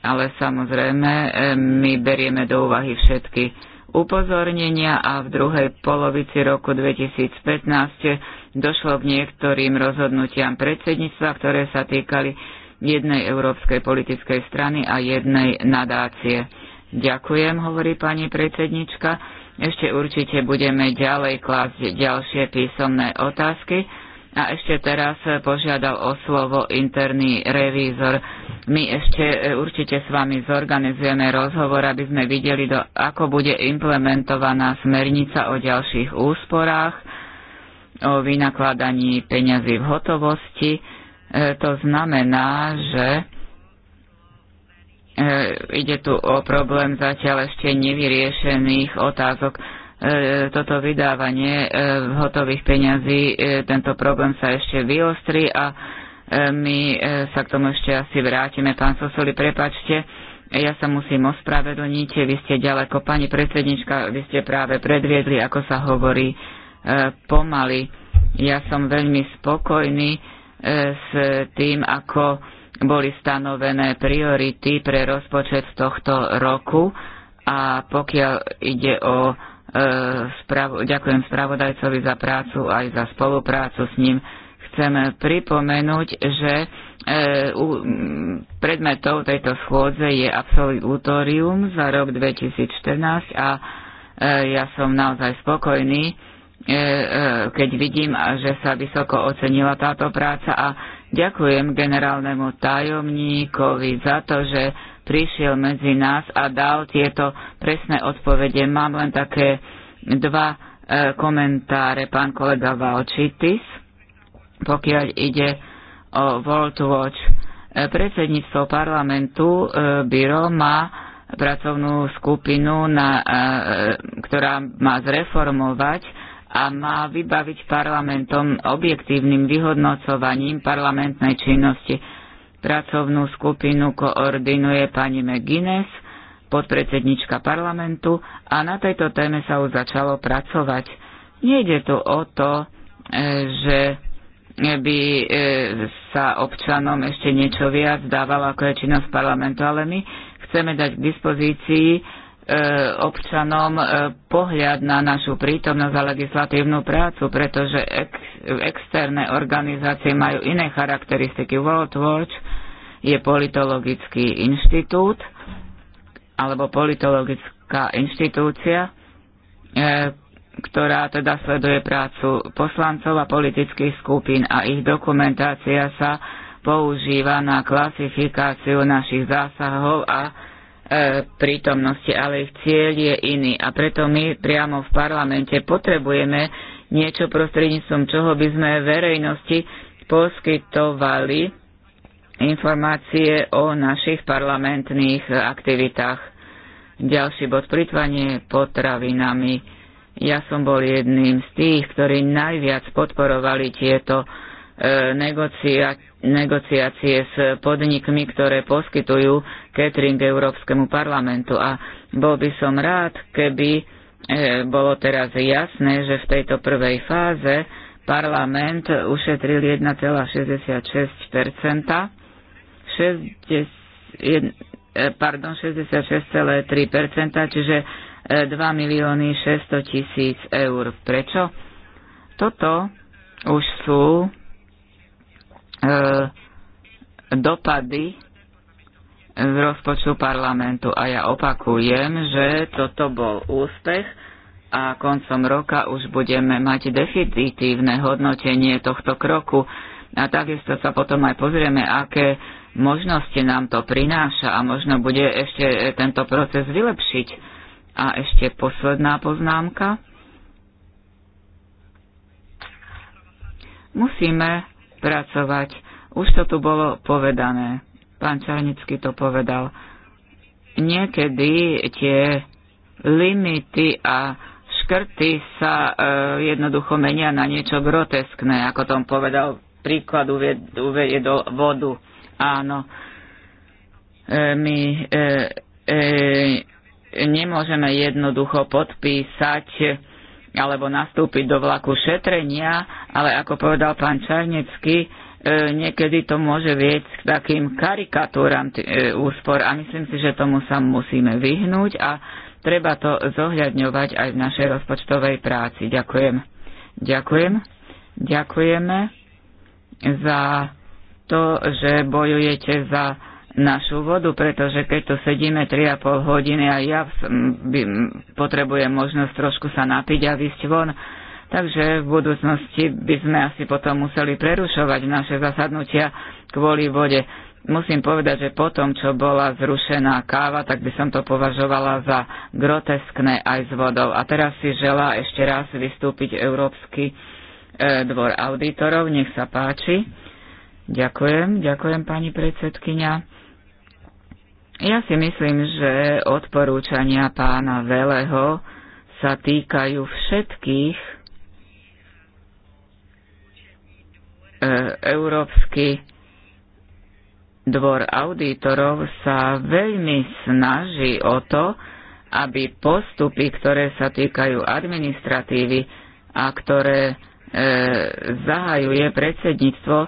Ale samozrejme, e, my berieme do úvahy všetky upozornenia a v druhej polovici roku 2015 došlo k niektorým rozhodnutiam predsedníctva, ktoré sa týkali jednej európskej politickej strany a jednej nadácie. Ďakujem, hovorí pani predsednička. Ešte určite budeme ďalej klásť ďalšie písomné otázky. A ešte teraz požiadal o slovo interný revízor. My ešte e, určite s vami zorganizujeme rozhovor, aby sme videli, do, ako bude implementovaná smernica o ďalších úsporách, o vynakladaní peňazí v hotovosti E, to znamená, že e, ide tu o problém zatiaľ ešte nevyriešených otázok. E, toto vydávanie hotových peňazí, tento problém sa ešte vyostri a my sa k tomu ešte asi vrátime. Pán Sosoli, prepačte, ja sa musím ospravedlniť, vy ste ďaleko. Pani predsednička, vy ste práve predviedli, ako sa hovorí pomaly. Ja som veľmi spokojný s tým, ako boli stanovené priority pre rozpočet tohto roku a pokiaľ ide o e, Spravo, ďakujem spravodajcovi za prácu aj za spoluprácu s ním. Chcem pripomenúť, že e, predmetov tejto schôdze je absolutórium za rok 2014 a e, ja som naozaj spokojný E, e, keď vidím, že sa vysoko ocenila táto práca a ďakujem generálnemu tajomníkovi za to, že prišiel medzi nás a dal tieto presné odpovede. Mám len také dva e, komentáre. Pán kolega Valčitis, pokiaľ ide o World Watch, predsedníctvo parlamentu e, Biro má pracovnú skupinu, na, ktorá má zreformovať a má vybaviť parlamentom objektívnym vyhodnocovaním parlamentnej činnosti. Pracovnú skupinu koordinuje pani McGuinness, podpredsednička parlamentu a na tejto téme sa už začalo pracovať. Nejde tu o to, e, že by e, sa občanom ešte niečo viac dávalo, ako je činnosť parlamentu, ale my chceme dať k dispozícii Eh, občanom eh, pohľad na našu prítomnosť a legislatívnu prácu, pretože ex, externé organizácie majú iné charakteristiky. World Watch je politologický inštitút alebo politologická inštitúcia, eh, ktorá teda sleduje prácu poslancov a politických skupín a ich dokumentácia sa používa na klasifikáciu našich zásahov a prítomnosti, ale ich cieľ je iný. A preto my priamo v parlamente potrebujeme niečo prostredníctvom čoho by sme verejnosti poskytovali informácie o našich parlamentných aktivitách. Ďalší bod pritvanie potravinami. Ja som bol jedným z tých, ktorí najviac podporovali tieto E, negociácie s podnikmi, ktoré poskytujú catering Európskemu parlamentu. A bol by som rád, keby e, bolo teraz jasné, že v tejto prvej fáze parlament ušetril 1,66 e, pardon, 66,3 čiže 2 milióny 600 tisíc eur. Prečo? Toto už sú E, dopady v rozpočtu parlamentu. A ja opakujem, že toto bol úspech a koncom roka už budeme mať definitívne hodnotenie tohto kroku. A takisto sa potom aj pozrieme, aké možnosti nám to prináša a možno bude ešte tento proces vylepšiť. A ešte posledná poznámka. Musíme pracovať. Už to tu bolo povedané. Pán Čarnický to povedal. Niekedy tie limity a škrty sa e, jednoducho menia na niečo groteskné, ako tom povedal príklad uvedol vodu. Áno, e, my e, e, nemôžeme jednoducho podpísať alebo nastúpiť do vlaku šetrenia, ale ako povedal pán Čarnecký, e, niekedy to môže vieť k takým karikatúram t- e, úspor a myslím si, že tomu sa musíme vyhnúť a treba to zohľadňovať aj v našej rozpočtovej práci. Ďakujem. Ďakujem. Ďakujeme za to, že bojujete za našu vodu, pretože keď to sedíme 3,5 hodiny a ja by, potrebujem možnosť trošku sa napiť a vysť von, takže v budúcnosti by sme asi potom museli prerušovať naše zasadnutia kvôli vode. Musím povedať, že potom, čo bola zrušená káva, tak by som to považovala za groteskné aj s vodou. A teraz si želá ešte raz vystúpiť Európsky e, dvor auditorov. Nech sa páči. Ďakujem, ďakujem pani predsedkynia. Ja si myslím, že odporúčania pána Veleho sa týkajú všetkých e, európsky dvor auditorov sa veľmi snaží o to, aby postupy, ktoré sa týkajú administratívy a ktoré e, zahajuje predsedníctvo,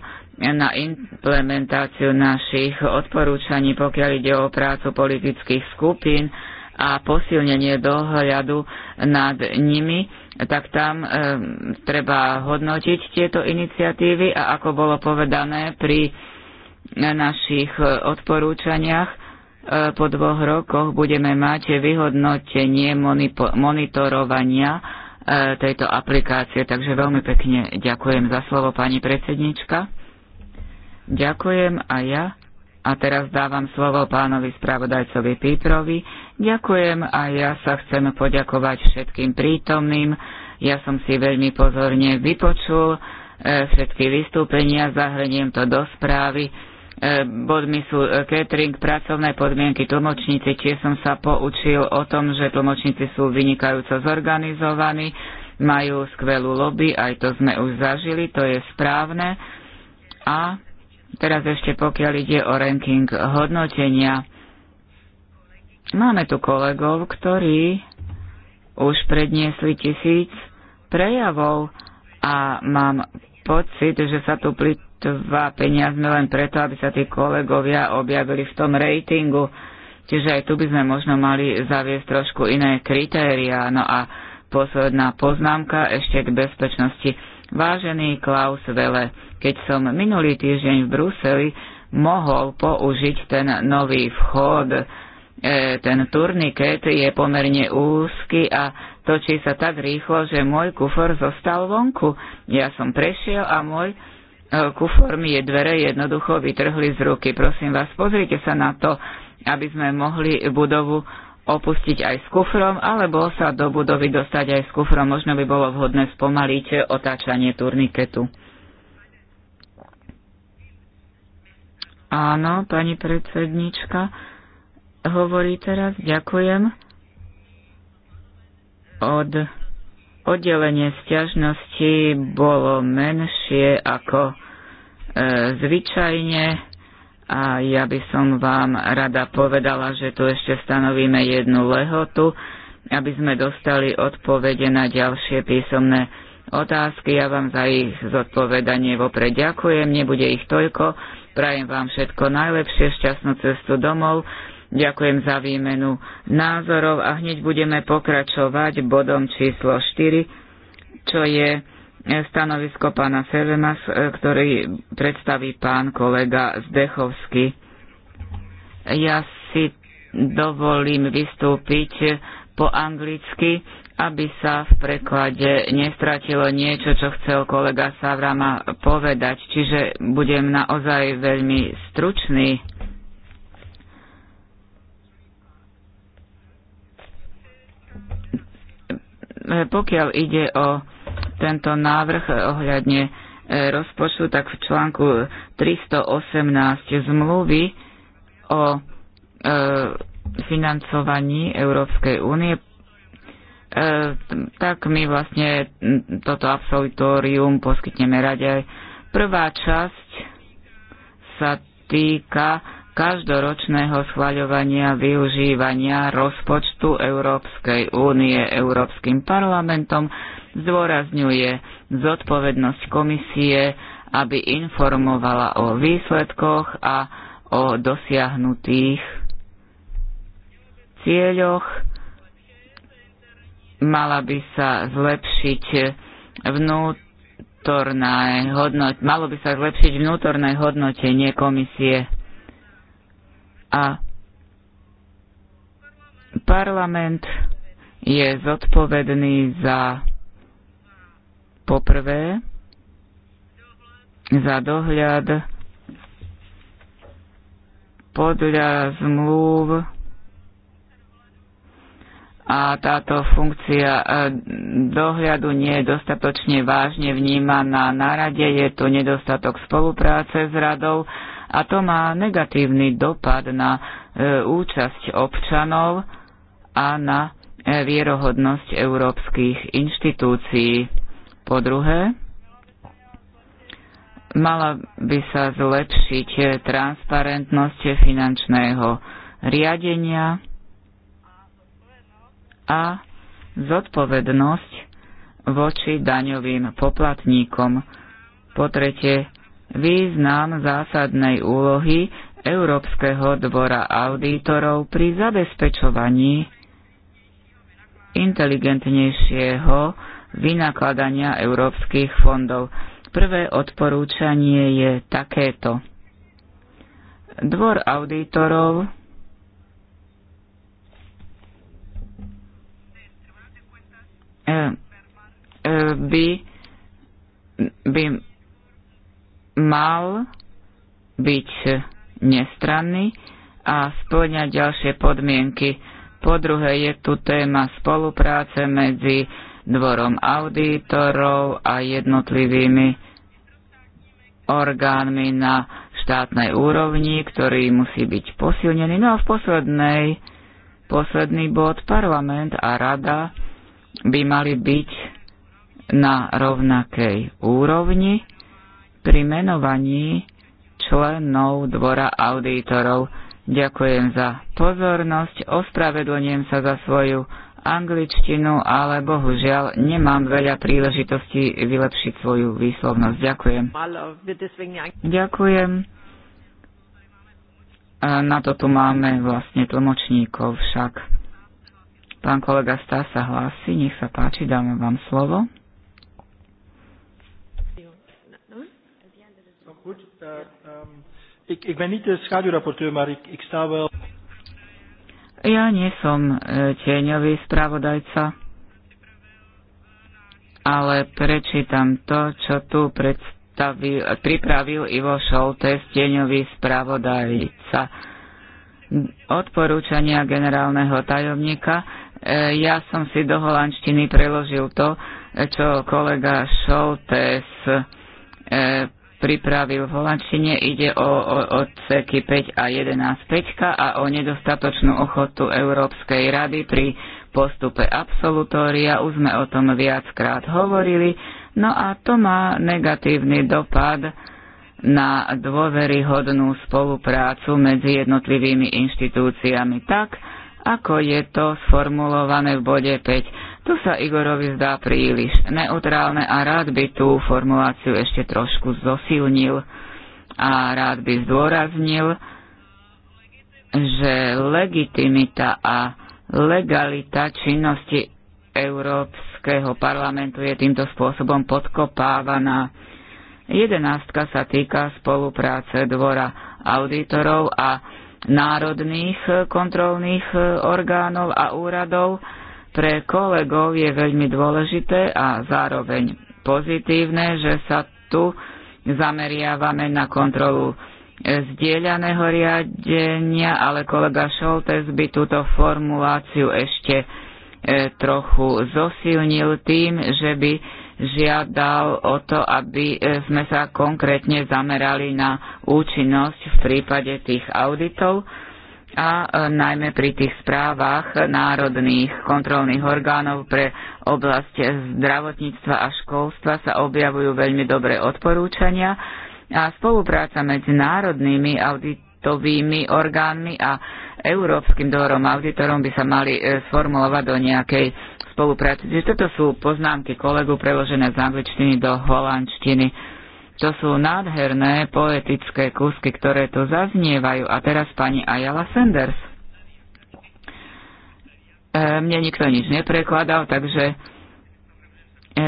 na implementáciu našich odporúčaní, pokiaľ ide o prácu politických skupín a posilnenie dohľadu nad nimi, tak tam e, treba hodnotiť tieto iniciatívy a ako bolo povedané pri našich odporúčaniach, e, po dvoch rokoch budeme mať vyhodnotenie monitorovania e, tejto aplikácie. Takže veľmi pekne ďakujem za slovo, pani predsednička. Ďakujem a ja. A teraz dávam slovo pánovi spravodajcovi Píprovi. Ďakujem a ja sa chcem poďakovať všetkým prítomným. Ja som si veľmi pozorne vypočul e, všetky vystúpenia, zahrniem to do správy. E, bodmi sú e, catering, pracovné podmienky tlmočníci, tiež som sa poučil o tom, že tlmočníci sú vynikajúco zorganizovaní, majú skvelú lobby, aj to sme už zažili, to je správne. A Teraz ešte pokiaľ ide o ranking hodnotenia. Máme tu kolegov, ktorí už predniesli tisíc prejavov a mám pocit, že sa tu plitvá peniazme len preto, aby sa tí kolegovia objavili v tom rejtingu. Čiže aj tu by sme možno mali zaviesť trošku iné kritériá. No a posledná poznámka ešte k bezpečnosti. Vážený Klaus Vele, keď som minulý týždeň v Bruseli mohol použiť ten nový vchod, e, ten turniket je pomerne úzky a točí sa tak rýchlo, že môj kufor zostal vonku. Ja som prešiel a môj e, kufor mi je dvere jednoducho vytrhli z ruky. Prosím vás, pozrite sa na to, aby sme mohli budovu opustiť aj s kufrom, alebo sa do budovy dostať aj s kufrom. Možno by bolo vhodné spomaliť otáčanie turniketu. Áno, pani predsednička, hovorí teraz, ďakujem. Od oddelenie stiažnosti bolo menšie ako e, zvyčajne a ja by som vám rada povedala, že tu ešte stanovíme jednu lehotu, aby sme dostali odpovede na ďalšie písomné otázky. Ja vám za ich zodpovedanie vopred ďakujem, nebude ich toľko Prajem vám všetko najlepšie, šťastnú cestu domov. Ďakujem za výmenu názorov a hneď budeme pokračovať bodom číslo 4, čo je stanovisko pána Servemas, e, ktorý predstaví pán kolega Zdechovský. Ja si dovolím vystúpiť po anglicky aby sa v preklade nestratilo niečo, čo chcel kolega Savrama povedať. Čiže budem naozaj veľmi stručný. Pokiaľ ide o tento návrh ohľadne e, rozpočtu, tak v článku 318 zmluvy o e, financovaní Európskej únie E, tak my vlastne toto absolutórium poskytneme rade. Prvá časť sa týka každoročného schvaľovania využívania rozpočtu Európskej únie Európskym parlamentom zdôrazňuje zodpovednosť komisie, aby informovala o výsledkoch a o dosiahnutých cieľoch mala by sa zlepšiť vnútorné hodnot, malo by sa zlepšiť vnútorné hodnotenie komisie. A parlament je zodpovedný za poprvé za dohľad podľa zmluv a táto funkcia e, dohľadu nie je dostatočne vážne vnímaná na rade, je tu nedostatok spolupráce s radou a to má negatívny dopad na e, účasť občanov a na e, vierohodnosť európskych inštitúcií. Po druhé, mala by sa zlepšiť transparentnosť finančného riadenia, a zodpovednosť voči daňovým poplatníkom. Po tretie, význam zásadnej úlohy Európskeho dvora auditorov pri zabezpečovaní inteligentnejšieho vynakladania európskych fondov. Prvé odporúčanie je takéto. Dvor auditorov E, e, by, by mal byť nestranný a splňať ďalšie podmienky. Po druhé je tu téma spolupráce medzi dvorom auditorov a jednotlivými orgánmi na štátnej úrovni, ktorý musí byť posilnený. No a v poslednej, posledný bod parlament a rada by mali byť na rovnakej úrovni pri menovaní členov dvora auditorov. Ďakujem za pozornosť, ospravedlňujem sa za svoju angličtinu, ale bohužiaľ nemám veľa príležitostí vylepšiť svoju výslovnosť. Ďakujem. Ďakujem. Na to tu máme vlastne tlmočníkov však. Pán kolega Stá sa hlási, nech sa páči, dám vám slovo. Ja nie som e, tieňový spravodajca, ale prečítam to, čo tu pripravil Ivo Šoltes, tieňový spravodajca odporúčania generálneho tajomníka E, ja som si do holandštiny preložil to, čo kolega Šoltes e, pripravil v holandštine. Ide o, o odseky 5 a 11 5 a o nedostatočnú ochotu Európskej rady pri postupe absolutória. Už sme o tom viackrát hovorili. No a to má negatívny dopad na dôveryhodnú spoluprácu medzi jednotlivými inštitúciami tak, ako je to sformulované v bode 5. Tu sa Igorovi zdá príliš neutrálne a rád by tú formuláciu ešte trošku zosilnil a rád by zdôraznil, že legitimita a legalita činnosti Európskeho parlamentu je týmto spôsobom podkopávaná. Jedenástka sa týka spolupráce dvora auditorov a národných eh, kontrolných eh, orgánov a úradov pre kolegov je veľmi dôležité a zároveň pozitívne, že sa tu zameriavame na kontrolu eh, zdieľaného riadenia, ale kolega Šoltes by túto formuláciu ešte trochu zosilnil tým, že by žiadal o to, aby e, sme sa konkrétne zamerali na účinnosť v prípade tých auditov a e, najmä pri tých správach národných kontrolných orgánov pre oblasť zdravotníctva a školstva sa objavujú veľmi dobré odporúčania a spolupráca medzi národnými auditovými orgánmi a európskym dohorom auditorom by sa mali e, sformulovať do nejakej spolupráci. Čiže toto sú poznámky kolegu preložené z angličtiny do holandštiny. To sú nádherné poetické kúsky, ktoré tu zaznievajú. A teraz pani Ayala Sanders. E, mne nikto nič neprekladal, takže e, e,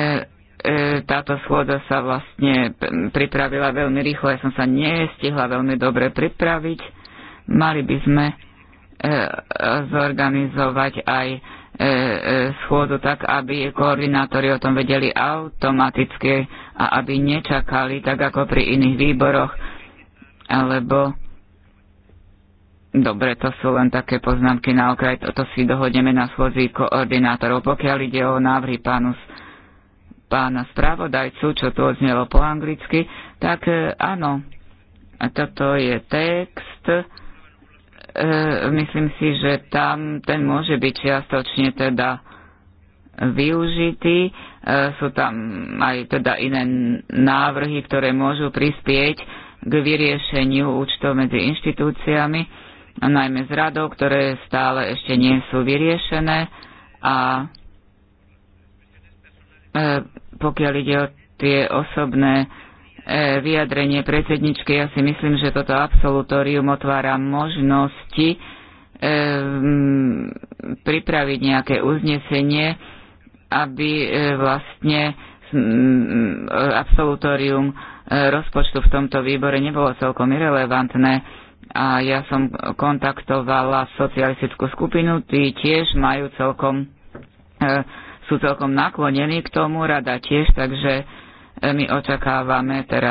táto schôdza sa vlastne pripravila veľmi rýchlo. Ja som sa nestihla veľmi dobre pripraviť. Mali by sme e, zorganizovať aj E, e, schôdu tak, aby koordinátori o tom vedeli automaticky a aby nečakali tak ako pri iných výboroch. Alebo dobre, to sú len také poznámky na okraj, to si dohodneme na schôdzi koordinátorov. Pokiaľ ide o návrhy pánu pána spravodajcu, čo tu odznelo po anglicky, tak e, áno, toto je text, E, myslím si, že tam ten môže byť čiastočne teda využitý. E, sú tam aj teda iné návrhy, ktoré môžu prispieť k vyriešeniu účtov medzi inštitúciami, najmä z radov, ktoré stále ešte nie sú vyriešené. A e, pokiaľ ide o tie osobné E, vyjadrenie predsedničky. Ja si myslím, že toto absolutórium otvára možnosti e, pripraviť nejaké uznesenie, aby e, vlastne absolutórium rozpočtu v tomto výbore nebolo celkom irrelevantné a ja som kontaktovala socialistickú skupinu, tí tiež majú celkom, sú celkom naklonení k tomu, rada tiež, takže my očakávame teraz